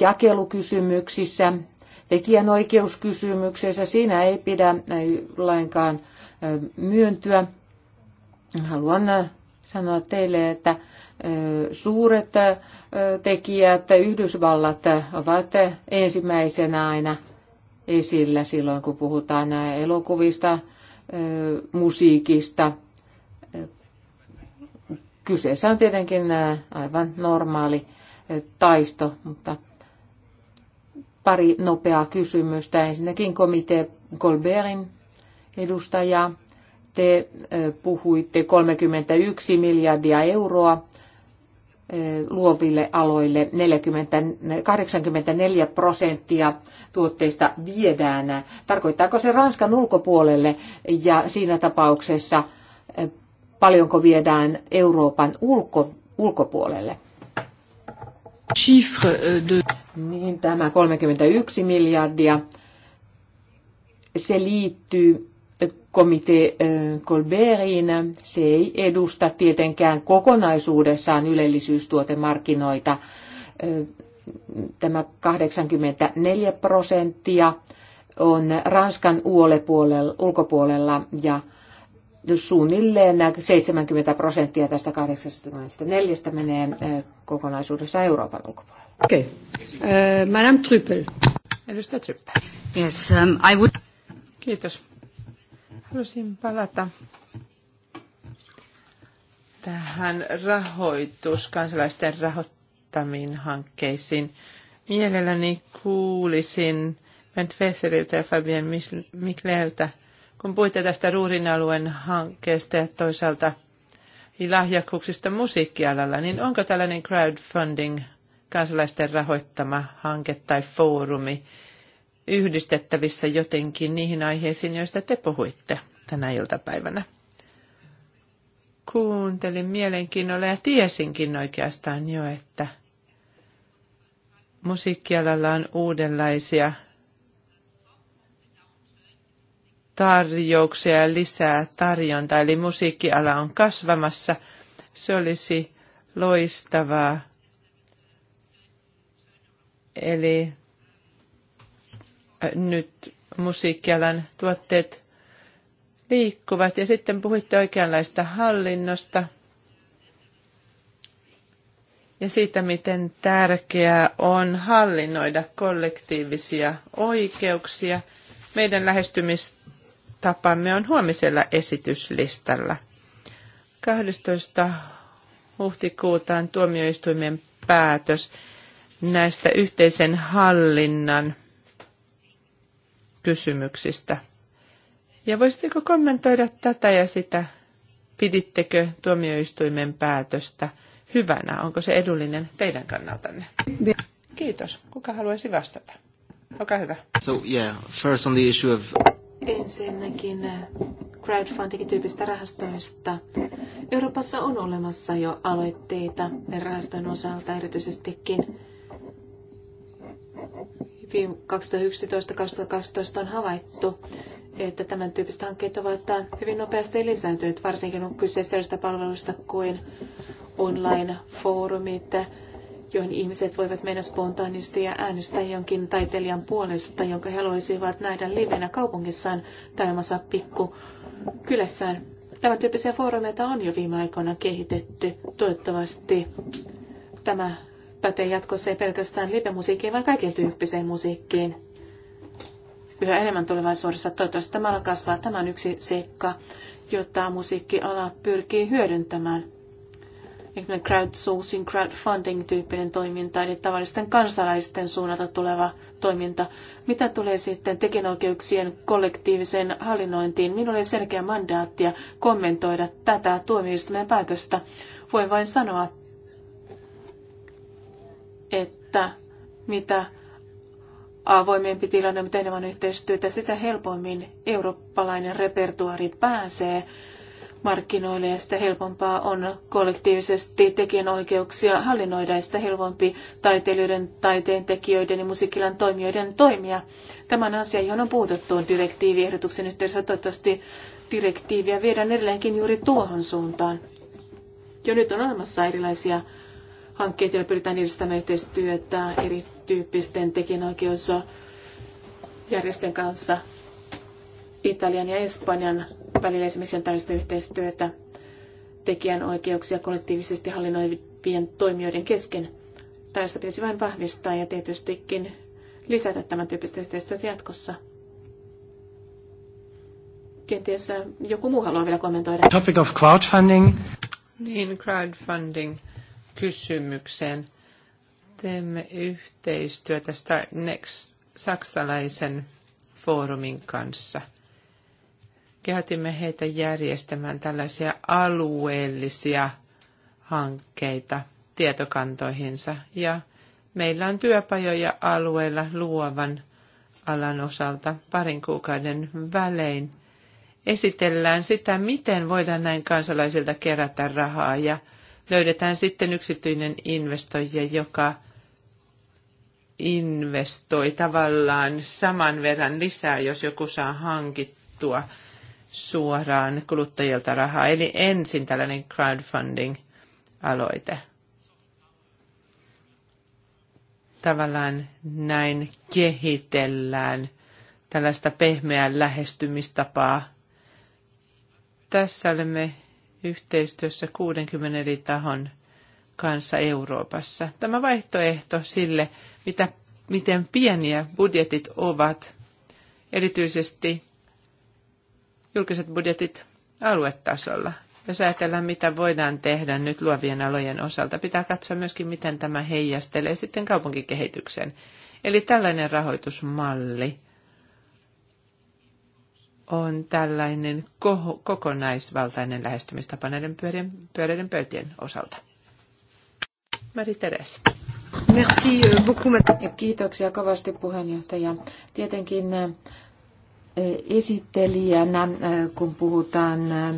jakelukysymyksissä, tekijänoikeuskysymyksessä. Siinä ei pidä lainkaan myöntyä. Haluan sanoa teille, että suuret tekijät, Yhdysvallat ovat ensimmäisenä aina esillä silloin, kun puhutaan elokuvista, musiikista. Kyseessä on tietenkin aivan normaali taisto, mutta Pari nopeaa kysymystä. Ensinnäkin komitee Colbertin edustaja. Te puhuitte 31 miljardia euroa luoville aloille 40, 84 prosenttia tuotteista viedään. Tarkoittaako se Ranskan ulkopuolelle ja siinä tapauksessa paljonko viedään Euroopan ulko, ulkopuolelle? chiffre de... Niin, tämä 31 miljardia, se liittyy komite Colbertin. Se ei edusta tietenkään kokonaisuudessaan ylellisyystuotemarkkinoita. Tämä 84 prosenttia on Ranskan ulkopuolella ja suunnilleen 70 prosenttia tästä 84 menee kokonaisuudessa Euroopan ulkopuolelle. Okei. Okay. Uh, Madame Trüppel. Edustaja Trüppel. Yes, um, I would... Kiitos. Halusin palata tähän rahoitus, kansalaisten rahoittamiin hankkeisiin. Mielelläni kuulisin Bent Fesseriltä ja Fabien Mikleltä kun puhuitte tästä Ruurin alueen hankkeesta ja toisaalta lahjakkuuksista musiikkialalla, niin onko tällainen crowdfunding kansalaisten rahoittama hanke tai foorumi yhdistettävissä jotenkin niihin aiheisiin, joista te puhuitte tänä iltapäivänä? Kuuntelin mielenkiinnolla ja tiesinkin oikeastaan jo, että musiikkialalla on uudenlaisia tarjouksia ja lisää tarjontaa, eli musiikkiala on kasvamassa. Se olisi loistavaa. Eli nyt musiikkialan tuotteet liikkuvat. Ja sitten puhuitte oikeanlaista hallinnosta ja siitä, miten tärkeää on hallinnoida kollektiivisia oikeuksia. Meidän lähestymistä tapamme on huomisella esityslistalla. 12. huhtikuuta on tuomioistuimen päätös näistä yhteisen hallinnan kysymyksistä. Ja voisitteko kommentoida tätä ja sitä, pidittekö tuomioistuimen päätöstä hyvänä? Onko se edullinen teidän kannaltanne? Kiitos. Kuka haluaisi vastata? Olkaa hyvä. So, yeah, first on the issue of... Ensinnäkin crowdfunding-tyyppistä rahastoista. Euroopassa on olemassa jo aloitteita rahaston osalta erityisestikin. 2011-2012 on havaittu, että tämän tyyppiset hankkeet ovat hyvin nopeasti lisääntyneet, varsinkin on kyseessä sellaista palveluista kuin online-foorumit, joihin ihmiset voivat mennä spontaanisti ja äänestää jonkin taiteilijan puolesta, jonka he haluaisivat nähdä livenä kaupungissaan tai omassa pikku kylässään. Tämän tyyppisiä foorumeita on jo viime aikoina kehitetty. Toivottavasti tämä pätee jatkossa ei pelkästään live-musiikkiin, vaan kaiken tyyppiseen musiikkiin. Yhä enemmän tulevaisuudessa toivottavasti tämä ala kasvaa. Tämä on yksi seikka, jota musiikkiala pyrkii hyödyntämään ehkä crowdsourcing, crowdfunding-tyyppinen toiminta, eli tavallisten kansalaisten suunnalta tuleva toiminta. Mitä tulee sitten tekijänoikeuksien kollektiiviseen hallinnointiin? Minulla oli selkeä mandaattia kommentoida tätä tuomioistuimen päätöstä. Voin vain sanoa, että mitä avoimempi tilanne, mutta enemmän yhteistyötä, sitä helpommin eurooppalainen repertuaari pääsee markkinoille ja sitä helpompaa on kollektiivisesti tekijänoikeuksia hallinnoida ja sitä helpompi taiteilijoiden, taiteen tekijöiden ja musiikkilan toimijoiden toimia. Tämä on asia, johon on puututtu direktiiviehdotuksen yhteydessä. Toivottavasti direktiiviä viedään edelleenkin juuri tuohon suuntaan. Jo nyt on olemassa erilaisia hankkeita, joilla pyritään edistämään yhteistyötä erityyppisten tekijänoikeusjärjestöjen kanssa Italian ja Espanjan välillä esimerkiksi on tällaista yhteistyötä tekijänoikeuksia kollektiivisesti hallinnoivien toimijoiden kesken. Tällaista pitäisi vain vahvistaa ja tietystikin lisätä tämän tyyppistä yhteistyötä jatkossa. Kenties äh, joku muu haluaa vielä kommentoida. Topic of crowdfunding. Niin, crowdfunding kysymykseen. Teemme yhteistyötä Start Next saksalaisen foorumin kanssa – kehotimme heitä järjestämään tällaisia alueellisia hankkeita tietokantoihinsa. Ja meillä on työpajoja alueella luovan alan osalta parin kuukauden välein. Esitellään sitä, miten voidaan näin kansalaisilta kerätä rahaa ja löydetään sitten yksityinen investoija, joka investoi tavallaan saman verran lisää, jos joku saa hankittua suoraan kuluttajilta rahaa. Eli ensin tällainen crowdfunding-aloite. Tavallaan näin kehitellään tällaista pehmeää lähestymistapaa. Tässä olemme yhteistyössä 60 eri tahon kanssa Euroopassa. Tämä vaihtoehto sille, mitä, miten pieniä budjetit ovat, erityisesti julkiset budjetit aluetasolla. Jos ajatellaan, mitä voidaan tehdä nyt luovien alojen osalta, pitää katsoa myöskin, miten tämä heijastelee sitten kaupunkikehityksen. Eli tällainen rahoitusmalli on tällainen ko- kokonaisvaltainen lähestymistapa näiden pyöreiden, pyöreiden pöytien osalta. Marie-Therese. Merci euh, beaucoup. Kiitoksia kovasti puheenjohtaja. Tietenkin esittelijänä, äh, kun puhutaan äh,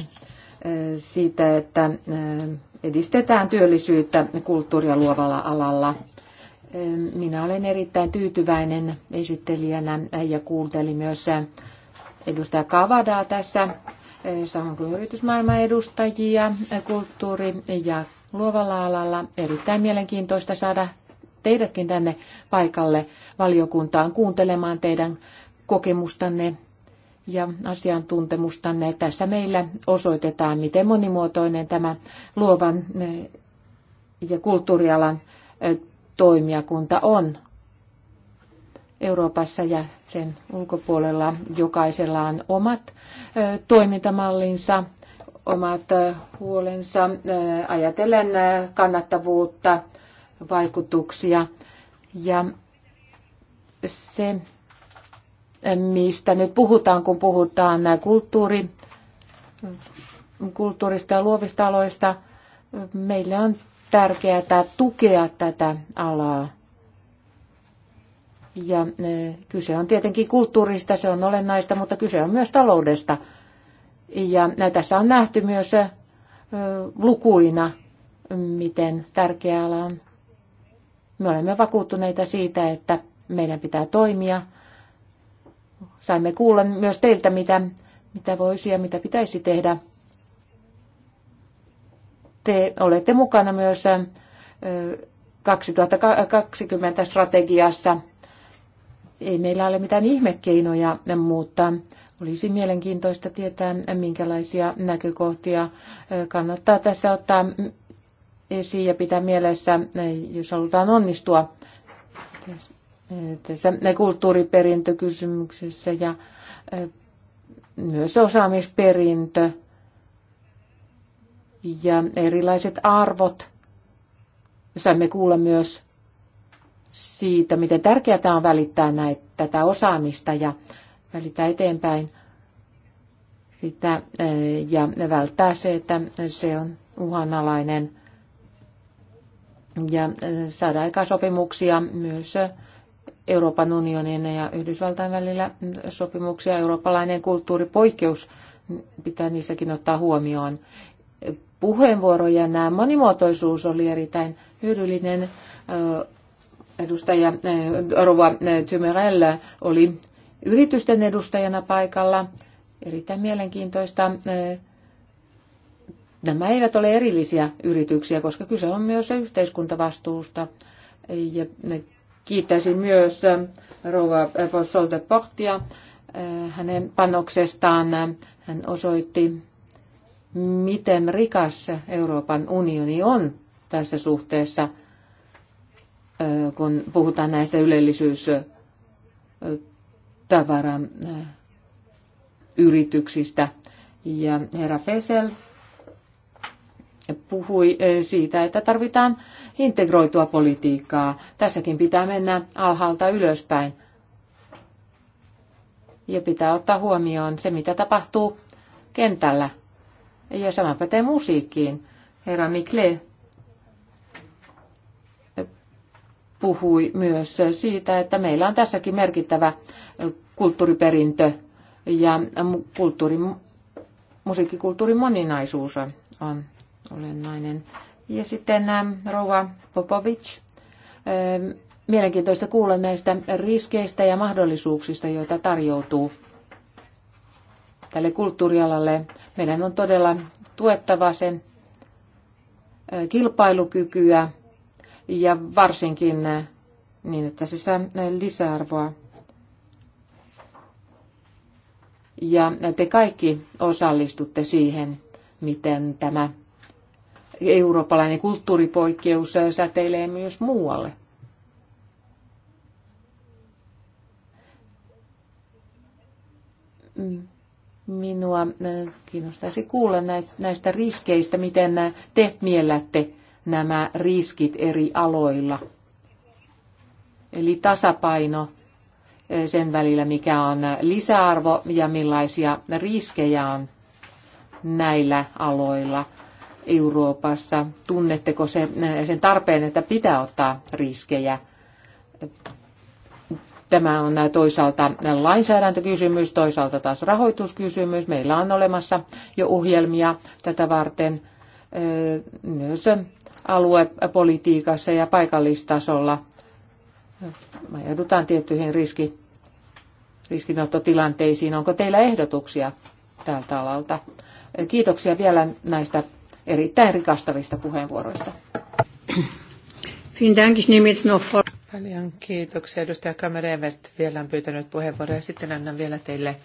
siitä, että äh, edistetään työllisyyttä kulttuuria luovalla alalla. Minä olen erittäin tyytyväinen esittelijänä ja kuuntelin myös edustaja Kavadaa tässä, samoin kuin yritysmaailman edustajia kulttuuri- ja luovalla alalla. Erittäin mielenkiintoista saada teidätkin tänne paikalle valiokuntaan kuuntelemaan teidän kokemustanne ja asiantuntemustanne. Tässä meillä osoitetaan, miten monimuotoinen tämä luovan eh, ja kulttuurialan eh, toimijakunta on Euroopassa ja sen ulkopuolella. Jokaisella on omat eh, toimintamallinsa, omat huolensa, ajatellen kannattavuutta, vaikutuksia ja se mistä nyt puhutaan, kun puhutaan kulttuuri, kulttuurista ja luovista aloista. Meille on tärkeää tukea tätä alaa. Ja e, kyse on tietenkin kulttuurista, se on olennaista, mutta kyse on myös taloudesta. Ja e, tässä on nähty myös e, lukuina, miten tärkeä ala on. Me olemme vakuuttuneita siitä, että meidän pitää toimia – saimme kuulla myös teiltä, mitä, mitä voisi ja mitä pitäisi tehdä. Te olette mukana myös 2020 strategiassa. Ei meillä ole mitään ihmekeinoja, mutta olisi mielenkiintoista tietää, minkälaisia näkökohtia kannattaa tässä ottaa esiin ja pitää mielessä, jos halutaan onnistua tässä kulttuuriperintökysymyksessä ja myös osaamisperintö ja erilaiset arvot. Saimme kuulla myös siitä, miten tärkeää on välittää näitä, tätä osaamista ja välittää eteenpäin sitä ja välttää se, että se on uhanalainen ja saada aikaa sopimuksia myös Euroopan unionin ja Yhdysvaltain välillä sopimuksia, eurooppalainen kulttuuripoikkeus pitää niissäkin ottaa huomioon. Puheenvuoroja nämä monimuotoisuus oli erittäin hyödyllinen. Edustaja Rova Tymerell oli yritysten edustajana paikalla. Erittäin mielenkiintoista. Nämä eivät ole erillisiä yrityksiä, koska kyse on myös yhteiskuntavastuusta ja Kiittäisin myös äh, rouva äh, Solde Pohtia äh, hänen panoksestaan. Hän osoitti, miten rikas Euroopan unioni on tässä suhteessa, kun puhutaan näistä ylellisyystavaran yrityksistä. Ja herra Fesel puhui siitä, että tarvitaan integroitua politiikkaa. Tässäkin pitää mennä alhaalta ylöspäin. Ja pitää ottaa huomioon se, mitä tapahtuu kentällä. Ja sama pätee musiikkiin. Herra Mikle puhui myös siitä, että meillä on tässäkin merkittävä kulttuuriperintö ja kulttuuri, musiikkikulttuurin moninaisuus on olennainen. Ja sitten ähm, Rova Popovic, ähm, mielenkiintoista kuulla näistä riskeistä ja mahdollisuuksista, joita tarjoutuu tälle kulttuurialalle. Meidän on todella tuettava sen äh, kilpailukykyä ja varsinkin äh, niin, että se saa äh, lisäarvoa. Ja te kaikki osallistutte siihen, miten tämä eurooppalainen kulttuuripoikkeus säteilee myös muualle. Minua kiinnostaisi kuulla näistä riskeistä, miten te miellätte nämä riskit eri aloilla. Eli tasapaino eh, sen välillä, mikä on lisäarvo ja millaisia riskejä on näillä aloilla. Euroopassa? Tunnetteko se, äh, sen tarpeen, että pitää ottaa riskejä? Tämä on toisaalta lainsäädäntökysymys, toisaalta taas rahoituskysymys. Meillä on olemassa jo ohjelmia tätä varten äh, myös aluepolitiikassa ja paikallistasolla. Ajaudutaan tiettyihin riski, riskinottotilanteisiin. Onko teillä ehdotuksia tältä alalta? Kiitoksia vielä näistä erittäin rikastavista puheenvuoroista. Paljon kiitoksia. Edustaja Kamerevert vielä on pyytänyt puheenvuoroa. Sitten annan vielä teille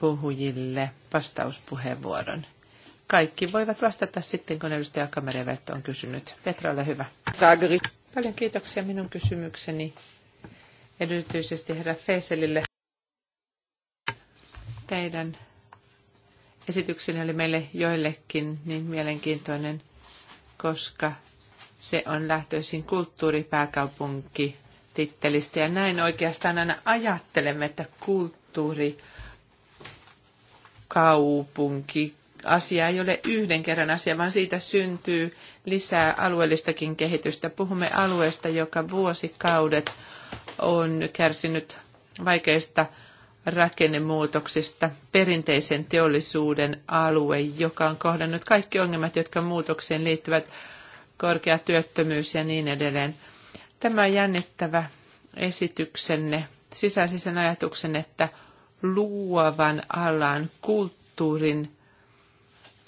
puhujille vastauspuheenvuoron. Kaikki voivat vastata sitten, kun edustaja Kamerevert on kysynyt. Petra, ole hyvä. Paljon kiitoksia minun kysymykseni erityisesti herra Feeselille teidän esityksenne oli meille joillekin niin mielenkiintoinen, koska se on lähtöisin kulttuuripääkaupunki tittelistä. Ja näin oikeastaan aina ajattelemme, että kulttuurikaupunki asia ei ole yhden kerran asia, vaan siitä syntyy lisää alueellistakin kehitystä. Puhumme alueesta, joka vuosikaudet on kärsinyt vaikeista rakennemuutoksista perinteisen teollisuuden alue, joka on kohdannut kaikki ongelmat, jotka muutokseen liittyvät, korkea työttömyys ja niin edelleen. Tämä on jännittävä esityksenne, sen ajatuksen, että luovan alan, kulttuurin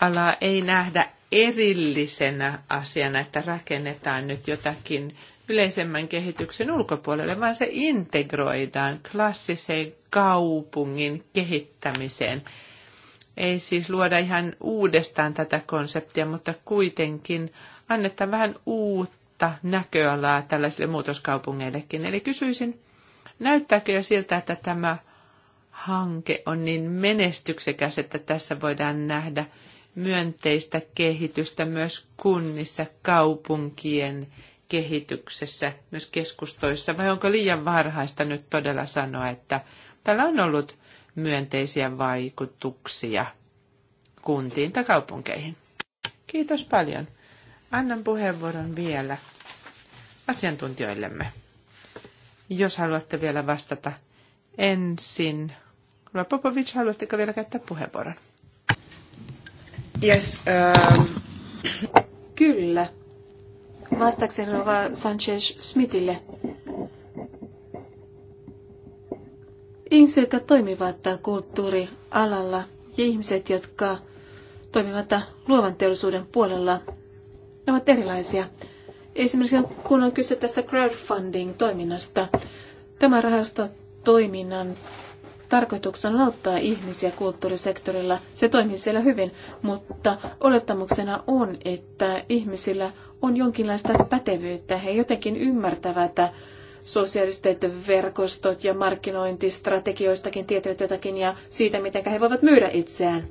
alaa ei nähdä erillisenä asiana, että rakennetaan nyt jotakin yleisemmän kehityksen ulkopuolelle, vaan se integroidaan klassiseen kaupungin kehittämiseen. Ei siis luoda ihan uudestaan tätä konseptia, mutta kuitenkin annetaan vähän uutta näköalaa tällaisille muutoskaupungeillekin. Eli kysyisin, näyttääkö jo siltä, että tämä hanke on niin menestyksekäs, että tässä voidaan nähdä myönteistä kehitystä myös kunnissa, kaupunkien kehityksessä myös keskustoissa, vai onko liian varhaista nyt todella sanoa, että tällä on ollut myönteisiä vaikutuksia kuntiin tai kaupunkeihin? Kiitos paljon. Annan puheenvuoron vielä asiantuntijoillemme. Jos haluatte vielä vastata ensin. Rua Popovic, haluatteko vielä käyttää puheenvuoron? Yes, um... Kyllä. Vastakseni Rova Sanchez-Smithille. Ihmiset, jotka toimivat kulttuurialalla ja ihmiset, jotka toimivat luovan teollisuuden puolella, ne ovat erilaisia. Esimerkiksi kun on kyse tästä crowdfunding-toiminnasta, tämä rahastotoiminnan tarkoituksena on auttaa ihmisiä kulttuurisektorilla. Se toimii siellä hyvin, mutta olettamuksena on, että ihmisillä on jonkinlaista pätevyyttä. He jotenkin ymmärtävät sosiaaliset verkostot ja markkinointistrategioistakin tietävät jotakin ja siitä, miten he voivat myydä itseään.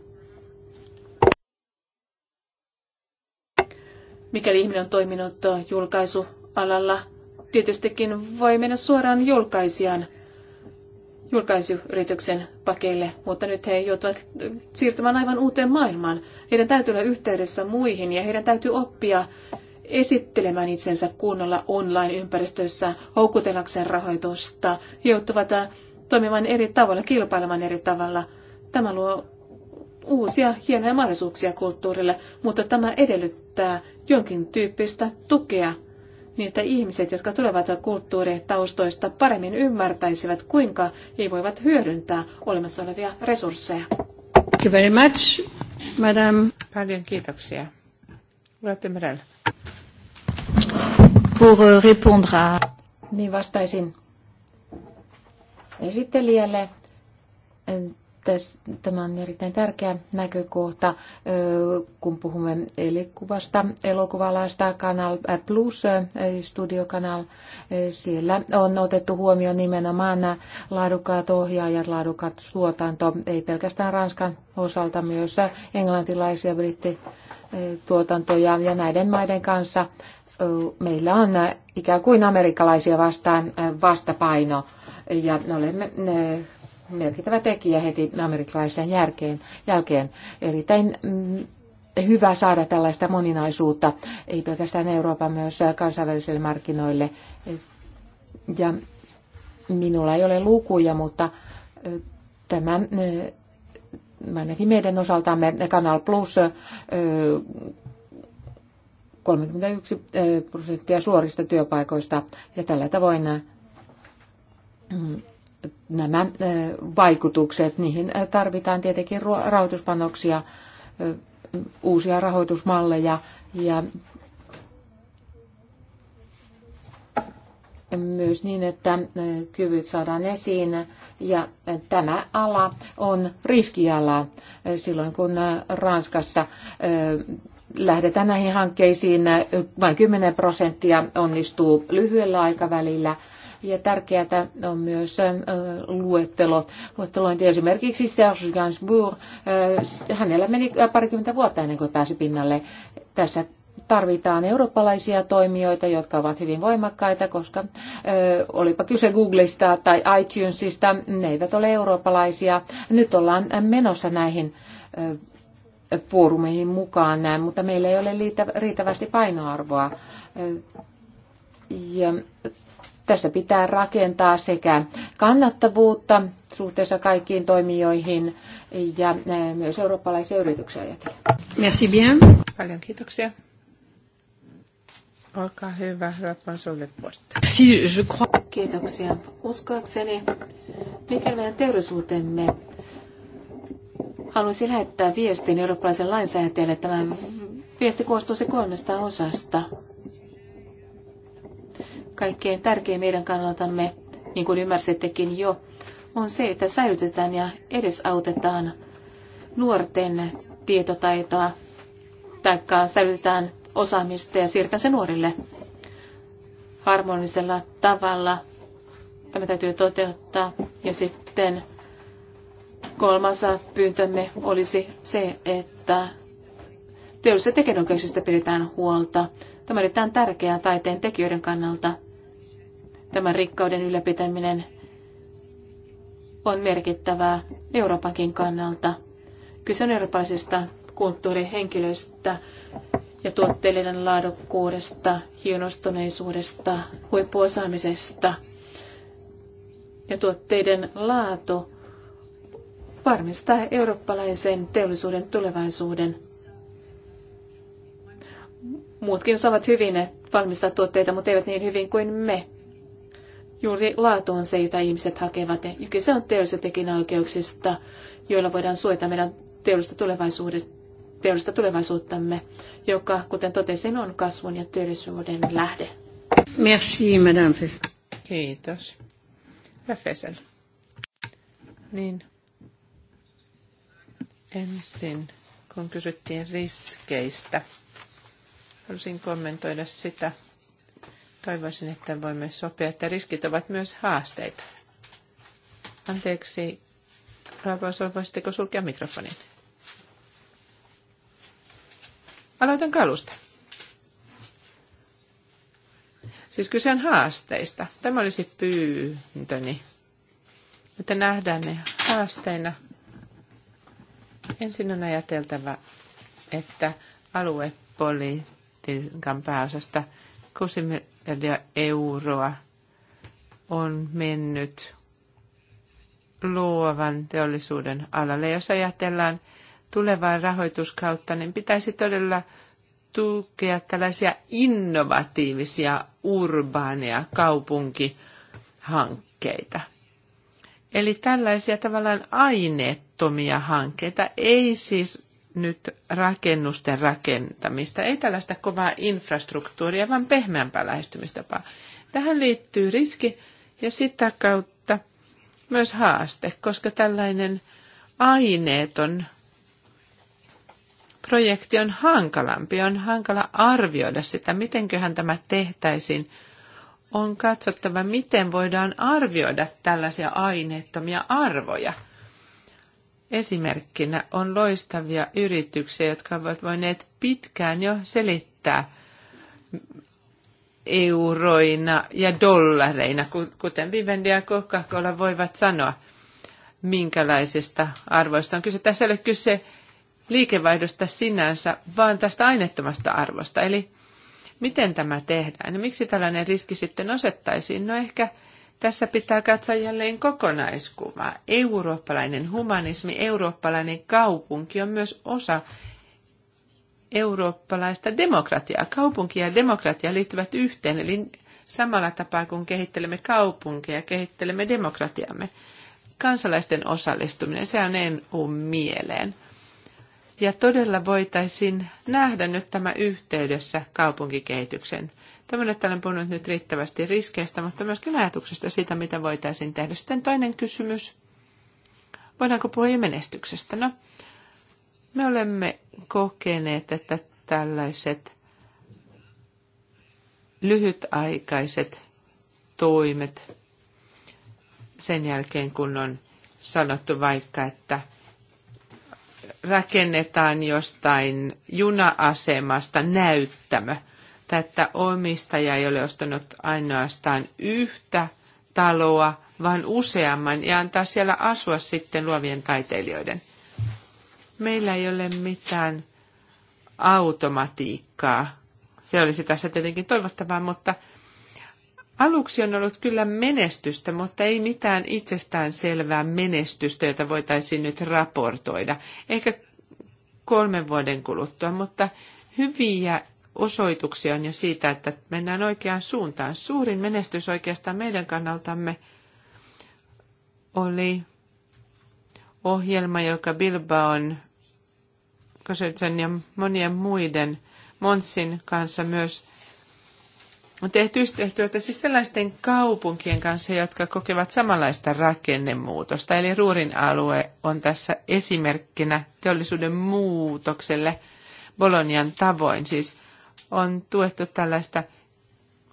Mikäli ihminen on toiminut julkaisualalla, tietystikin voi mennä suoraan julkaisijan julkaisuyrityksen pakeille, mutta nyt he joutuvat siirtymään aivan uuteen maailmaan. Heidän täytyy olla yhteydessä muihin ja heidän täytyy oppia esittelemään itsensä kunnolla online-ympäristössä houkutellakseen rahoitusta, joutuvat äh, toimimaan eri tavalla, kilpailemaan eri tavalla. Tämä luo uusia hienoja mahdollisuuksia kulttuurille, mutta tämä edellyttää jonkin tyyppistä tukea niin että ihmiset, jotka tulevat kulttuuritaustoista, paremmin ymmärtäisivät, kuinka he voivat hyödyntää olemassa olevia resursseja. Thank you very much, madam. Paljon kiitoksia. Olette Merellä pour euh, répondre à... Niin vastaisin esittelijälle. Tämä on erittäin tärkeä näkökohta, kun puhumme elikuvasta, elokuvalaista Kanal Plus, Studio Kanal. Siellä on otettu huomioon nimenomaan laadukkaat ohjaajat, laadukkaat tuotanto, ei pelkästään Ranskan osalta, myös englantilaisia britti tuotantoja ja näiden maiden kanssa meillä on äh, ikään kuin amerikkalaisia vastaan äh, vastapaino ja me olemme äh, merkittävä tekijä heti amerikkalaisen jälkeen. jälkeen. Erittäin mm, hyvä saada tällaista moninaisuutta, ei pelkästään Euroopan, myös kansainvälisille markkinoille. Ja minulla ei ole lukuja, mutta tämä ainakin meidän osaltamme Kanal Plus 31 eh, prosenttia suorista työpaikoista ja tällä tavoin eh, nämä eh, vaikutukset, niihin tarvitaan tietenkin rahoituspanoksia, uusia rahoitusmalleja ja myös niin, että kyvyt saadaan esiin. Ja tämä ala on riskiala silloin, kun Ranskassa lähdetään näihin hankkeisiin, vain 10 prosenttia onnistuu lyhyellä aikavälillä. Ja tärkeää on myös luettelo. Luettelointi esimerkiksi Serge Gainsbourg, hänellä meni parikymmentä vuotta ennen kuin pääsi pinnalle. Tässä tarvitaan eurooppalaisia toimijoita, jotka ovat hyvin voimakkaita, koska olipa kyse Googlista tai iTunesista, ne eivät ole eurooppalaisia. Nyt ollaan menossa näihin foorumeihin mukaan, mutta meillä ei ole riittävästi painoarvoa. Ja tässä pitää rakentaa sekä kannattavuutta suhteessa kaikkiin toimijoihin ja myös eurooppalaisia yrityksiä ajatellen. Merci bien. Paljon kiitoksia. Olkaa hyvä, Rappan sulle Kiitoksia. Uskoakseni, mikä meidän teollisuutemme Halusin lähettää viestin eurooppalaisen lainsäätäjälle. Tämä viesti koostuisi kolmesta osasta. Kaikkein tärkein meidän kannaltamme, niin kuin ymmärsittekin jo, on se, että säilytetään ja edesautetaan nuorten tietotaitoa, taikka säilytetään osaamista ja siirretään se nuorille harmonisella tavalla. Tämä täytyy toteuttaa. Ja sitten Kolmas pyyntömme olisi se, että teollisista tekijänoikeuksista pidetään huolta. Tämä on erittäin tärkeää taiteen tekijöiden kannalta. Tämän rikkauden ylläpitäminen on merkittävää Euroopankin kannalta. Kyse on eurooppalaisista kulttuurihenkilöistä ja tuotteiden laadukkuudesta, hienostuneisuudesta, huippuosaamisesta. Ja tuotteiden laatu varmistaa eurooppalaisen teollisuuden tulevaisuuden. Muutkin osaavat hyvin valmistaa tuotteita, mutta eivät niin hyvin kuin me. Juuri laatu on se, jota ihmiset hakevat. se on teollisetekin oikeuksista, joilla voidaan suojata meidän teollista, tulevaisuudesta, teollista tulevaisuuttamme, joka, kuten totesin, on kasvun ja työllisyyden lähde. Merci, madame. Kiitos. Rafesel. Niin, Ensin, kun kysyttiin riskeistä, Haluaisin kommentoida sitä. Toivoisin, että voimme sopia, että riskit ovat myös haasteita. Anteeksi, Raapasov, voisitteko sulkea mikrofonin? Aloitan kalusta. Siis kyse on haasteista. Tämä olisi pyyntöni. Että nähdään ne haasteina – Ensin on ajateltava, että aluepolitiikan pääosasta 6 miljardia euroa on mennyt luovan teollisuuden alalle. Jos ajatellaan tulevaa rahoituskautta, niin pitäisi todella tukea tällaisia innovatiivisia urbaaneja kaupunkihankkeita. Eli tällaisia tavallaan aineet loputtomia hankkeita, ei siis nyt rakennusten rakentamista, ei tällaista kovaa infrastruktuuria, vaan pehmeämpää lähestymistapaa. Tähän liittyy riski ja sitä kautta myös haaste, koska tällainen aineeton projekti on hankalampi, on hankala arvioida sitä, mitenköhän tämä tehtäisiin. On katsottava, miten voidaan arvioida tällaisia aineettomia arvoja – esimerkkinä on loistavia yrityksiä, jotka ovat voineet pitkään jo selittää euroina ja dollareina, kuten Vivendi ja Coca-Cola voivat sanoa, minkälaisista arvoista on kyse. Tässä ei ole kyse liikevaihdosta sinänsä, vaan tästä aineettomasta arvosta. Eli miten tämä tehdään? Miksi tällainen riski sitten osettaisiin? No ehkä tässä pitää katsoa jälleen kokonaiskuvaa. Eurooppalainen humanismi, eurooppalainen kaupunki on myös osa eurooppalaista demokratiaa. Kaupunki ja demokratia liittyvät yhteen, eli samalla tapaa kun kehittelemme kaupunkeja, kehittelemme demokratiamme. Kansalaisten osallistuminen, se on EU mieleen. Ja todella voitaisiin nähdä nyt tämä yhteydessä kaupunkikehityksen. Tämän, että olen puhunut nyt riittävästi riskeistä, mutta myöskin ajatuksesta siitä, mitä voitaisiin tehdä. Sitten toinen kysymys. Voidaanko puhua menestyksestä? No, me olemme kokeneet, että tällaiset lyhytaikaiset toimet sen jälkeen, kun on sanottu vaikka, että rakennetaan jostain juna-asemasta näyttämö, tai että omistaja ei ole ostanut ainoastaan yhtä taloa, vaan useamman ja antaa siellä asua sitten luovien taiteilijoiden. Meillä ei ole mitään automatiikkaa. Se olisi tässä tietenkin toivottavaa, mutta – Aluksi on ollut kyllä menestystä, mutta ei mitään itsestään selvää menestystä, jota voitaisiin nyt raportoida. Ehkä kolmen vuoden kuluttua, mutta hyviä osoituksia on jo siitä, että mennään oikeaan suuntaan. Suurin menestys oikeastaan meidän kannaltamme oli ohjelma, joka Bilbaon, Kosetsen ja monien muiden Monsin kanssa myös tehty yhteistyötä siis sellaisten kaupunkien kanssa, jotka kokevat samanlaista rakennemuutosta. Eli Ruurin alue on tässä esimerkkinä teollisuuden muutokselle Bolonian tavoin. Siis on tuettu tällaista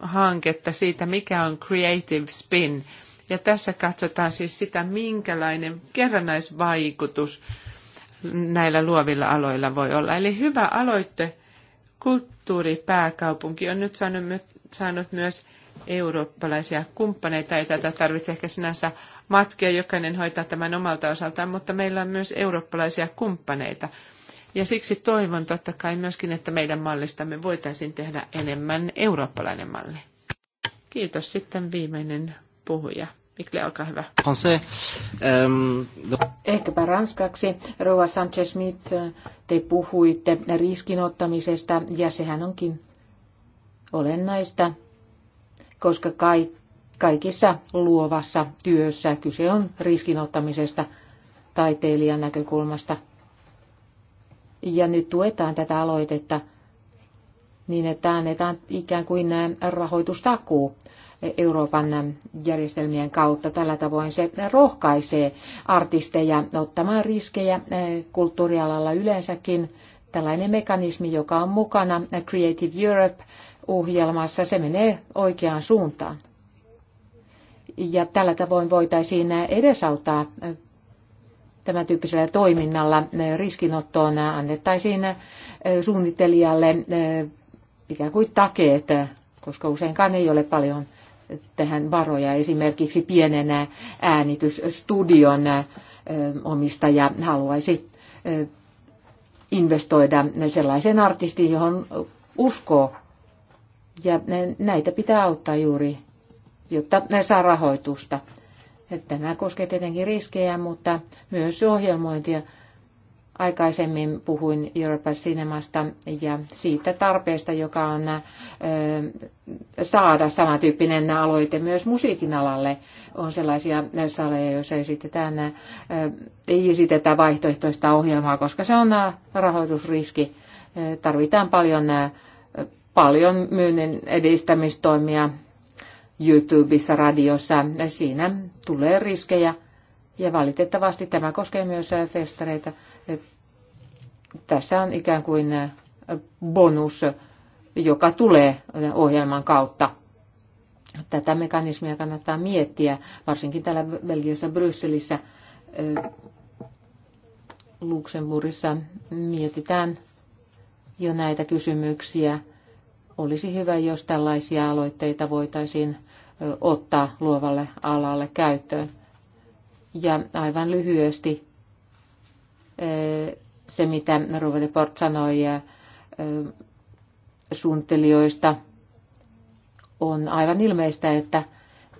hanketta siitä, mikä on Creative Spin. Ja tässä katsotaan siis sitä, minkälainen kerrannaisvaikutus näillä luovilla aloilla voi olla. Eli hyvä aloitte. Kulttuuripääkaupunki on nyt saanut saanut myös eurooppalaisia kumppaneita. Ei tätä tarvitse ehkä sinänsä matkia, jokainen hoitaa tämän omalta osaltaan, mutta meillä on myös eurooppalaisia kumppaneita. Ja siksi toivon totta kai myöskin, että meidän mallistamme voitaisiin tehdä enemmän eurooppalainen malli. Kiitos. Sitten viimeinen puhuja. Mikle, olkaa hyvä. Ähm, no- Ehkäpä ranskaksi. Rova Sanchez-Smith, te puhuitte riskinottamisesta ja sehän onkin olennaista, koska kaikissa luovassa työssä kyse on riskinottamisesta taiteilijan näkökulmasta. Ja nyt tuetaan tätä aloitetta niin, että annetaan ikään kuin rahoitustakuu Euroopan järjestelmien kautta. Tällä tavoin se rohkaisee artisteja ottamaan riskejä eh, kulttuurialalla yleensäkin. Tällainen mekanismi, joka on mukana eh, Creative Europe ohjelmassa. Se menee oikeaan suuntaan. Ja tällä tavoin voitaisiin edesauttaa tämän tyyppisellä toiminnalla riskinottoon annettaisiin suunnittelijalle ikään kuin takeet, koska useinkaan ei ole paljon tähän varoja. Esimerkiksi pienen äänitysstudion omistaja haluaisi investoida sellaiseen artistiin, johon uskoo ja näitä pitää auttaa juuri, jotta ne saa rahoitusta. Tämä koskee tietenkin riskejä, mutta myös ohjelmointia. Aikaisemmin puhuin Euroopan Cinemasta ja siitä tarpeesta, joka on saada samantyyppinen aloite myös musiikin alalle. On sellaisia saleja, joissa esitetään, ei esitetä vaihtoehtoista ohjelmaa, koska se on rahoitusriski. Tarvitaan paljon paljon myynnin edistämistoimia YouTubessa, radiossa. Siinä tulee riskejä ja valitettavasti tämä koskee myös äh, festareita. Tässä on ikään kuin äh, bonus, joka tulee äh, ohjelman kautta. Tätä mekanismia kannattaa miettiä, varsinkin täällä Belgiassa, Brysselissä, Luxemburgissa mietitään jo näitä kysymyksiä olisi hyvä, jos tällaisia aloitteita voitaisiin ottaa luovalle alalle käyttöön. Ja aivan lyhyesti se, mitä Ruva de Port sanoi suunnittelijoista, on aivan ilmeistä, että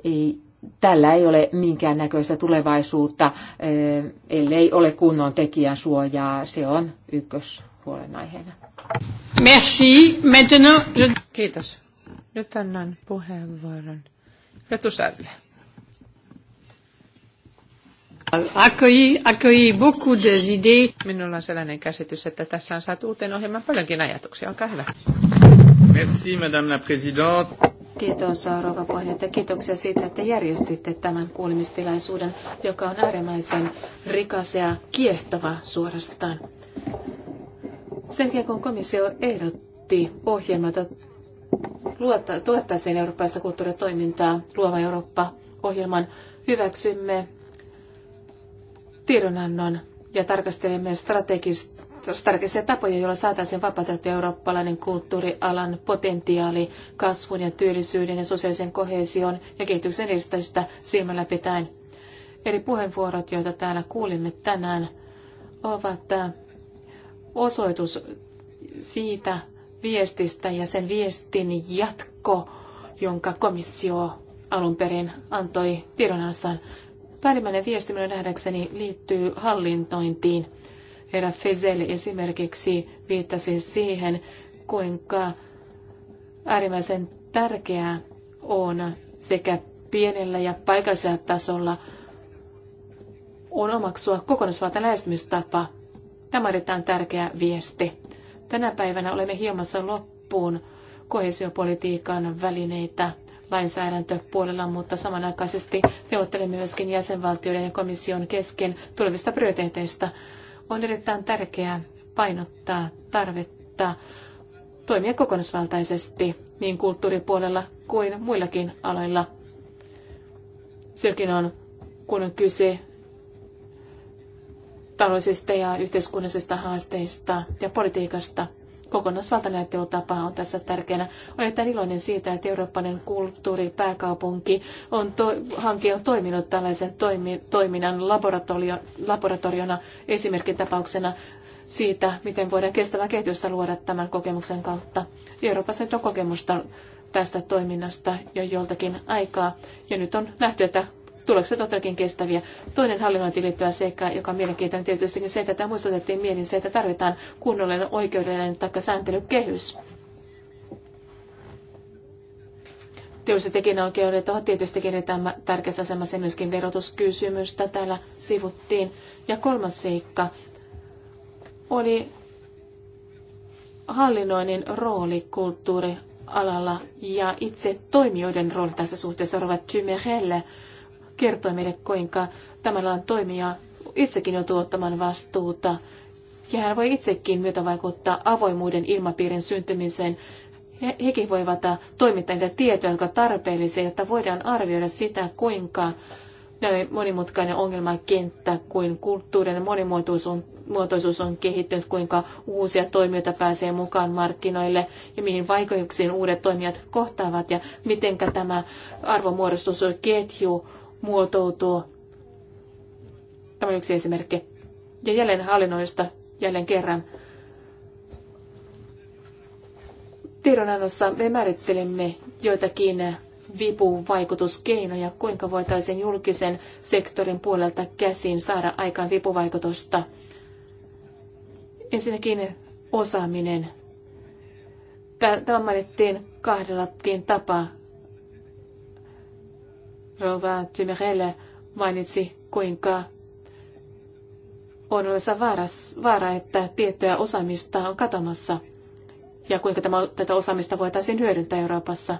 ei, tällä ei ole minkäännäköistä tulevaisuutta, ellei ole kunnon tekijän suojaa. Se on huolenaiheena. Merci. Maintenant, je... Kiitos. Nyt annan puheenvuoron Retusarille. Accueilli, accueilli beaucoup des idées. Minulla on sellainen käsitys, että tässä on saatu uuteen ohjelman paljonkin ajatuksia. Olkaa hyvä. Merci, madame la présidente. Kiitos, rouva puheenjohtaja. Kiitoksia siitä, että järjestitte tämän kuulemistilaisuuden, joka on äärimmäisen rikas ja kiehtova suorastaan. Sen jälkeen kun komissio ehdotti ohjelmata tuettaisiin eurooppalaista kulttuuritoimintaa Luova Eurooppa-ohjelman, hyväksymme tiedonannon ja tarkastelemme strategista strategisia tapoja, joilla saataisiin vapautettua eurooppalainen kulttuurialan potentiaali kasvun ja työllisyyden ja sosiaalisen kohesion ja kehityksen edistämistä silmällä pitäen. Eri puheenvuorot, joita täällä kuulimme tänään, ovat osoitus siitä viestistä ja sen viestin jatko, jonka komissio alun perin antoi tiedonannossaan. Päällimmäinen viesti minun nähdäkseni liittyy hallintointiin. Herra Fezel esimerkiksi viittasi siihen, kuinka äärimmäisen tärkeää on sekä pienellä ja paikallisella tasolla on omaksua kokonaisvaltainen lähestymistapa Tämä on erittäin tärkeä viesti. Tänä päivänä olemme hiomassa loppuun kohesiopolitiikan välineitä lainsäädäntöpuolella, mutta samanaikaisesti neuvottelemme myöskin jäsenvaltioiden ja komission kesken tulevista prioriteeteista. On erittäin tärkeää painottaa tarvetta toimia kokonaisvaltaisesti niin kulttuuripuolella kuin muillakin aloilla. Silläkin on, kun on kyse taloudellisista ja yhteiskunnallisista haasteista ja politiikasta. Kokonaisvaltanäyttelytapa on tässä tärkeänä. Olen erittäin iloinen siitä, että Eurooppalainen kulttuuripääkaupunki on to, hanke on toiminut tällaisen toimi, toiminnan laboratorio, laboratoriona esimerkin tapauksena siitä, miten voidaan kestävää kehitystä luoda tämän kokemuksen kautta. Euroopassa nyt on kokemusta tästä toiminnasta jo joltakin aikaa. Ja nyt on nähty, että tulokset ovat todellakin kestäviä. Toinen hallinnointiin liittyvä seikka, joka on mielenkiintoinen tietysti se, että tämä muistutettiin mielin se, että tarvitaan kunnollinen oikeudellinen tai sääntelykehys. Teolliset tekijänoikeudet ovat tietystikin tärkeässä asemassa myöskin verotuskysymystä täällä sivuttiin. Ja kolmas seikka oli hallinnoinnin rooli kulttuurialalla ja itse toimijoiden rooli tässä suhteessa Rova Tymerelle kertoi meille, kuinka tämän alan toimija itsekin joutuu ottamaan vastuuta. Ja hän voi itsekin myötä vaikuttaa avoimuuden ilmapiirin syntymiseen. He, hekin voivat toimittaa niitä tietoja, jotka tarpeellisia, jotta voidaan arvioida sitä, kuinka monimutkainen ongelmakenttä, kuin kulttuurinen monimuotoisuus on, muotoisuus on kehittynyt, kuinka uusia toimijoita pääsee mukaan markkinoille ja mihin vaikeuksiin uudet toimijat kohtaavat ja miten tämä arvomuodostusketju muotoutuu. Tämä on yksi esimerkki. Ja jälleen hallinnoista jälleen kerran. Tiedonannossa me määrittelemme joitakin vipuvaikutuskeinoja, kuinka voitaisiin julkisen sektorin puolelta käsin saada aikaan vipuvaikutusta. Ensinnäkin osaaminen. Tämä mainittiin kahdellakin tapaa. Rova Tymerelle mainitsi, kuinka on olemassa vaara, että tiettyä osaamista on katomassa ja kuinka tämä, tätä osaamista voitaisiin hyödyntää Euroopassa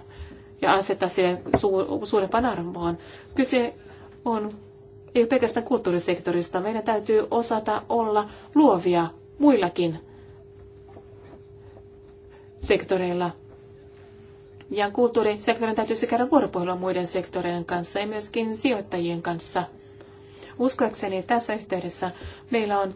ja asettaa sille su, suurempaan arvoon. Kyse on ei ole pelkästään kulttuurisektorista. Meidän täytyy osata olla luovia muillakin sektoreilla ja kulttuurisektorin täytyisi käydä vuoropuhelua muiden sektoreiden kanssa ja myöskin sijoittajien kanssa. Uskoakseni tässä yhteydessä meillä on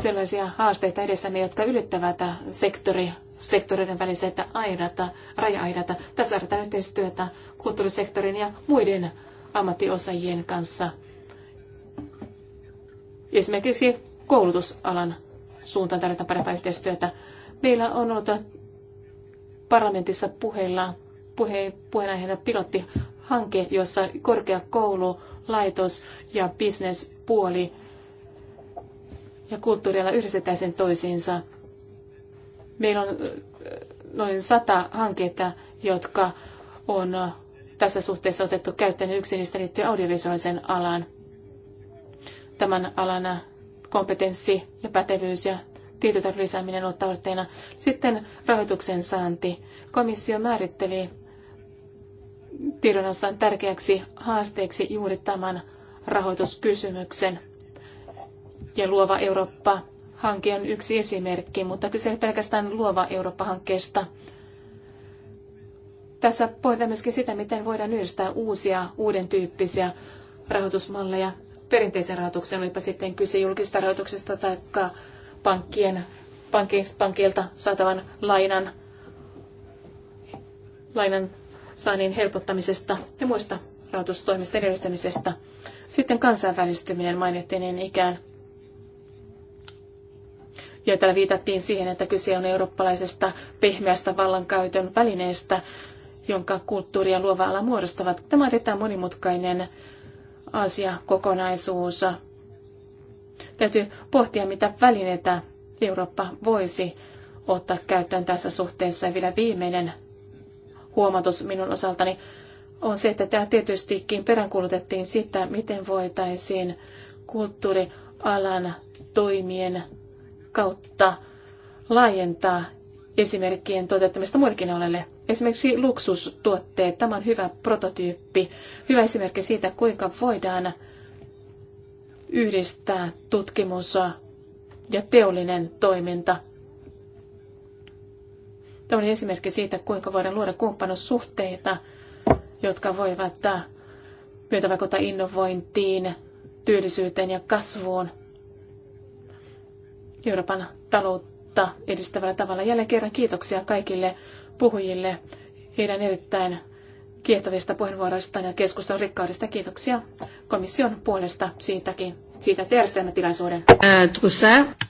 sellaisia haasteita edessämme, jotka ylittävät sektori, sektoreiden väliset aidata, raja aidata Tässä tarvitaan yhteistyötä kulttuurisektorin ja muiden ammattiosaajien kanssa. Esimerkiksi koulutusalan suuntaan tarvitaan parempaa yhteistyötä. Meillä on ollut parlamentissa puheilla, puhe, puheenaiheena pilottihanke, jossa korkeakoulu, laitos ja bisnespuoli ja kulttuuriala sen toisiinsa. Meillä on noin sata hanketta, jotka on tässä suhteessa otettu käyttöön. Yksi niistä liittyy audiovisuaalisen alaan. Tämän alana kompetenssi ja pätevyys ja tietotaidon lisääminen on tavoitteena. Sitten rahoituksen saanti. Komissio määritteli tiedonossaan tärkeäksi haasteeksi juuri tämän rahoituskysymyksen. Ja Luova Eurooppa-hanke on yksi esimerkki, mutta kyse ei pelkästään Luova Eurooppa-hankkeesta. Tässä pohditaan myöskin sitä, miten voidaan yhdistää uusia, uuden tyyppisiä rahoitusmalleja perinteisen rahoituksen, olipa sitten kyse julkisesta rahoituksesta tai pankkien, pankilta saatavan lainan, lainan saannin helpottamisesta ja muista rahoitustoimista edellyttämisestä. Sitten kansainvälistyminen mainittiin niin ikään. Ja täällä viitattiin siihen, että kyse on eurooppalaisesta pehmeästä vallankäytön välineestä, jonka kulttuuri ja luova ala muodostavat. Tämä on erittäin monimutkainen asiakokonaisuus. Täytyy pohtia, mitä välineitä Eurooppa voisi ottaa käyttöön tässä suhteessa. Ja vielä viimeinen huomautus minun osaltani on se, että täällä tietystikin peräänkuulutettiin sitä, miten voitaisiin kulttuurialan toimien kautta laajentaa esimerkkien toteuttamista muillekin aloille. Esimerkiksi luksustuotteet, tämä on hyvä prototyyppi, hyvä esimerkki siitä, kuinka voidaan yhdistää tutkimus ja teollinen toiminta. Tämä on esimerkki siitä, kuinka voidaan luoda kumppanussuhteita, jotka voivat vaikuttaa innovointiin, työllisyyteen ja kasvuun. Euroopan taloutta edistävällä tavalla. Jälleen kerran kiitoksia kaikille puhujille heidän erittäin kiehtovista puheenvuoroista ja keskustelun rikkaudesta. Kiitoksia komission puolesta siitäkin, siitä, että tilaisuuden.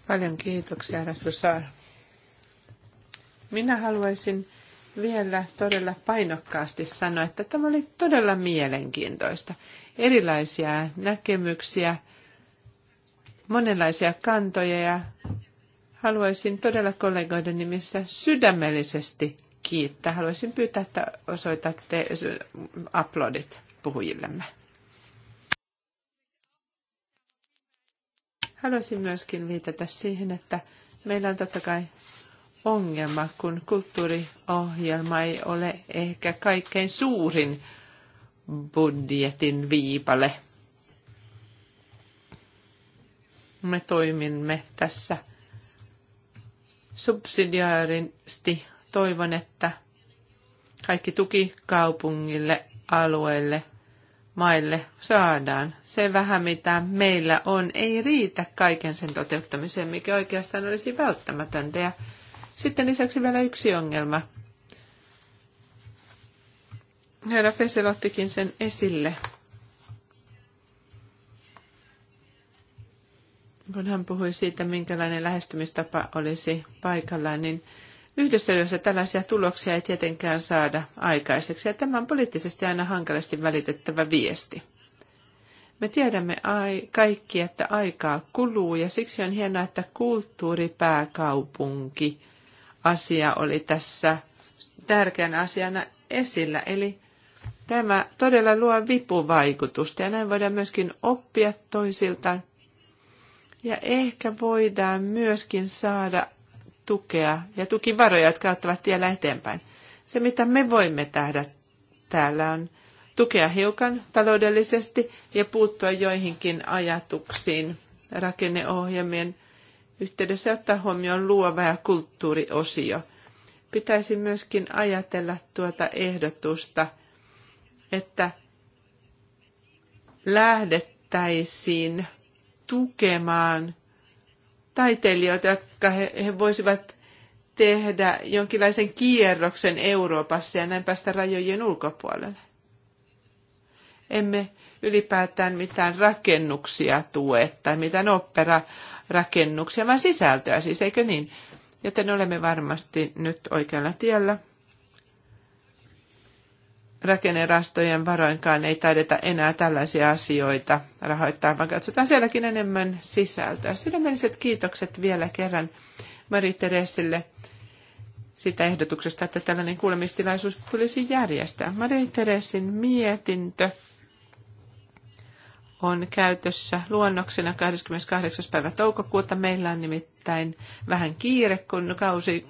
Paljon kiitoksia, Trussar. Minä haluaisin vielä todella painokkaasti sanoa, että tämä oli todella mielenkiintoista. Erilaisia näkemyksiä, monenlaisia kantoja ja haluaisin todella kollegoiden nimissä sydämellisesti kiittää. Haluaisin pyytää, että osoitatte uploadit puhujillemme. Haluaisin myöskin viitata siihen, että meillä on totta kai ongelma, kun kulttuuriohjelma ei ole ehkä kaikkein suurin budjetin viipale. Me toimimme tässä subsidiaaristi toivon, että kaikki tuki kaupungille, alueille, maille saadaan. Se vähän, mitä meillä on, ei riitä kaiken sen toteuttamiseen, mikä oikeastaan olisi välttämätöntä. Ja sitten lisäksi vielä yksi ongelma. Herra Fesel ottikin sen esille, kun hän puhui siitä, minkälainen lähestymistapa olisi paikallaan, niin – Yhdessä yössä tällaisia tuloksia ei tietenkään saada aikaiseksi, ja tämä on poliittisesti aina hankalasti välitettävä viesti. Me tiedämme kaikki, että aikaa kuluu, ja siksi on hienoa, että kulttuuripääkaupunki asia oli tässä tärkeänä asiana esillä. Eli tämä todella luo vipuvaikutusta, ja näin voidaan myöskin oppia toisiltaan. Ja ehkä voidaan myöskin saada tukea ja tukivaroja, jotka auttavat tiellä eteenpäin. Se, mitä me voimme tehdä täällä, on tukea hiukan taloudellisesti ja puuttua joihinkin ajatuksiin rakenneohjelmien yhteydessä ottaa huomioon luova ja kulttuuriosio. Pitäisi myöskin ajatella tuota ehdotusta, että lähdettäisiin tukemaan taiteilijoita, jotka he, he voisivat tehdä jonkinlaisen kierroksen Euroopassa ja näin päästä rajojen ulkopuolelle. Emme ylipäätään mitään rakennuksia tue tai mitään rakennuksia, vaan sisältöä siis, eikö niin? Joten olemme varmasti nyt oikealla tiellä rakennerastojen varoinkaan ei taideta enää tällaisia asioita rahoittaa, vaan katsotaan sielläkin enemmän sisältöä. Sydämelliset kiitokset vielä kerran Mari Teresille sitä ehdotuksesta, että tällainen kuulemistilaisuus tulisi järjestää. Mari Teresin mietintö on käytössä luonnoksena 28. päivä toukokuuta. Meillä on nimittäin vähän kiire, kun kausi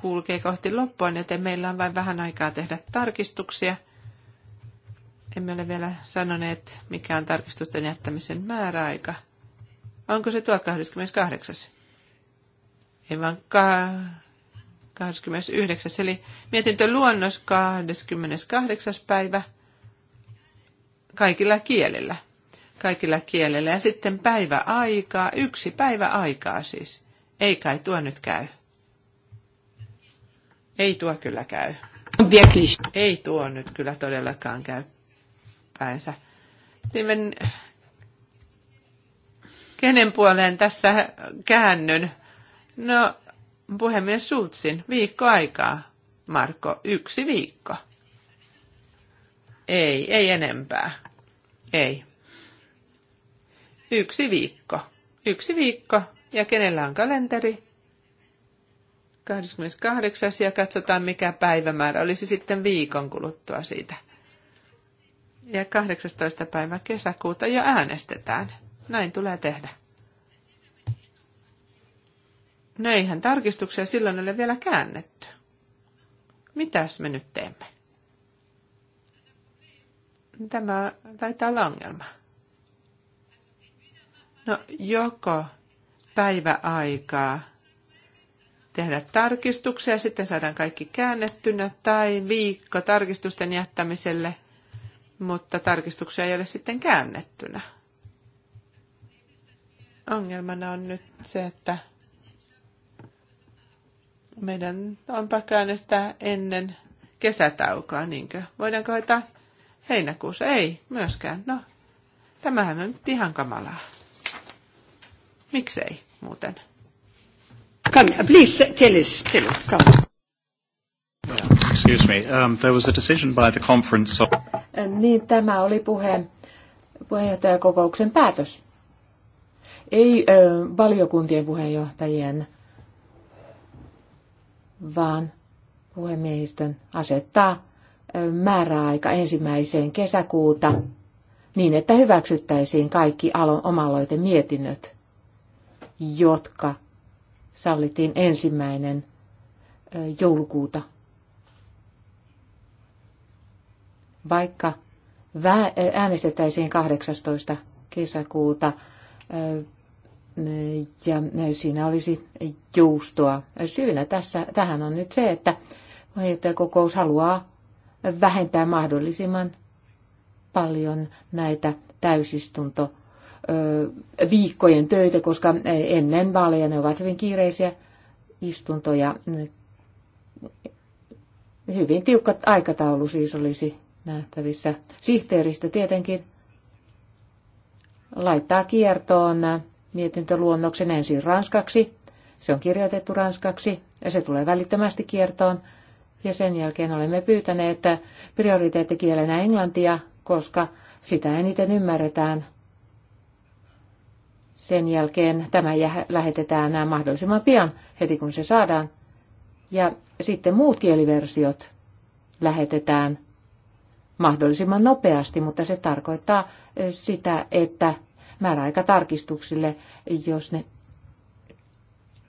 kulkee kohti loppuun, joten meillä on vain vähän aikaa tehdä tarkistuksia. Emme ole vielä sanoneet, mikä on tarkistusten jättämisen määräaika. Onko se tuo 28. Ei vaan ka- 29. Eli mietintö luonnos 28. päivä kaikilla kielillä. Kaikilla kielillä. Ja sitten päiväaikaa. yksi päiväaikaa siis. Ei kai tuo nyt käy. Ei tuo kyllä käy. Ei tuo nyt kyllä todellakaan käy päänsä. Steven, kenen puoleen tässä käännyn? No, puhemies Sultsin, viikko aikaa. Marko, yksi viikko. Ei, ei enempää. Ei. Yksi viikko. Yksi viikko. Ja kenellä on kalenteri? 28. ja katsotaan mikä päivämäärä olisi sitten viikon kuluttua siitä. Ja 18. päivä kesäkuuta jo äänestetään. Näin tulee tehdä. No eihän tarkistuksia silloin ole vielä käännetty. Mitäs me nyt teemme? Tämä taitaa olla ongelma. No joko päiväaikaa tehdä tarkistuksia ja sitten saadaan kaikki käännettynä tai viikko tarkistusten jättämiselle, mutta tarkistuksia ei ole sitten käännettynä. Ongelmana on nyt se, että meidän on pakko äänestää ennen kesätaukoa, niinkö? Voidaanko hoitaa heinäkuussa? Ei, myöskään. No, tämähän on nyt ihan kamalaa. Miksei muuten? Come, please tell us. Tell us come. Excuse me. Um, there was a decision by the conference. Of... Äh, niin, tämä oli puhe, puheenjohtajakokouksen päätös. Ei ö, valiokuntien puheenjohtajien, vaan puhemiehistön asettaa ö, määräaika ensimmäiseen kesäkuuta niin, että hyväksyttäisiin kaikki alo- omaloite mietinnöt, jotka sallittiin ensimmäinen joulukuuta. Vaikka äänestettäisiin 18. kesäkuuta ja siinä olisi joustoa. Syynä tässä, tähän on nyt se, että kokous haluaa vähentää mahdollisimman paljon näitä täysistuntoja viikkojen töitä, koska ennen vaaleja ne ovat hyvin kiireisiä istuntoja. Hyvin tiukka aikataulu siis olisi nähtävissä. Sihteeristö tietenkin laittaa kiertoon mietintöluonnoksen ensin ranskaksi. Se on kirjoitettu ranskaksi ja se tulee välittömästi kiertoon. Ja sen jälkeen olemme pyytäneet prioriteettikielenä englantia, koska sitä eniten ymmärretään – sen jälkeen tämä lähetetään mahdollisimman pian, heti kun se saadaan. Ja sitten muut kieliversiot lähetetään mahdollisimman nopeasti, mutta se tarkoittaa eh, sitä, että määräaika tarkistuksille, jos ne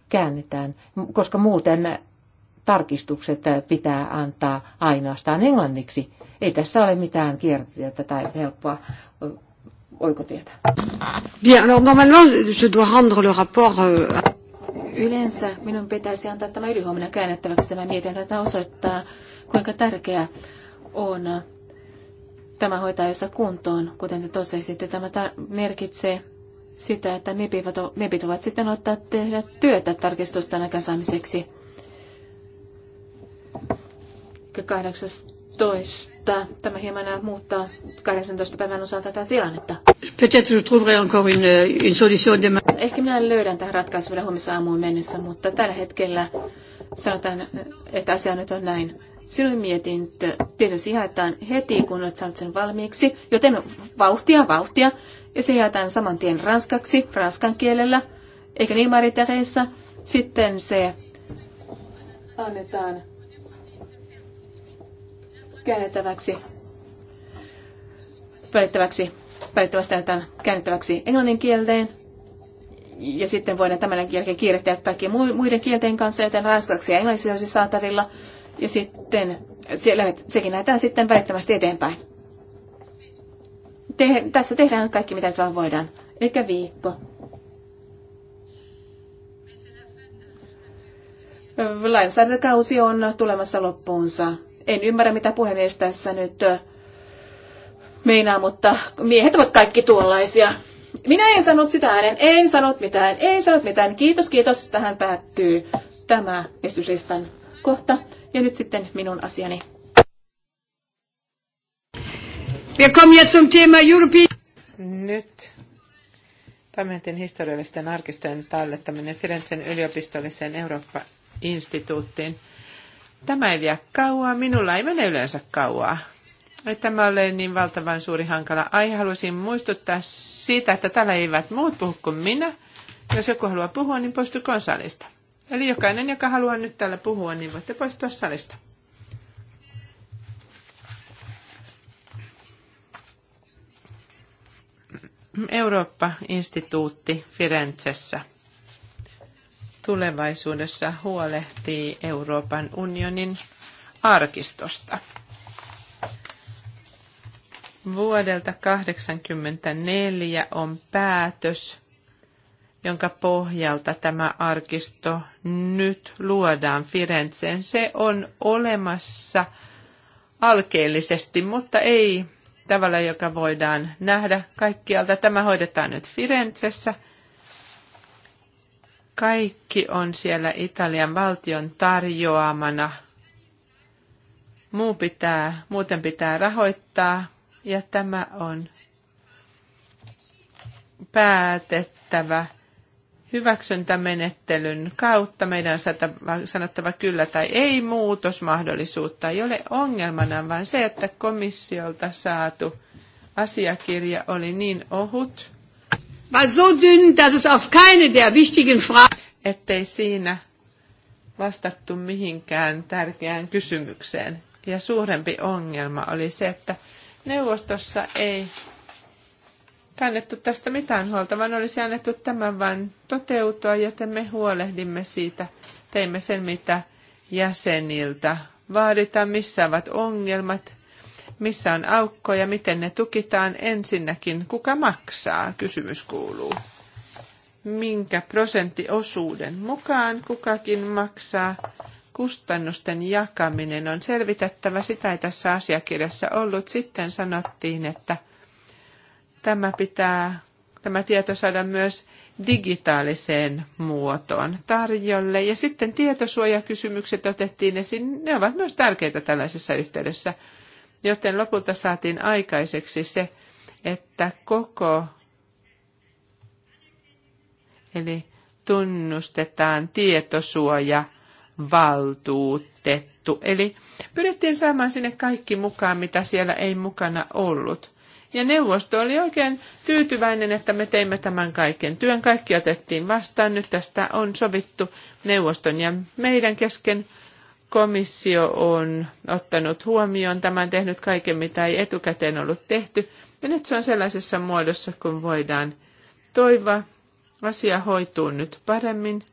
käännetään, koska muuten tarkistukset pitää antaa ainoastaan englanniksi. Ei tässä ole mitään kiertotietä tai helppoa oikotietä. Bien, alors normalement je dois rendre le rapport euh, Yleensä minun pitäisi antaa tämä ylihuomenna käännettäväksi tämä mietintä, että osoittaa, kuinka tärkeää on tämä hoitaa jossa kuntoon, kuten te totesitte. Tämä merkitsee sitä, että MEPit ovat sitten ottaa tehdä työtä tarkistusta aikaansaamiseksi. 18 2016. Tämä hieman muuttaa 18 päivän osalta tätä tilannetta. Ehkä minä löydän tähän ratkaisun vielä huomissa aamuun mennessä, mutta tällä hetkellä sanotaan, että asia nyt on näin. Sinun mietintö tietysti jaetaan heti, kun olet saanut sen valmiiksi, joten vauhtia, vauhtia. Ja se jaetaan saman tien ranskaksi, ranskan kielellä, eikä niin Marie Sitten se annetaan käännettäväksi, välittäväksi, välittävästi tämän käännettäväksi englannin kieleen. Ja sitten voidaan tämän jälkeen kiirehtiä kaikkien muiden kielten kanssa, joten ranskaksi ja englanniksi olisi saatavilla. Ja sitten siellä sekin lähdetään sitten välittömästi eteenpäin. Te, tässä tehdään kaikki, mitä nyt vaan voidaan. Eikä viikko. Lainsäädäntökausi on tulemassa loppuunsa. En ymmärrä, mitä puhemies tässä nyt äh, meinaa, mutta miehet ovat kaikki tuollaisia. Minä en sanonut sitä äänen, en sanonut mitään, en sanonut mitään. Kiitos, kiitos. Tähän päättyy tämä esityslistan kohta. Ja nyt sitten minun asiani. Wir kommen jetzt zum Thema European... Nyt parlamentin historiallisten arkistojen tallettaminen Firenzen yliopistolliseen Eurooppa-instituuttiin. Tämä ei vie kauaa, minulla ei mene yleensä kauaa. Että tämä ole niin valtavan suuri hankala aihe. Haluaisin muistuttaa siitä, että täällä eivät muut puhu kuin minä. Jos joku haluaa puhua, niin poistukoon salista. Eli jokainen, joka haluaa nyt täällä puhua, niin voitte poistua salista. Eurooppa-instituutti Firenzessä – tulevaisuudessa huolehtii Euroopan unionin arkistosta. Vuodelta 1984 on päätös, jonka pohjalta tämä arkisto nyt luodaan Firenzeen. Se on olemassa alkeellisesti, mutta ei tavalla, joka voidaan nähdä kaikkialta. Tämä hoidetaan nyt Firenzessä – kaikki on siellä Italian valtion tarjoamana. Muu pitää, muuten pitää rahoittaa ja tämä on päätettävä hyväksyntämenettelyn kautta. Meidän on sanottava kyllä tai ei muutosmahdollisuutta. Ei ole ongelmana, vaan se, että komissiolta saatu asiakirja oli niin ohut. Was so dünn, dass es auf keine der wichtigen Fragen ettei siinä vastattu mihinkään tärkeään kysymykseen. Ja suurempi ongelma oli se, että neuvostossa ei kannettu tästä mitään huolta, vaan olisi annettu tämän vain toteutua, joten me huolehdimme siitä, teimme sen, mitä jäseniltä vaaditaan, missä ovat ongelmat, missä on aukkoja, miten ne tukitaan ensinnäkin, kuka maksaa, kysymys kuuluu minkä prosenttiosuuden mukaan kukakin maksaa. Kustannusten jakaminen on selvitettävä, sitä ei tässä asiakirjassa ollut. Sitten sanottiin, että tämä pitää tämä tieto saada myös digitaaliseen muotoon tarjolle. Ja sitten tietosuojakysymykset otettiin esiin, ne ovat myös tärkeitä tällaisessa yhteydessä, joten lopulta saatiin aikaiseksi se, että koko Eli tunnustetaan tietosuoja valtuutettu. Eli pyrittiin saamaan sinne kaikki mukaan, mitä siellä ei mukana ollut. Ja neuvosto oli oikein tyytyväinen, että me teimme tämän kaiken työn. Kaikki otettiin vastaan. Nyt tästä on sovittu neuvoston ja meidän kesken. Komissio on ottanut huomioon tämän, tehnyt kaiken, mitä ei etukäteen ollut tehty. Ja nyt se on sellaisessa muodossa, kun voidaan toivoa, Asia hoituu nyt paremmin.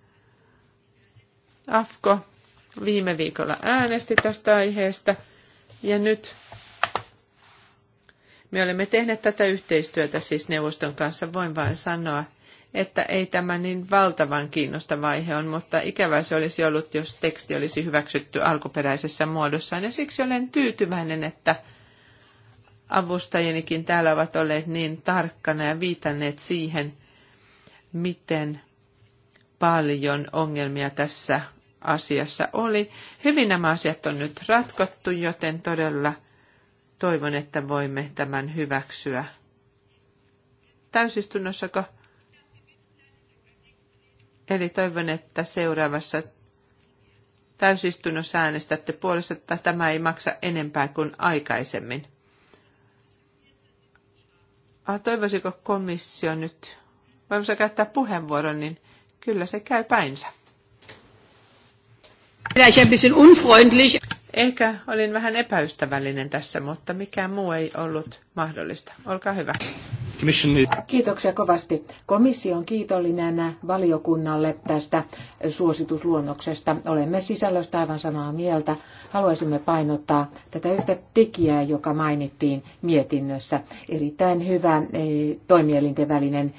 Afko viime viikolla äänesti tästä aiheesta ja nyt me olemme tehneet tätä yhteistyötä siis neuvoston kanssa. Voin vain sanoa, että ei tämä niin valtavan kiinnostava aihe on, mutta ikävä se olisi ollut, jos teksti olisi hyväksytty alkuperäisessä muodossaan. Ja siksi olen tyytyväinen, että avustajienikin täällä ovat olleet niin tarkkana ja viitanneet siihen – miten paljon ongelmia tässä asiassa oli. Hyvin nämä asiat on nyt ratkottu, joten todella toivon, että voimme tämän hyväksyä. Täysistunnossako? Eli toivon, että seuraavassa täysistunnossa äänestätte puolesta, että tämä ei maksa enempää kuin aikaisemmin. Ah, toivoisiko komissio nyt vaimosa käyttää puheenvuoron, niin kyllä se käy päinsä. Ehkä olin vähän epäystävällinen tässä, mutta mikään muu ei ollut mahdollista. Olkaa hyvä. Kiitoksia kovasti. Komissio on kiitollinen valiokunnalle tästä suositusluonnoksesta. Olemme sisällöstä aivan samaa mieltä. Haluaisimme painottaa tätä yhtä tekijää, joka mainittiin mietinnössä. Erittäin hyvä eh, toimielinten välinen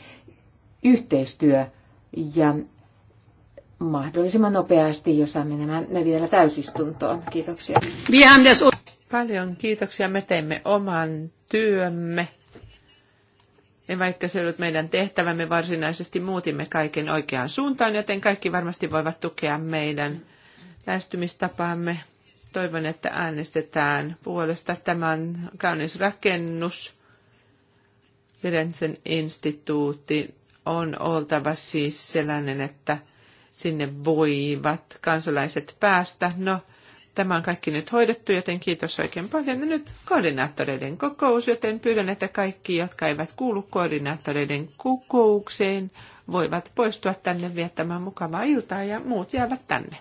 yhteistyö ja mahdollisimman nopeasti, jos saamme nämä ne vielä täysistuntoon. Kiitoksia. Paljon kiitoksia. Me teimme oman työmme. Ja vaikka se ollut meidän tehtävämme, varsinaisesti muutimme kaiken oikeaan suuntaan, joten kaikki varmasti voivat tukea meidän lähestymistapaamme. Toivon, että äänestetään puolesta. Tämä on kaunis rakennus, Firenzen instituutti on oltava siis sellainen, että sinne voivat kansalaiset päästä. No, tämä on kaikki nyt hoidettu, joten kiitos oikein paljon. Ja nyt koordinaattoreiden kokous, joten pyydän, että kaikki, jotka eivät kuulu koordinaattoreiden kokoukseen, voivat poistua tänne viettämään mukavaa iltaa ja muut jäävät tänne.